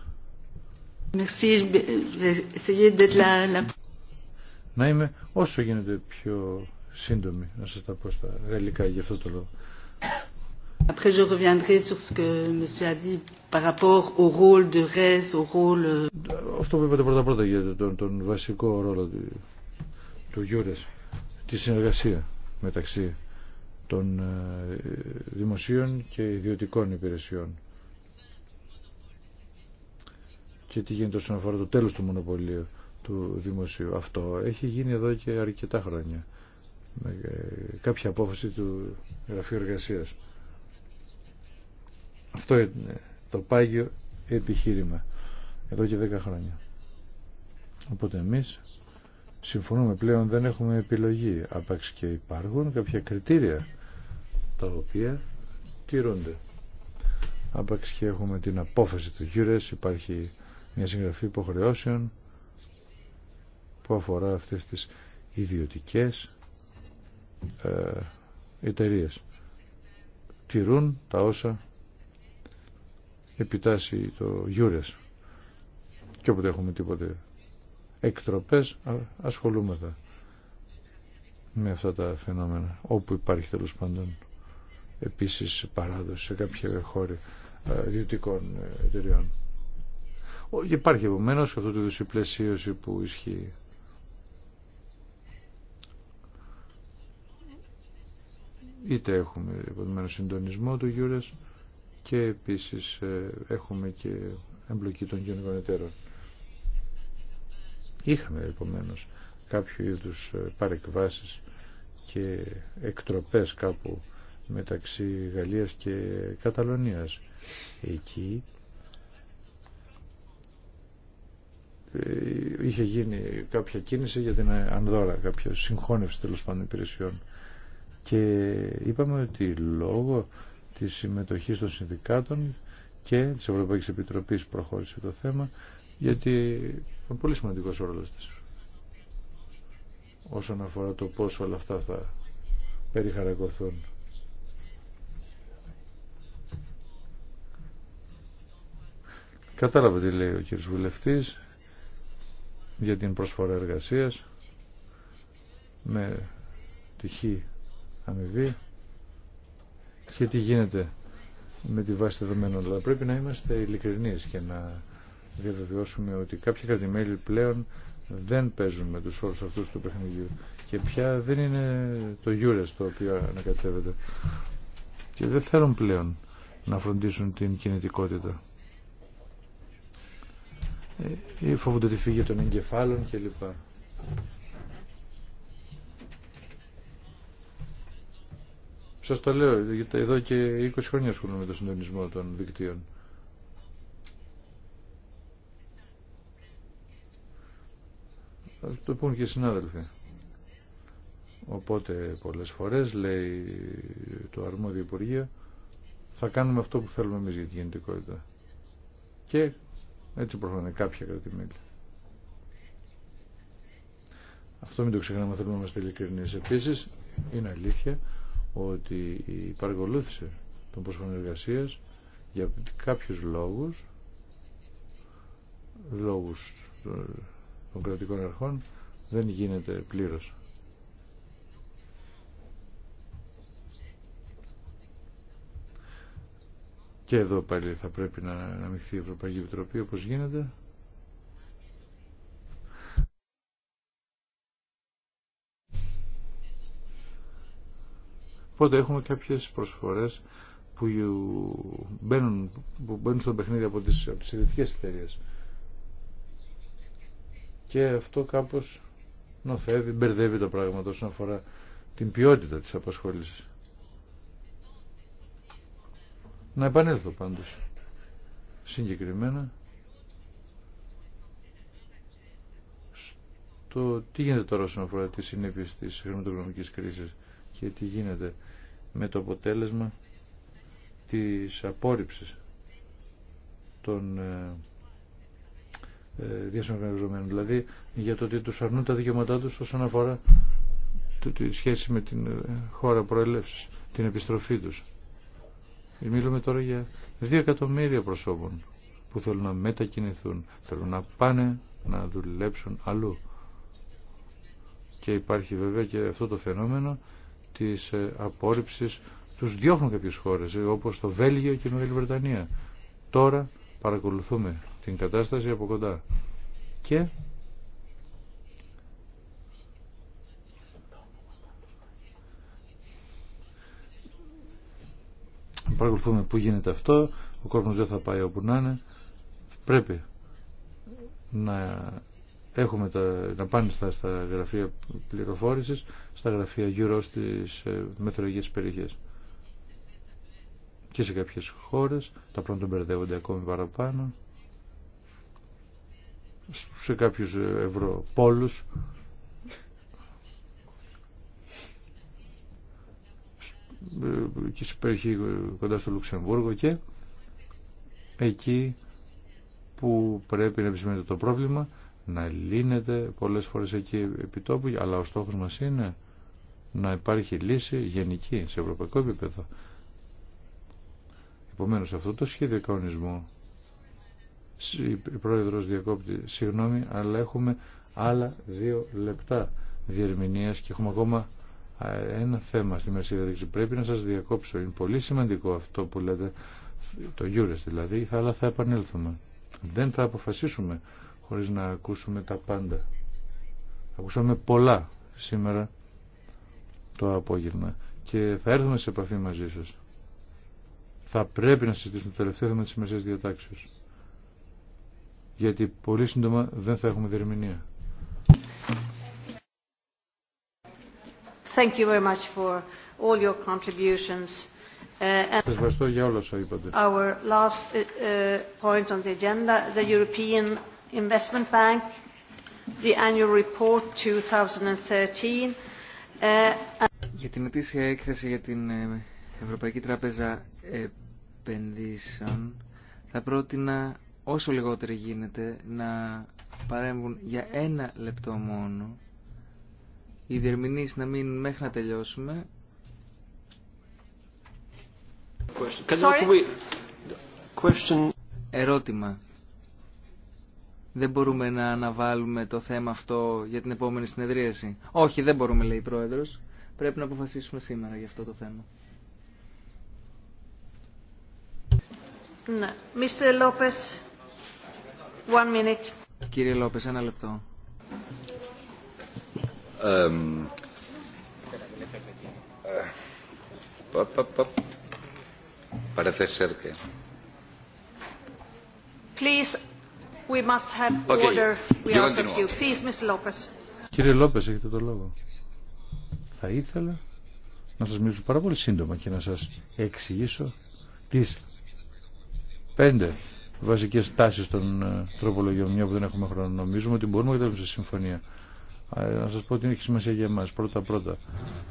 Να είμαι όσο γίνεται πιο σύντομη, να σας τα πω στα γαλλικά για αυτό το λόγο. Après, je reviendrai sur RES, au rôle... Euh, αυτό που είπατε πρώτα-πρώτα για τον, τον βασικό ρόλο του, του τη συνεργασία μεταξύ των ε, δημοσίων και ιδιωτικών υπηρεσιών. Και τι γίνεται όσον αφορά το τέλος του μονοπωλίου του δημοσίου. Αυτό έχει γίνει εδώ και αρκετά χρόνια. Με ε, κάποια απόφαση του Γραφείου εργασία. Αυτό είναι το πάγιο επιχείρημα. Εδώ και 10 χρόνια. Οπότε εμείς συμφωνούμε πλέον δεν έχουμε επιλογή. Άπαξ και υπάρχουν κάποια κριτήρια τα οποία τηρούνται. Άπαξ και έχουμε την απόφαση του Γιούρες, υπάρχει μια συγγραφή υποχρεώσεων που αφορά αυτές τις ιδιωτικές ε, εταιρείε. Τηρούν τα όσα επιτάσσει το Γιούρες. Και όποτε έχουμε τίποτε εκτροπές ασχολούμεθα με αυτά τα φαινόμενα όπου υπάρχει τέλος πάντων επίσης παράδοση σε κάποια χώρη ε, ιδιωτικών εταιριών. Υπάρχει επομένω αυτό το είδους πλαισίωση που ισχύει. Είτε έχουμε επομένως συντονισμό του γιούρες και επίσης ε, έχουμε και εμπλοκή των κοινωνικών εταίρων. Είχαμε επομένως κάποιο είδους ε, παρεκβάσεις και εκτροπές κάπου μεταξύ Γαλλίας και Καταλωνίας. Εκεί ε, είχε γίνει κάποια κίνηση για την Ανδόρα, κάποια συγχώνευση τέλος πάντων υπηρεσιών. Και είπαμε ότι λόγω της συμμετοχής των συνδικάτων και της Ευρωπαϊκής Επιτροπής προχώρησε το θέμα, γιατί είναι πολύ σημαντικός ο ρόλος της όσον αφορά το πόσο όλα αυτά θα περιχαρακωθούν. Κατάλαβα τι λέει ο κύριος Βουλευτής για την προσφορά εργασίας με τυχή αμοιβή και τι γίνεται με τη βάση δεδομένων. Αλλά πρέπει να είμαστε ειλικρινείς και να διαβεβαιώσουμε ότι κάποια κρατημέλη πλέον δεν παίζουν με τους όρους αυτούς του παιχνιδιού και πια δεν είναι το γιούρες το οποίο ανακατεύεται και δεν θέλουν πλέον να φροντίσουν την κινητικότητα. Ε, ή φοβούνται τη φύγη των εγκεφάλων κλπ. Σα το λέω, γιατί εδώ και 20 χρόνια ασχολούμαι με τον συντονισμό των δικτύων. Θα το πούν και οι συνάδελφοι. Οπότε πολλές φορές λέει το αρμόδιο Υπουργείο θα κάνουμε αυτό που θέλουμε εμείς για την γεννητικότητα. Και έτσι προχωράνε κάποια κρατημέλη. Αυτό μην το ξεχνάμε, θέλουμε να είμαστε ειλικρινείς. Επίσης, είναι αλήθεια ότι η παρακολούθηση των προσφορών εργασία για κάποιους λόγους, λόγους των κρατικών αρχών, δεν γίνεται πλήρως. Και εδώ πάλι θα πρέπει να αναμειχθεί η Ευρωπαϊκή Επιτροπή όπως γίνεται. Οπότε έχουμε κάποιες προσφορές που μπαίνουν, μπαίνουν στο παιχνίδι από τις, από εταιρείε. Και αυτό κάπως νοθεύει, μπερδεύει το πράγμα όσον αφορά την ποιότητα της απασχόλησης. Να επανέλθω πάντως συγκεκριμένα στο τι γίνεται τώρα όσον αφορά τις συνέπειες της χρηματοοικονομικής κρίσης και τι γίνεται με το αποτέλεσμα της απόρριψης των ε, ε, διασυνεργαζομένων. Δηλαδή για το ότι τους αρνούν τα δικαιώματά τους όσον αφορά τη σχέση με την ε, χώρα προελεύσης, την επιστροφή τους. Μιλούμε τώρα για δύο εκατομμύρια προσώπων που θέλουν να μετακινηθούν, θέλουν να πάνε να δουλέψουν αλλού. Και υπάρχει βέβαια και αυτό το φαινόμενο της ε, απόρριψης τους διώχνουν κάποιες χώρες ε, όπως το Βέλγιο και η Μεγάλη Βρετανία. Τώρα παρακολουθούμε την κατάσταση από κοντά και παρακολουθούμε πού γίνεται αυτό, ο κόσμος δεν θα πάει όπου να είναι. Πρέπει να έχουμε να πάνε στα, στα γραφεία πληροφόρησης, στα γραφεία γύρω στις ε, περιοχές. Και σε κάποιες χώρες τα πράγματα μπερδεύονται ακόμη παραπάνω. Σε κάποιους ε, ευρωπόλους Ε, και κοντά στο Λουξεμβούργο και εκεί που πρέπει να επισημαίνεται το πρόβλημα να λύνεται πολλές φορές εκεί επιτόπου αλλά ο στόχος μας είναι να υπάρχει λύση γενική σε ευρωπαϊκό επίπεδο. Επομένως αυτό το σχέδιο κανονισμού η πρόεδρος διακόπτη συγγνώμη αλλά έχουμε άλλα δύο λεπτά διερμηνίας και έχουμε ακόμα ένα θέμα στη μέση Πρέπει να σας διακόψω. Είναι πολύ σημαντικό αυτό που λέτε, το γιούρες δηλαδή, αλλά θα επανέλθουμε. Δεν θα αποφασίσουμε χωρίς να ακούσουμε τα πάντα. Ακούσαμε πολλά σήμερα το απόγευμα και θα έρθουμε σε επαφή μαζί σας. Θα πρέπει να συζητήσουμε το τελευταίο θέμα της μεσαίας διατάξεως. Γιατί πολύ σύντομα δεν θα έχουμε διερμηνία. Thank you very much for all your contributions. Uh, our last uh, uh, point on the agenda, the European Investment Bank, the annual report 2013. Για την ετήσια έκθεση για την ε, Ευρωπαϊκή Τράπεζα Επενδύσεων θα πρότεινα όσο λιγότερο γίνεται να παρέμβουν για ένα λεπτό μόνο οι διερμηνείς να μην μέχρι να τελειώσουμε. Question. Ερώτημα. Δεν μπορούμε να αναβάλουμε το θέμα αυτό για την επόμενη συνεδρίαση. Όχι, δεν μπορούμε, λέει η Πρόεδρος. Πρέπει να αποφασίσουμε σήμερα για αυτό το θέμα. Ναι. one minute. Κύριε Λόπες, ένα λεπτό. Κύριε Λόπε, έχετε το λόγο. Θα ήθελα να σα μιλήσω πάρα πολύ σύντομα και να σα εξηγήσω τι πέντε βασικέ τάσει των ε, τροπολογιών μια που δεν έχουμε χρόνο. Νομίζουμε ότι μπορούμε να καταλήξουμε σε συμφωνία να σας πω ότι έχει σημασία για μας πρώτα πρώτα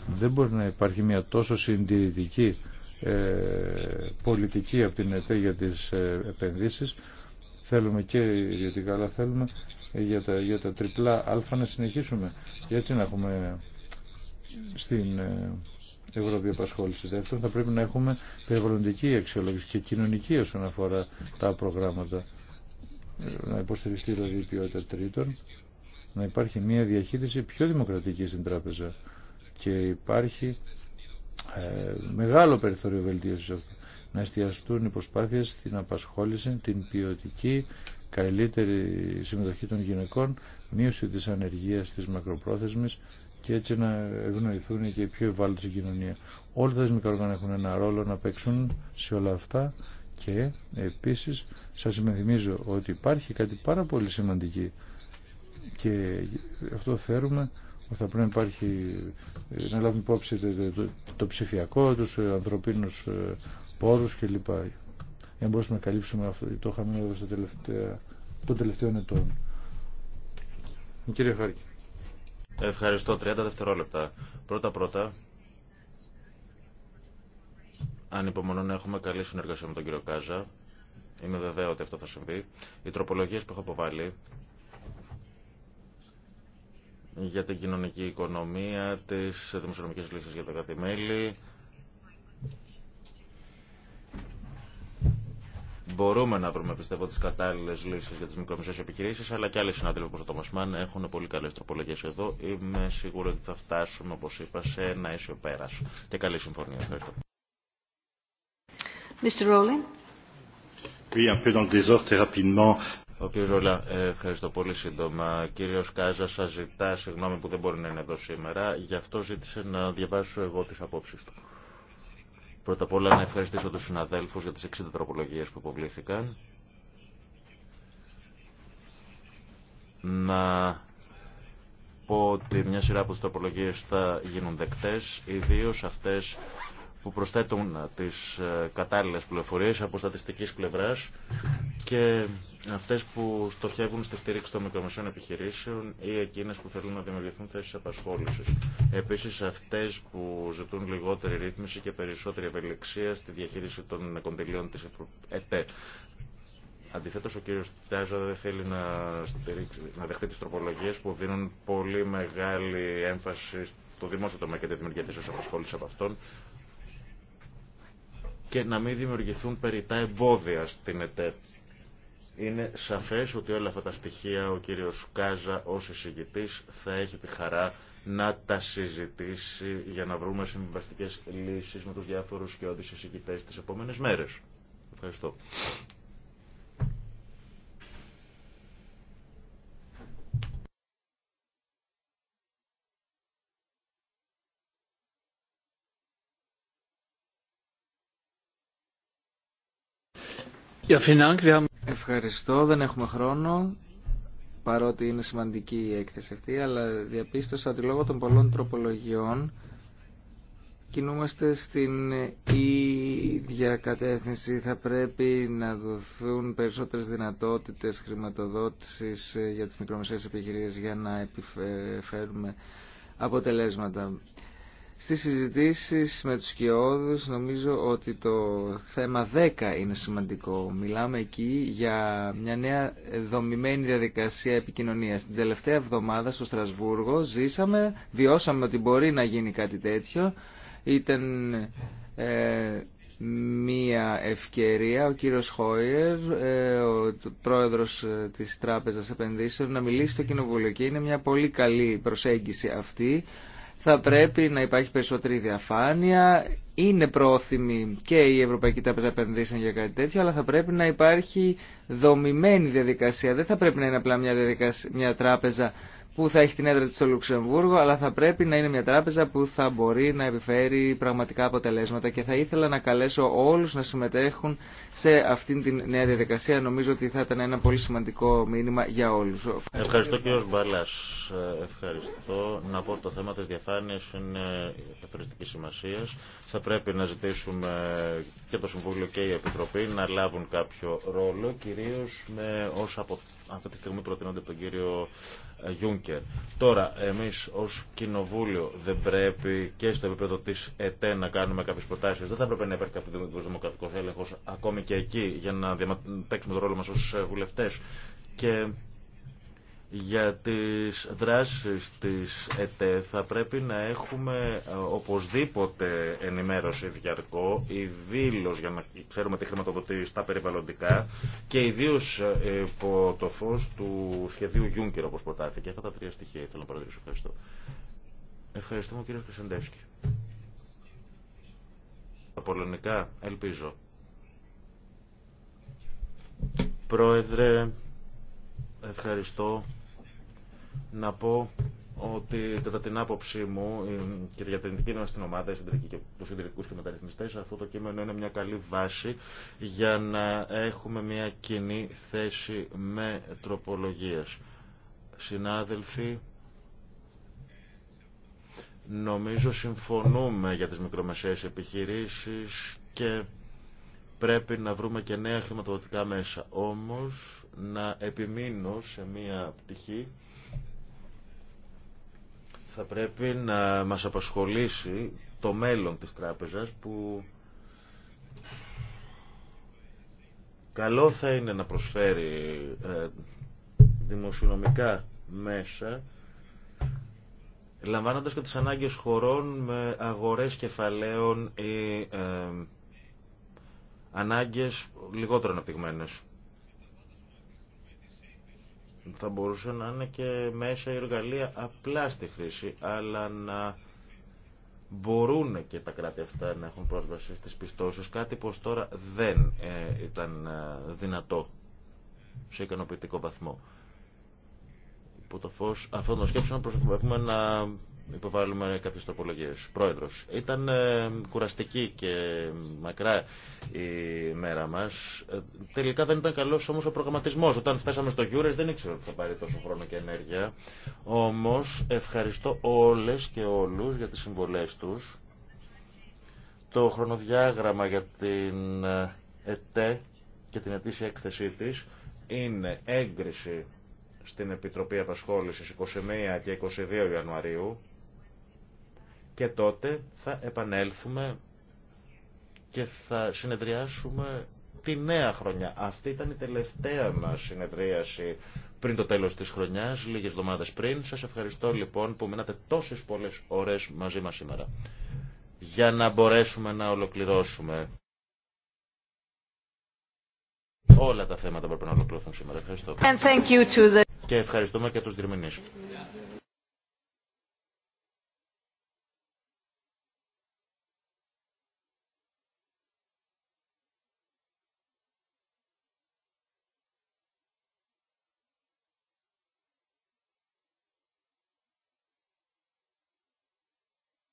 δεν μπορεί να υπάρχει μια τόσο συντηρητική ε, πολιτική από την ΕΤΕ για τις ε, επενδύσεις θέλουμε και ιδιωτικά καλά θέλουμε για τα, για τριπλά α να συνεχίσουμε και έτσι να έχουμε στην ε, Ευρώπη απασχόληση. Δεύτερον, θα πρέπει να έχουμε περιβαλλοντική αξιολόγηση και κοινωνική όσον αφορά τα προγράμματα. Να υποστηριχθεί δηλαδή η ποιότητα τρίτων να υπάρχει μια διαχείριση πιο δημοκρατική στην τράπεζα και υπάρχει ε, μεγάλο περιθώριο βελτίωσης αυτό. Να εστιαστούν οι προσπάθειες στην απασχόληση, την ποιοτική, καλύτερη συμμετοχή των γυναικών, μείωση της ανεργίας της μακροπρόθεσμης και έτσι να ευνοηθούν και οι πιο ευάλωτες κοινωνία. Όλοι τα δεσμικά όργανα έχουν ένα ρόλο να παίξουν σε όλα αυτά και επίσης σας υπενθυμίζω ότι υπάρχει κάτι πάρα πολύ σημαντική και αυτό θέλουμε ότι θα πρέπει να υπάρχει να λάβουμε υπόψη το, το, ψηφιακό, τους ε, ανθρωπίνους ε, πόρους κλπ. Για να μπορούσαμε να καλύψουμε αυτό, το χαμηλό στα τελευταίο, των τελευταίων ετών. Κύριε Ευχαριστώ. 30 δευτερόλεπτα. Πρώτα-πρώτα, αν υπομονώ να έχουμε καλή συνεργασία με τον κύριο Κάζα. Είμαι βεβαίω ότι αυτό θα συμβεί. Οι τροπολογίε που έχω αποβάλει για την κοινωνική οικονομία, τις δημοσιονομικές λύσεις για τα μέλη. Μπορούμε να βρούμε, πιστεύω, τις κατάλληλες λύσεις για τις μικρομεσαίες επιχειρήσεις, αλλά και άλλοι συνάδελφοι όπως ο Τόμας Μάν έχουν πολύ καλές τροπολογίες εδώ. Είμαι σίγουρο ότι θα φτάσουμε, όπως είπα, σε ένα αίσιο πέρας. Και καλή συμφωνία. Ευχαριστώ. Mr. Rowling. Oui, un peu très rapidement. Ο κύριος Ζολά, ε, ευχαριστώ πολύ σύντομα. Κύριος Κάζα, σας ζητά συγγνώμη που δεν μπορεί να είναι εδώ σήμερα. Γι' αυτό ζήτησε να διαβάσω εγώ τις απόψεις του. Πρώτα απ' όλα να ευχαριστήσω τους συναδέλφους για τις 60 τροπολογίες που υποβλήθηκαν. Να πω ότι μια σειρά από τις τροπολογίες θα γίνουν δεκτές, ιδίως αυτές που προσθέτουν ε, τις ε, κατάλληλες πληροφορίες από στατιστικής πλευράς και αυτές που στοχεύουν στη στήριξη των μικρομεσαίων επιχειρήσεων ή εκείνες που θέλουν να δημιουργηθούν θέσεις απασχόλησης. Επίσης αυτές που ζητούν λιγότερη ρύθμιση και περισσότερη ευελιξία στη διαχείριση των κοντιλίων της ΕΤΕ. Αντιθέτως ο κύριος Τιάζα δεν θέλει να, να δεχτεί τις τροπολογίες που δίνουν πολύ μεγάλη έμφαση στο δημόσιο τομέα και τη δημιουργία τη από αυτόν, και να μην δημιουργηθούν περιτά εμπόδια στην ΕΤΕΠ. Είναι σαφές ότι όλα αυτά τα στοιχεία ο κύριος Κάζα ως εισηγητής θα έχει τη χαρά να τα συζητήσει για να βρούμε συμβαστικές λύσεις με τους διάφορους και όντις εισηγητές τις επόμενες μέρες. Ευχαριστώ. Ευχαριστώ, δεν έχουμε χρόνο παρότι είναι σημαντική η έκθεση αυτή, αλλά διαπίστωσα ότι λόγω των πολλών τροπολογιών κινούμαστε στην ίδια κατεύθυνση. Θα πρέπει να δοθούν περισσότερες δυνατότητες χρηματοδότησης ε, για τις μικρομεσαίες επιχειρήσεις για να επιφέρουμε αποτελέσματα. Στις συζητήσεις με τους κοιόδους νομίζω ότι το θέμα 10 είναι σημαντικό. Μιλάμε εκεί για μια νέα δομημένη διαδικασία επικοινωνίας. Την τελευταία εβδομάδα στο Στρασβούργο ζήσαμε, βιώσαμε ότι μπορεί να γίνει κάτι τέτοιο. Ήταν ε, μια ευκαιρία ο κύριος Χόιερ, ε, ο πρόεδρος ε, της Τράπεζας Επενδύσεων, να μιλήσει στο Κοινοβούλιο. Και είναι μια πολύ καλή προσέγγιση αυτή θα πρέπει να υπάρχει περισσότερη διαφάνεια. Είναι πρόθυμη και η Ευρωπαϊκή Τράπεζα Επενδύσεων για κάτι τέτοιο, αλλά θα πρέπει να υπάρχει δομημένη διαδικασία. Δεν θα πρέπει να είναι απλά μια, μια τράπεζα που θα έχει την έδρα της στο Λουξεμβούργο, αλλά θα πρέπει να είναι μια τράπεζα που θα μπορεί να επιφέρει πραγματικά αποτελέσματα και θα ήθελα να καλέσω όλους να συμμετέχουν σε αυτήν την νέα διαδικασία. Νομίζω ότι θα ήταν ένα πολύ σημαντικό μήνυμα για όλους. Ευχαριστώ κύριο Μπάλας. Ευχαριστώ. Να πω το θέμα της διαφάνειας είναι καθοριστικής σημασία. Θα πρέπει να ζητήσουμε και το Συμβούλιο και η Επιτροπή να λάβουν κάποιο ρόλο, κυρίως με όσα αποτελέσματα αυτή τη στιγμή προτείνονται από τον κύριο ε, Γιούνκερ. Τώρα, εμείς ως Κοινοβούλιο δεν πρέπει και στο επίπεδο τη ΕΤΕ να κάνουμε κάποιε προτάσει. Δεν θα έπρεπε να υπάρχει κάποιο δημοκρατικό έλεγχο, ακόμη και εκεί για να παίξουμε το ρόλο μας ως ε, βουλευτέ. Και για τις δράσεις της ΕΤΕ θα πρέπει να έχουμε ε, οπωσδήποτε ενημέρωση διαρκώ, ιδίω για να ξέρουμε τι χρηματοδοτεί στα περιβαλλοντικά και ιδίω ε, υπό το φως του σχεδίου Γιούνκερ όπως προτάθηκε. Αυτά τα τρία στοιχεία ήθελα να παρατηρήσω. Ευχαριστώ. Ευχαριστούμε κύριε Χρυσεντεύσκη. Τα πολωνικά, ελπίζω. Πρόεδρε, Ευχαριστώ. Να πω ότι κατά την άποψή μου και για την δική μας την ομάδα, του συντηρητικού και μεταρρυθμιστές, αυτό το κείμενο είναι μια καλή βάση για να έχουμε μια κοινή θέση με τροπολογίες. Συνάδελφοι, νομίζω συμφωνούμε για τις μικρομεσαίες επιχειρήσεις και πρέπει να βρούμε και νέα χρηματοδοτικά μέσα. Όμως να επιμείνω σε μία πτυχή θα πρέπει να μας απασχολήσει το μέλλον της τράπεζας που καλό θα είναι να προσφέρει ε, δημοσιονομικά μέσα λαμβάνοντας και τις ανάγκες χωρών με αγορές κεφαλαίων ή ε, ανάγκες λιγότερο αναπτυγμένες. Θα μπορούσε να είναι και μέσα η εργαλεία απλά στη χρήση, αλλά να μπορούν και τα κράτη αυτά να έχουν πρόσβαση στις πιστώσεις, κάτι πως τώρα δεν ε, ήταν ε, δυνατό σε ικανοποιητικό βαθμό. Υπό το φως αυτών προσπαθούμε να Υποβάλλουμε κάποιες τροπολογίες. Πρόεδρος, ήταν ε, κουραστική και μακρά η μέρα μας. Ε, τελικά δεν ήταν καλός όμως ο προγραμματισμός. Όταν φτάσαμε στο Γιούρες δεν ήξερα ότι θα πάρει τόσο χρόνο και ενέργεια. Όμως ευχαριστώ όλες και όλους για τις συμβολές τους. Το χρονοδιάγραμμα για την ε, ΕΤΕ και την ετήσια έκθεσή της είναι έγκριση στην Επιτροπή Απασχόλησης 21 και 22 Ιανουαρίου και τότε θα επανέλθουμε και θα συνεδριάσουμε τη νέα χρονιά. Αυτή ήταν η τελευταία μας συνεδρίαση πριν το τέλος της χρονιάς, λίγες εβδομάδες πριν. Σας ευχαριστώ λοιπόν που μείνατε τόσες πολλές ώρες μαζί μας σήμερα. Για να μπορέσουμε να ολοκληρώσουμε όλα τα θέματα που πρέπει να ολοκληρωθούν σήμερα. Ευχαριστώ. Και ευχαριστούμε και τους διερμηνείς.